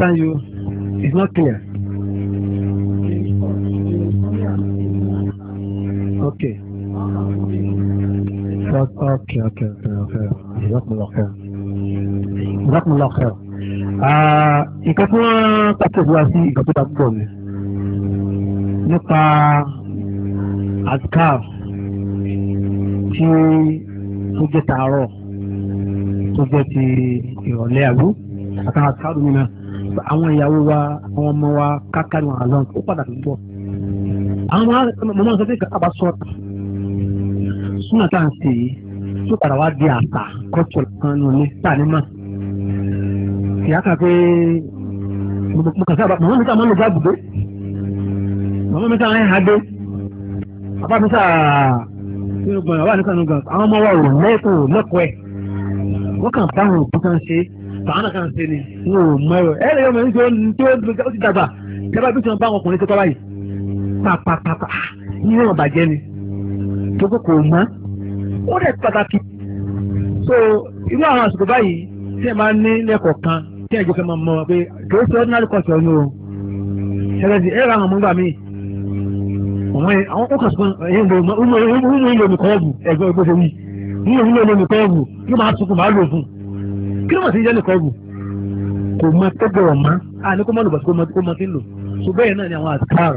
understand you it's not clear. Okay. Okay, okay, okay, okay. Jazakumullah khair. Jazakumullah khair. Ah, nǹkan tí wọ́n pàtẹ́sí wá sí ìgbà tó ta gbọ́ mi nípa adkar tí ó jẹ́ tààrọ̀ tó jẹ́ ti ìrọ̀lẹ́ àgbo àtàwọn adkar mi náà àwọn ìyàwó wa àwọn ọmọ wa kákàrí wọn àlọ́ ó pàtàkì púpọ̀ àwọn ọmọ máa ń sọ pé kábà sọ súnà tá à ń ṣe yìí tó padà wá di àṣà kọ́tù kan nù ní sànímà ìyá kan pé mo kàn sí àbá màmá mi sá máa ń lò jágùdé màmá mi sá máa ń hadé bàbá mi sá nínú gbọ̀ngàn bàbá mi sá nínú gbọ̀ngàn àwọn ọmọ wa ò lẹ́kọ̀ọ́ lẹ́kọ̀ọ́ ẹ̀ wọ́n kàn bá àwọn òbí ṣe é bàánà kan ṣe ni wọn ò mọ ẹ̀rọ ẹ̀rọ yóò mọ̀ ní tó tó ti dàgbà tẹ́lá bí sọ̀rọ̀ bá wọn ọkùnrin tó tọ́ báyìí pàpàpàpà ní wọn bàjẹ́ ni tó kò kò mọ́ ó dẹ̀ pàtàkì so irú àwọn àsìkò báyìí tí ẹ máa ní lẹ́kọ̀ọ́ kan tí ẹ jẹ́ fẹ́ máa mọ̀ pé kò sí ordinary course ọ̀nù o ṣẹlẹ̀sì ẹ̀rọ àwọn ọmọgbà mi àwọn kókàn sọ ẹ̀yìn ìlú ìlú ìlú ìkọ́ọ̀bù ẹ̀gbọ́n ìgbọ́sẹ̀ wí ìlú ìlú ìlú ìkọ́ọ̀bù yóò máa sunkún máa lò fún un kí ló mọ̀ sí jẹ́lẹ̀ kọ́ọ̀bù kò mọ tọ́gbọ̀ ọ̀mọ́ a ní kó mọ́ lùbàtí kó mọ́ sí lò so bẹ́ẹ̀ náà ni àwọn àtàr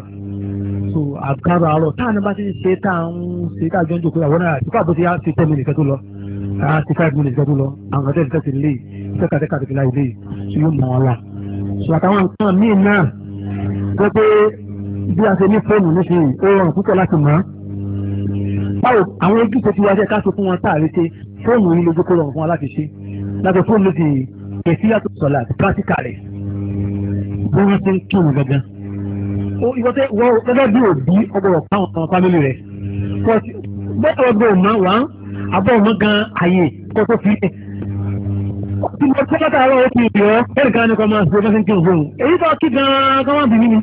so àtàr àárọ̀ táà ní bá ti ṣe tá à ń ṣe tá à jọ ń jòkó àwọn náà àtìkọ́ àbótí á ti ten minutes kẹ́tó lọ á ti five minutes kẹ́tó lọ àwọn kan tẹ́lifíṣẹ́ ti lé tẹ́kàtẹ́kà ti láì lé yóò mọ̀ wọn a ṣe ní fóònù nísìnyí ó rọrùn púpọ̀ láti mọ̀ báwo àwọn ojúṣe ti wá ṣe ká ṣe fún wọn táà rí ṣe fóònù yìí lójú kó rọrùn fún wọn láti ṣe lábẹ́ fóònù ti kèsí yàtọ̀ sọ̀lá àti pàtíkàlì bí wọ́n ti ń kírun gangan. ìwọ́tẹ́ wọ́n gẹ́gẹ́ bí òbí ọgbọ̀rọ̀ táwọn ọmọ fámìlì rẹ̀ bọ́ọ̀lù ọgbọ̀ ọ̀ma wà á abọ́ ọmọ gan ayé kó tó fi tí mo tẹ́ bàtà àwọn òkè ìdí ọ́ ẹ̀rì kan ní kọ́ máa ṣe fẹ́sẹ̀ kí n fún un èyí tó kí gan kọ́ máa bì mí ni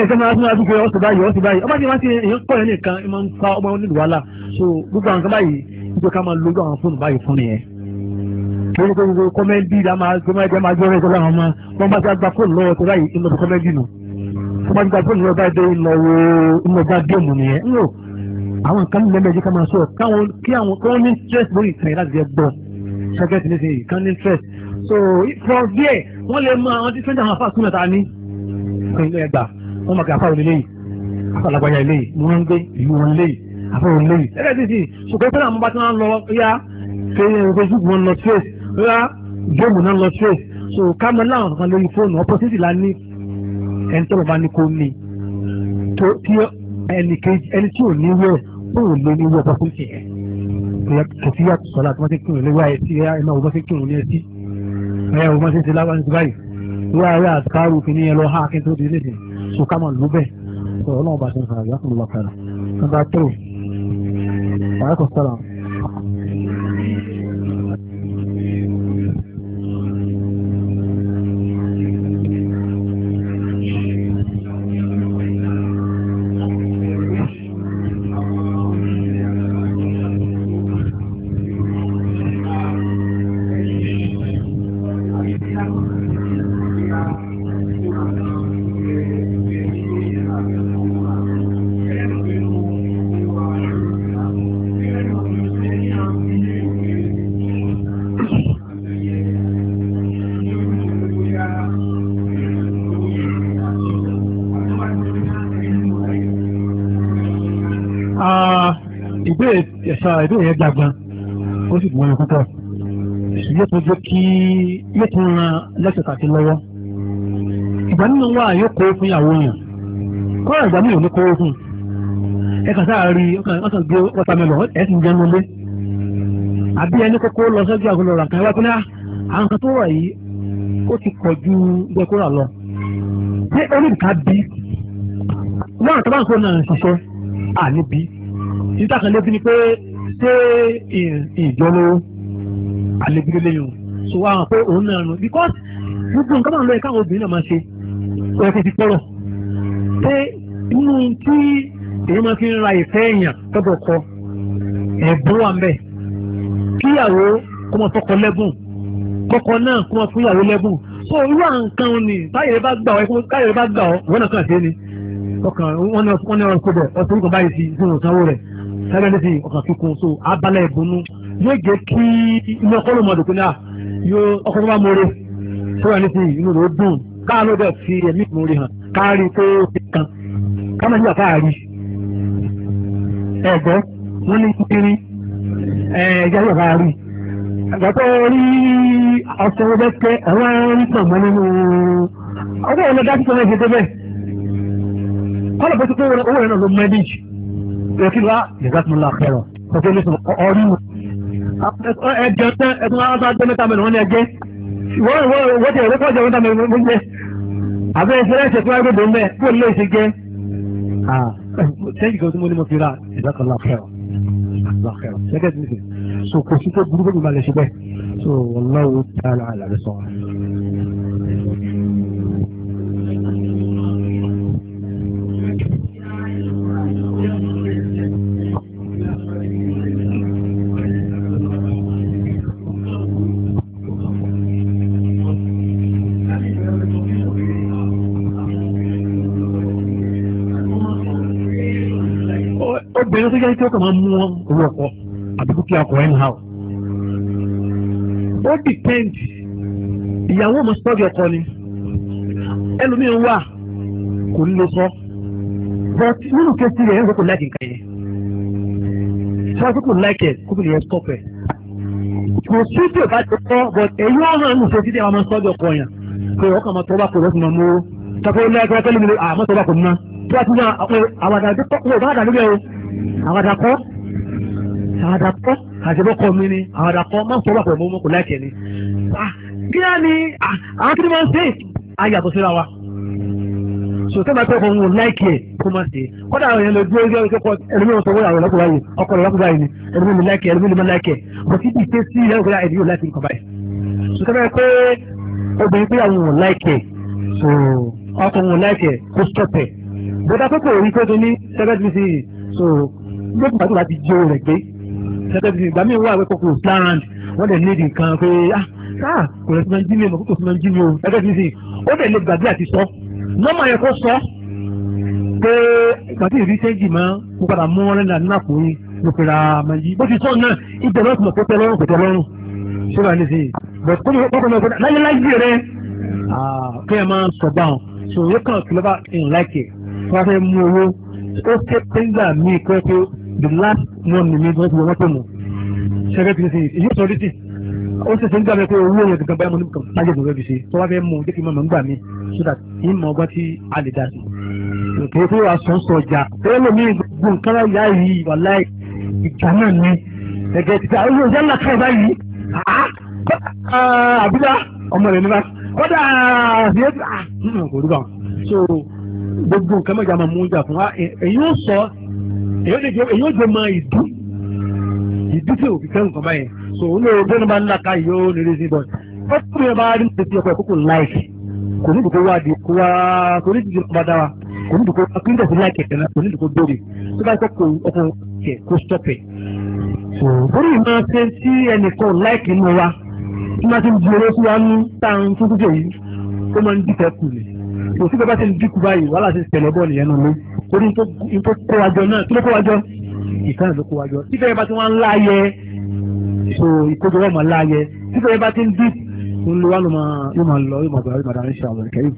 ẹ̀sẹ̀ máa tún adúgbò ọ̀sẹ̀ báyìí ọ̀sẹ̀ báyìí ọba tí wọ́n ti èyàn pọ̀ yẹn nìkan ẹ̀ máa ń fa ọmọ onílù wàhálà so gbogbo àwọn kan báyìí nígbà máa lójú lórí gbogbo kọ́mẹ́ndì la máa gbọ́mọdé máa gbọ́rọ̀ ìjọba àwọn ọmọ wọn bá ti gba fóònù lọ́wọ́ tó báyìí ìlọ́dún kọ́mẹ́ndì nù wọn bá ti gba fóònù lọ́wọ́ báyìí dé ìlọ́wọ́ ìlọ́gbà géèmù nìyẹn ń lò àwọn kan lẹ́mẹ̀ yìí ká máa sọ káwọn kí àwọn kí wọ́n ní stress lórí ìkànnì láti jẹ gbọ́ ṣẹ́gẹ́tì ní sìn kan ní stress so from there wọ́n lè mọ àwọn tí fẹ́ńdà àwọn afáàkùn náà ta ní ìkànnì ẹgbà wọ́n máa gba afáwọn eléyìí afáàlágbáyà eléyìí mo máa ń gbé ìlú wọn eléyìí afáwọn eléyìí ṣẹ́gẹ́tì sí ṣùgbọ́n pẹ́lú àwọn bá ti máa ń lọ yá rá géèmù náà lọ sí ẹ̀ so ká mọ láwọn kankan lórí fóònù opportunity la ní ẹni tọ́lọ̀ bá ní kó ní tí ẹni tí ò ní wẹ̀ fóònù lé ní wẹ̀ opportunity yẹn kò sí yàtọ̀ sọ́la tí wọ́n ti kírun léwá ẹ̀ sí ẹ̀ máa wọ́n ti kírun ní ẹtí ẹ̀ wọ́n ti ṣe láwọn ẹni ti báyìí wọ́n á rí àtàrù kìíní ẹ lọ há kí n tó di ilé so ká mọ̀ lù bẹ́ẹ̀ sọ ọlọ́run bá ti ń sọ̀rọ̀ yàtọ̀ lọ́kàrà. sọ ìbéèrè yẹn gbàgbọ́n ó sì gbọ́n púpọ̀ yóò tún jẹ́ kí yóò tún ran lẹ́sẹ̀ kàti lọ́wọ́ ìgbà nínú wa yóò kó fún ìyàwó yẹn kọ́ ìgbà mi ò ní kó fún ẹ kà sáà rí ọkàn gbé wọ́tàmẹ́lọ̀ ẹ̀ sì ń jẹun lé àbí ẹni kókó lọ sọ́jú àgọ́lọ̀ rà kan ẹ wá pé náà ah, àwọn kan tó wà yìí ó ti pọ̀ ju gbẹkúrà lọ ṣé oníbìkà bí wọn àtàwọn àkókò náà ṣiṣẹ́ à níbi níta kan lébi ni pé stay in ìjọlówó àlebílé lẹ́yìn so wá hàn pé òun náà nù because gbogbo nǹkan máa ń lọ ẹ̀ka àwọn obìnrin náà máa ṣe ó yẹ kó ti tọrọ pé inú tí èyí máa fi ń ra ìfẹ́ èèyàn tọ́dọ̀ kọ ẹ̀bùn wà mbẹ́ kíyàwó kó máa fọkọ lẹ́bùn kọkọ náà kó máa fúyàwó lẹ́bùn so irú àǹkan ni táyẹ̀ bá gbà ọ́ táyẹ̀ bá gbà ọ́ ìwọ náà kàn ṣe ni ọkàn wọn ni wọn kó bẹ̀ ọ̀sẹ̀ báyìí sí ìṣòro sanwó rẹ̀ sẹ́rẹ́ ní ti ọkàn kíkún so abalẹ̀ ìbùnú yóò jẹ́ kí inú ọkọ̀ ló mọ̀ dùn pé náà yóò ọkọ̀ tó bá mọ̀ọ́rẹ́ sẹ́rẹ́ inú rẹ̀ dùn káà ló dẹ̀ fi ẹ̀mí ìmúre hàn káàrí pé ti kan káàmà nígbà káàrí ẹ̀gbọ́ wọn ní kiri ẹ̀ẹ́dẹ́ yóò káàrí àgbàtọ́ rí ọ̀sẹ̀ ọjọ́ pé ẹ̀rọ ń tàn mọ́ nínú ọjọ́ ìlú dá ìrẹ̀kílá ìrẹ̀kílá àkẹrọ̀ ọ̀fẹ́ lẹ́sọ̀ ọ̀rí mu. ẹjọ tẹ ẹtún wọn bá gbé mẹ́ta mẹ́rin wọn ni ẹgbẹ wọn wọn ti ẹgbẹ kọjá mẹ́ta mẹ́rin wọn jẹ àbẹ ìṣẹ̀lẹ̀ ìṣẹ̀kú agbègbè mẹ kó lè ṣe jẹ. sẹ́yìn kan tí mo ní mo fi ra ìrẹ̀kílá àkẹrọ̀ gẹ́gẹ́ bí ṣe so kò sí tó burúkú mi máa lè ṣe bẹ́ẹ̀ so wọ́n náà wò ó ti jẹ́ kí ó kàn máa mú wọn owó ọkọ àbí kókí ọkọ ẹ̀ nìyàwó. ó depend ìyàwó ọmọ sọ́ọ̀dì ọkọ ni ẹlòmíràn wà kò ní lè sọ but nínú kẹsì rẹ̀ ẹ̀ ń sọ kò láìkì nǹkan yẹn sọ pé kò láìkì ẹ̀ kó kò lè stop ẹ̀ kò sí tí o bá ti kọ́ but èyí wọ́n hàn ní ìṣesí tí a máa sọ́ọ̀dì ọkọ yẹn pé ọkàn máa tọ́ bá kò lọ́sùn máa mú sọ pé ó láìkì ọkọ lè mi lè àmọ́ tọ́ bá kò ní náà tí wọ́n ti ní àwọn àdàdé pọ̀ àwàdàkọ́ àwàdàkọ́ àṣẹbọ́kọ mi ni àwàdàkọ́ máa ń sọ́wọ́ àpò ìmọ̀ọ́mọ́ kò láìkẹ́ ni. Ah, kí á ní ah, àwọn kí ni wọ́n ṣe ayé àtọ̀ síra wa sọ̀tẹ́ máa tẹ́kọ̀ọ́ wọn láìkì ẹ̀ kó máa ṣe kọ́dà àwọn èèyàn lè dúró ẹgbẹ́ ìkẹ́kọ̀ọ́ ẹlòmíràn sọ wọ́n àwọn ọlọ́kùnrin báyìí ọkọ̀ ọlọ́kùnrin báyìí ni ẹlòmíràn láìkì ẹ̀ ẹlòmíràn láìkì ẹ̀ bọ̀ sí ibi ìṣesí ẹlòmíràn ẹ̀dí yóò láìkì nǹkan báyìí. sọ̀tẹ́ máa pé obìnrin pé àwọn wọn láìkì ẹ̀ ọkùnrin wọn láìkì ẹ̀ kó stọ̀pẹ̀ bọ́dà pé kò rí pé tó ní sẹ́gẹ́dì ló kùn pàtó láti jó rẹ̀ gbé ṣẹ́tẹ́bí ìgbà mi wà wẹ́pọ̀ kò plan wọ́n lè ní nǹkan pé ah kò lè fi máa ń jí mi mọ̀ kò fi máa ń jí mi o ṣẹ́tẹ́bí sì ó dẹ̀ lè gbàgbé àti sọ nọ́mà yẹn kó sọ pé pàtó ìrí sẹ́ńjì máa kó padà mú wọn lẹ́nu àdínà kò yín ló fi ra máa yí bó ti sọ náà ibẹ̀ lọ́sùn mọ̀ kó tẹ́ lọ́rùn kò tẹ́ lọ́rùn ṣé wà ní sìn bọ̀ kó láyé láyé rẹ̀ kéèyàn máa sọ̀ báwọn ṣòwò kàn kìlọ́bà in like it wọ́n fẹ́ mú owó ó ṣe pé the last one ni mi gbọ́n ti wọ́n tó mọ̀ ṣẹ́gẹ́ fi ṣe èyí sọ rí ó ṣẹ̀ṣẹ̀ ń gbà mí pé owó yẹn gangan báyìí mo ní kan tájẹ̀ mo fẹ́ ṣe tó wá fẹ́ mú jẹ́ kí n máa gbà mí so that yín mọ ọgbọ́n tí a lè dá sí i tó tó wà sọ sọ ọjà tó lómi gbogbo nǹkan láyà yìí wà láì ìjà náà ni ẹ̀gẹ́ ti ta ó yóò yálà káì báyìí àbúrò ọmọ rẹ̀ nípa kọ́dà àfihàn kò rí bá wọn so gbogbo nǹkan mọ̀jà máa mú ìjà fún wa èyí ó sọ èyí ó jẹ mọ ìdú ìdú tí òbí fẹ́ràn kan báyẹn so ó lóore bẹ́ẹ̀ ló bá ń là ká yóò nílé sí bọ́ọ̀lù ó tún bí wọn bá rí ní ti ọkọ̀ ìkókò láìsí kò ní ìdókòwò àdì kó wá kò ní ìdíje ọba dára kò ní ìdókòwò akíndọ̀ sí láìkẹ̀ tẹ̀lé kò ní ìdókòwò dóore tó bá jẹ́ kó ọkọ̀ kẹ̀ kó stọ́pẹ̀. bórí ìmọ̀ ṣe tí ẹnìkan láìkì mú wa tí wọ́n ti ń di owó sí wa ní táwọn tó tó jẹ́ yìí ó máa ń dìtẹ̀ kù ni kò sí bàbá ti ń dìkù báyìí wàhálà ti ń tẹ̀lé bọ́ọ̀lù yẹn náà torí n tó kó wájọ náà kí ló kó wájọ ìkànnì ló kó wájọ títẹ̀ yẹn bá ti wá ń láàyè so ìkójọ wọn máa láàyè títẹ̀ yẹn bá ti ń dì ń lo wá ló máa lọ yóò máa bẹ̀rẹ̀ yóò máa darí ṣe àwọn ìkẹyìn.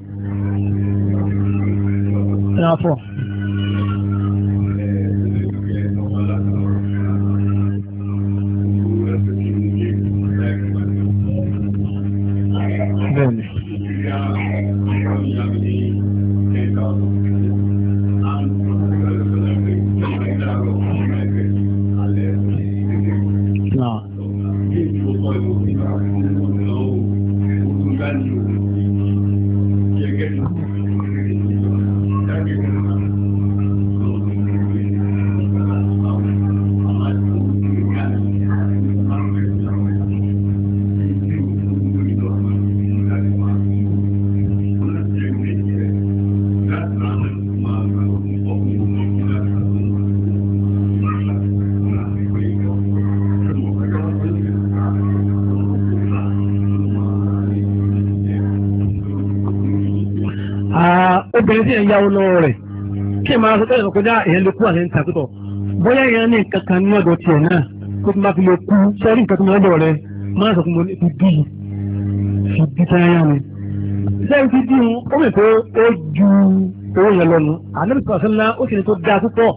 ẹni tí èèyàn yáwó lọ́wọ́ rẹ̀ kí ẹ máa sọ tẹ́lẹ̀ kọjá èèyàn lè kú àti ẹni tàkítọ̀ bóyá èèyàn ní nǹkan kan ní ọ̀dọ̀ tiẹ̀ náà kó tó máa fi lè kú sẹ́rí nǹkan tó máa dọ̀ rẹ̀ máa sọ fún mi fi bí fi bí sáyà mi. sẹ́yìn fi bí wọn ó mẹ̀ pé ó ju owó yẹn lọ nù àlẹ́ bìtú àṣẹlá ó sì ní tó dáa púpọ̀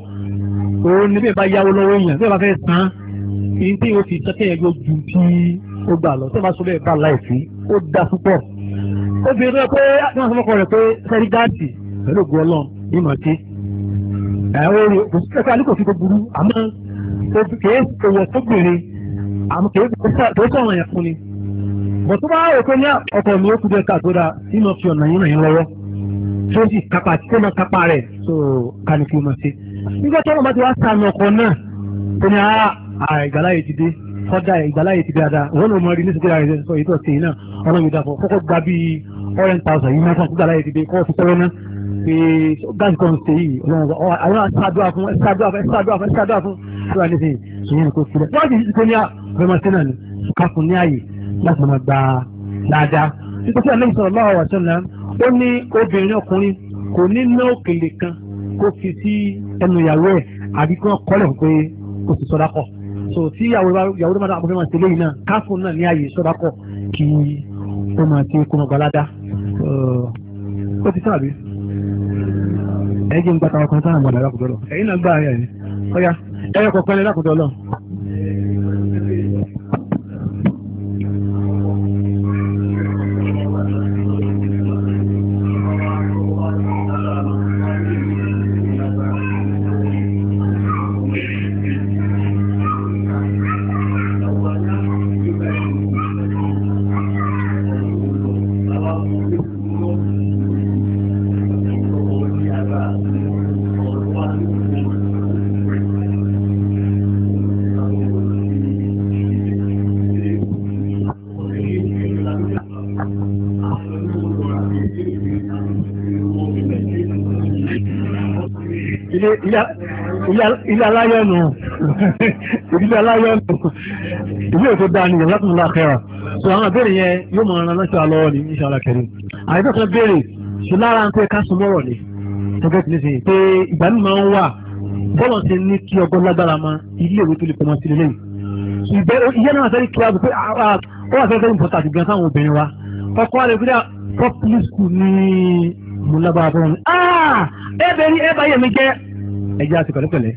òun ni bẹ́ẹ̀ bá yáwó lọ́wọ́ èèyàn bẹ́ẹ̀ bá fẹ́ san èyí tí yóò fi sẹ́kẹ̀ yẹn yóò ju tí ó gbà lọ tó pẹ̀lú ògùn ọlọ́run ní mọ̀ sí. ẹ̀rọ rẹ̀ kò sí ẹ̀ka alikò fi tó burú àmọ́ kèé owó tó gbèrè àmọ́ kèé tó sọ̀rọ̀ yẹn fún ni. bọ̀ tó bá rò pé ní ọkọ̀ mi ó kú jẹ́ kàdúrà nínú fi ọ̀nà yín ràn yín lọ́wọ́ tó sì kápá tí ó máa kápá rẹ̀ tó kánìkì mọ̀ sí. nígbà tó wọn bá ti wá sàmì ọkọ̀ náà tó ní àìgbàláyè ti dé kọ́dà ìgbàláyè ti dáadáa òun ló mọ rí nísìkò àìsè sọ èyí tó ọlọ́run ìdáfọ̀ kọ́kọ́ gba bíi ọ̀rẹ́n yìí mẹ́fà ìgbàláyè ti dé kọ́ fi pé gáàsì kan ṣe yìí ọlọ́run àwọn ṣáàdúrà fún ṣáàdúrà fún ṣáàdúrà fún ṣáàdúrà fún ṣáàdúrà nísìnyí ìyẹn ni kò sílẹ̀ wọ́n ti ṣe kó ní àbẹ̀mọ̀sí náà ni kakùn ní ààyè láti máa gba dáadáa nítorí àlẹ́ ìṣòro lọ́wọ́ wà sọ́nà ó ní obìnrin ọkùnrin kò ní ná òkèlè kan kó fi sí ẹnu ìyàwó ẹ̀ àbí kí wọ́n kọ́lẹ̀ pé kò sì sọ́dá kọ̀ so tí ìyàwó tó máa dáa àbúfẹ́ máa ṣe léyìn náà kakùn náà ní ààyè sọ́dá kọ̀ kí ó máa ṣe ti sábà ẹ̀jẹ̀ ń gbàtà ọkàn sáà mọ̀dà lákòótọ́ lọ ẹ̀yìn náà gbà ayà yìí ọ̀yà ẹ̀yọ̀ kọ̀ọ̀kan lẹ́ lákòótọ́ lọ. ilé aláyọ̀nù ìdílé dáa nìyẹn láti múlá kẹwà so àwọn àbẹ̀rẹ̀ yẹn yóò mọ ọ̀ràn lọ́sọ̀ àlọ́wọ́ ní insha Allah karim àyẹ̀dọ́ kan lára ń pẹ́ ká ni tọ́gẹ́ ti ní pé ìgbà máa ń wà bọ́lọ̀ ti ní kí ọgbọ́n lágbára ma ilé ìwé tó lè pọmọ sílé lẹ́yìn ìyẹn náà ẹjẹ́ àti pẹ̀lẹ́pẹ̀lẹ́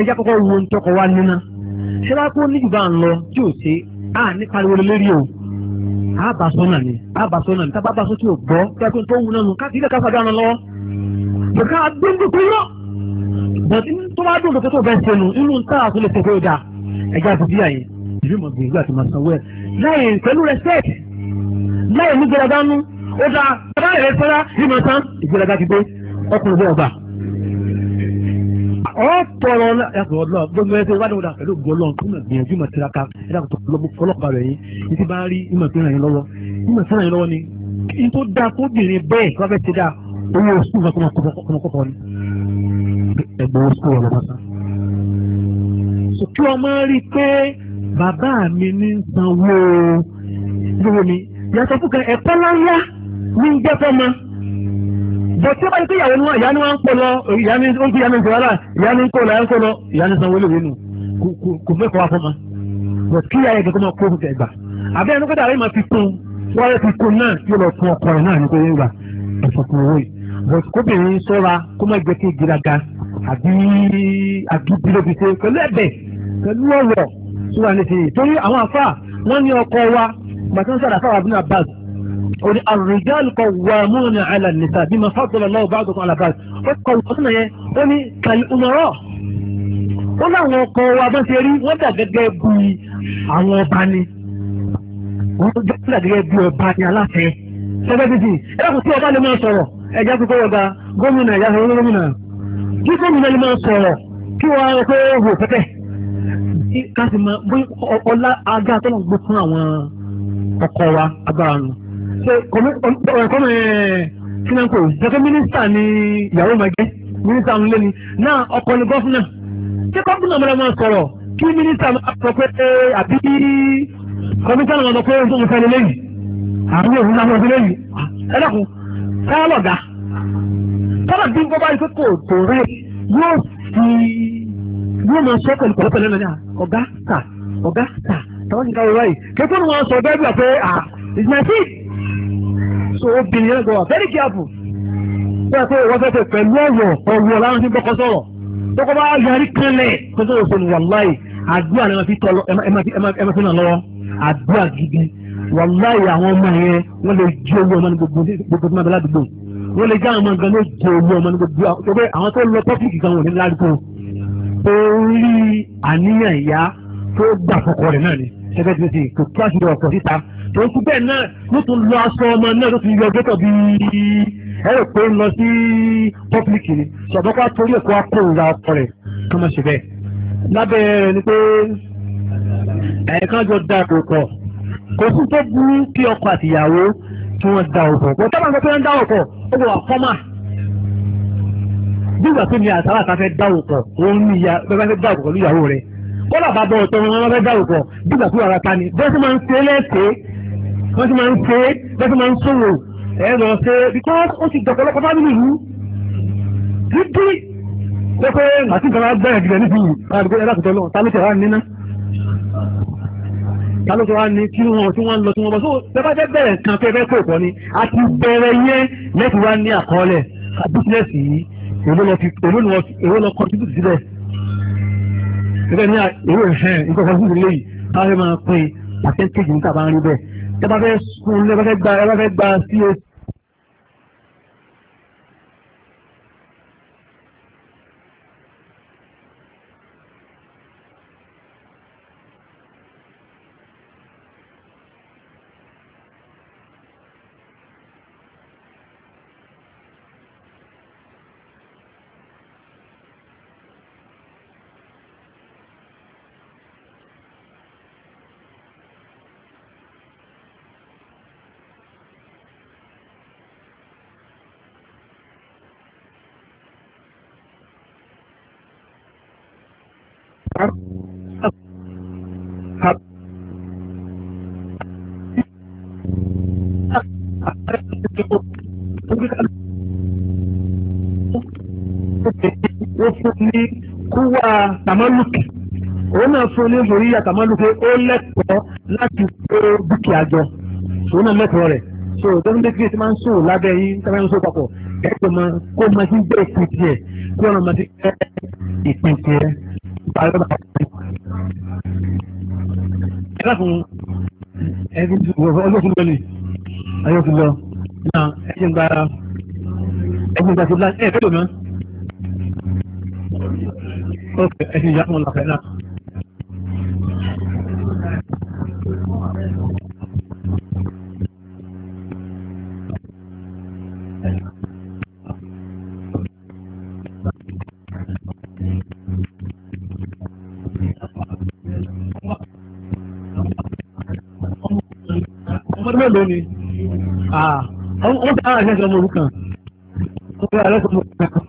ẹjẹ́ àkọ́kọ́ wo ń tọkọ wá níná ṣé wá kó ní ìbá ń lọ tí ò ṣe á ní pariwo lórí o á bá sọ́nà ni á bá sọ́nà ni tábà bá sọ́ tí ò gbọ́ kẹ́kọ̀ọ́ tó wù nánu káàkiri ilé káfà dáná lọ́wọ́ bùkà gbẹ́ndé tó yọ bọ̀dí tó bá dùn lókè tó bẹ́ẹ̀ ṣe nu inú ta àti lè fẹ́kọ̀ọ́ dà ẹjẹ́ àti bíyà yẹn ìlú mọ̀ gbìyànjú àti màsán wẹ̀ láì pẹ̀lú respect láì ní gbẹ̀rẹ̀ dánú ó dáa bàbá rẹ̀ fẹ́ra ìmọ̀ tán ìgbẹ̀rẹ̀ dá ti dé ọkùnrin bẹ́ẹ̀ ọgbà ọ tọrọ yàtọ̀ ọlọ́ gbogbo ẹsẹ̀ wádìí wọ̀dà pẹ̀lú gbọ́lọ́ tó mọ̀ gbìyànjú mọ̀ tiraka ẹ̀dá tó lọ́bù fọlọ́ba rẹ̀ yín ní ti bá rí ìmọ̀ tó ràn yín lọ́wọ́ ìmọ̀ tó ràn yín lọ́wọ́ ni n tó da kóbìnrin bẹ́ẹ̀ tó bá fẹ́ ti da owó sùn fún ọmọkọ́kọ́ ni ẹgbẹ́ owó sùn ọlọ́mọ sá. sùkú ọmọ rí pé bàbá mi ní sanwó-owó mi yàtọ̀ fún kan ẹ̀kọ́ láyá ní gbẹ́fọ́ máa bọ̀ tí ó bá yẹ kí ìyàwó ni wọn ìyá ni wọn ń pọ̀ lọ ìyá ni ó ń kí ìyá ni ń sọ̀rọ̀ ìyá ni ń kó lọ ìyá ń kó lọ ìyá ni sanwó lè wénu kò mẹ́kọ̀ọ́ wá fún ma bọ̀ kí ìyá yẹ kí ọmọ kó fún ẹgbà àbẹ́ ẹni kọ́dà àrẹ́mà fi kún wọ́n rẹ́ fi kún náà yóò lọ fún ọkọ rẹ̀ náà ní kóyè gbà ẹ̀fọ́ fún owó yìí kóbìnrin sọ́ra kó má jẹ́ kí ìgbéraga àbí òní àrùjáàlù kọ wà múnà àlà nìta bí ma fàtọ́lọ̀ lọ́wọ́ bá àtọ̀kọ̀ àlàkà ó kọ ọ̀sán yẹn ó ní kàlí umarọ́ ó láwọn ọkọ̀ wa bá ṣe rí wọ́n dà gẹ́gẹ́ bí àwọn ọba ni wọ́n dà gẹ́gẹ́ bí ọba ni aláfẹ́ ẹgbẹ́ títì ẹ̀kú tí ọba lè máa sọ̀rọ̀ ẹ̀já kókó ọba gómìnà ẹ̀já sọ̀rọ̀ gómìnà kí gómìnà lè máa sọ̀rọ̀ kí wọ́n á pé wò pẹ́pẹ́ káàsì máa bóyá ọlá agá tọ́lọ̀ gbé fún àwọn ọkọ̀ wa agbára nù ṣe ọ̀rẹ́kọ́mọ̀ kínákò jẹ́kẹ́ mínísítà ni ìyàwó máa jẹ́ mínísítà ń lé ni náà ọkọ ni gọ́fúnà ṣé gọ́fúnà mẹ́rin máa sọ̀rọ̀ kí mínísítà máa sọ pé àbí kọmíṣánná máa sọ pé ó fẹ́ lé lẹ́yìn àwọn òun náà máa fi lẹ́yìn ẹ dẹ́kun káyọ̀ lọ̀gá káyọ̀ bí bọ́ bá yẹ kó tó rẹ̀ yóò fi yóò máa sọ pẹ̀lú pẹ̀lú pẹ̀lú ọ̀gá sà ọ̀gá sà tàwọn ìgbà wọ̀ báyìí kẹ́kọ̀ọ́ ni wọ́n sọ bẹ́ẹ̀ bí wà pé ah is my seat so obìnrin yẹn gbọ́wà very careful pé pé wọ́n fẹ́ fẹ́ pẹ̀lú ọ̀wọ̀ ọ̀wọ̀ láwọn tí bọ́kọ sọ̀rọ̀ bọ́kọ bá yarí kanlẹ̀ kó tó sọ ní wàláì àdúrà ni wọ́n fi tọ́ ẹ máa fi nà lọ́wọ́ àdúrà gidi wàláì àwọn ọmọ yẹn wọ́n lè jí owó ọmọ ní gbogbo tó máa bẹ ládùúgbò wọ́n lè já àwọn ọmọ gan ló jẹ owó ọmọ ní gbogbo tó pé àwọn tó lọ tọ́pìkì gan wò ní ládùúgbò torí àníyàn ìyá tó gbà fọkọ rẹ̀ náà ni ṣẹ́gbẹ́ tí ó ti kò kí tó kú bẹ́ẹ̀ náà ló tún lọ aṣọ ọmọ náà ló tún yọ gbẹ́tọ̀ bí ẹ̀rọ pé ń lọ sí pọ́pílìkì ni ṣọ̀bọ́n ká torí ẹ̀kọ́ akóòrà ọkọ rẹ̀ kọ́ mọ̀ sí bẹ́ẹ̀ lábẹ́ rẹ̀ ni pé ẹ̀ẹ̀kan jọ da àpò pọ̀ kò sí tó burú kí ọkọ àtìyàwó kí wọ́n da ọkọ̀ kò tábà nǹkan tó ń da ọkọ̀ ó wọ àfọ́mà nígbà tó ní àtàwọn àtàfẹ́ da ọkọ̀ òun ní ìyá bẹ́ẹ̀ fẹ́ da ọkọ̀ pẹ̀lú ìyàwó rẹ̀ kọ́lá bàbá ọ̀tọ̀ wọn fẹ́ da ọkọ̀ nígbà tó wà rata ni bẹ́ẹ̀ tó máa ń ṣe é lẹ́sẹ̀ẹ́ wọ́n ti máa ń ṣe wọ́n ti máa ń sòwò ẹ̀ lọ ṣe because ó ti dọ̀pọ̀lọpọ̀ fámìlì yìí dídí pépé àti nǹkan agbẹ́rẹ̀ jùlọ níbi yìí àdúgbò ẹ̀rọ àtúntò lọ ta ló ti wá níná ta ló ti wá ní kí wọn tí wọ́n lọ tí wọ́n bọ̀ so pépé fẹ́ bẹ̀rẹ̀ kan pé fẹ́ kó ìkọ́ ni àti bẹ̀rẹ̀ yẹn lẹ́tì wá ní àkọọ́lẹ̀ bísíǹnẹ̀sì yìí èwo lọ kọ́ntínú síbẹ̀ gẹ́gẹ́ ní èwo ìfẹ́ nǹkan kọ́ntínú lè yìí káwé máa pín pàṣẹ́ntéèjì níta bá ń rí bẹ́ẹ̀ ẹ bá fẹ́ sun ẹ bá fẹ́ gba ẹ bá fẹ́ gba sí o tàmálùkì òun náà fún ní ìfòrí yà tàmálùkì ó lẹ́tọ̀ọ́ láti kó dúkìá jọ òun náà lẹ́tọ̀ọ́ rẹ̀ so dókítà kékeré ti máa ń sùn lábẹ́ yín tábà ń sùn papọ̀ ẹ̀tọ́ máa kó máa ti ń gbé ìpín tiẹ̀ kí wọ́n máa ti gbé ìpín tiẹ̀ báyọ̀ bá ti. ẹ dákun ẹni tí olókùn lọ ni ayọ̀kùn lọ náà ẹ jẹ́ ń gba ẹ ń gba ti bla ẹ fẹ́ ok ẹ lọ́fẹ́ náà. ọmọdé mélòó ni ó fẹ́ àwọn àṣẹ ìṣẹ́ ọmọ òrukàn ó fẹ́ àlọ́ ìṣẹ́ ọmọ òrukàn.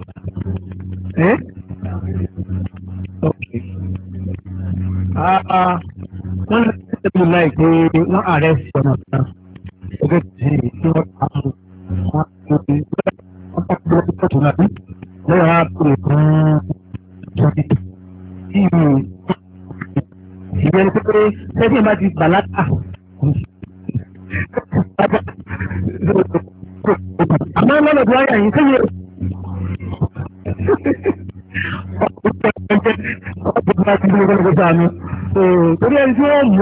wọ́n ní ṣẹ́ẹ̀bù láì pé wọ́n ààrẹ sọ̀nà kan ẹgbẹ́ tí tí wọ́n ta mú wọn ti fi wọ́n ta kúrò tó tó nàbí lọ́wọ́ á fún jọ́bí tí ìyẹn pé sẹ́yìn bá ti bàlágà àmọ́ lọ́nà tó wáyà yìí ọ̀pọ̀ ẹgbẹ́ ọ̀pọ̀ ẹgbẹ́ ọ̀pọ̀ ẹgbẹ́ ọ̀pọ̀ ẹgbẹ́ ọ̀pọ̀ ẹgbẹ́ ọ̀pọ̀ ẹgbẹ́ ọ̀pọ̀ ẹgbẹ́ ọ̀pọ̀ ẹgbẹ́ ọ̀pọ̀ ẹgbẹ́ ọ̀pọ̀ ẹgbẹ́ ọ̀pọ̀ ẹgbẹ́ ọ̀pọ̀ ẹgbẹ́ ọ̀pọ̀ ẹgbẹ́ ọ̀pọ̀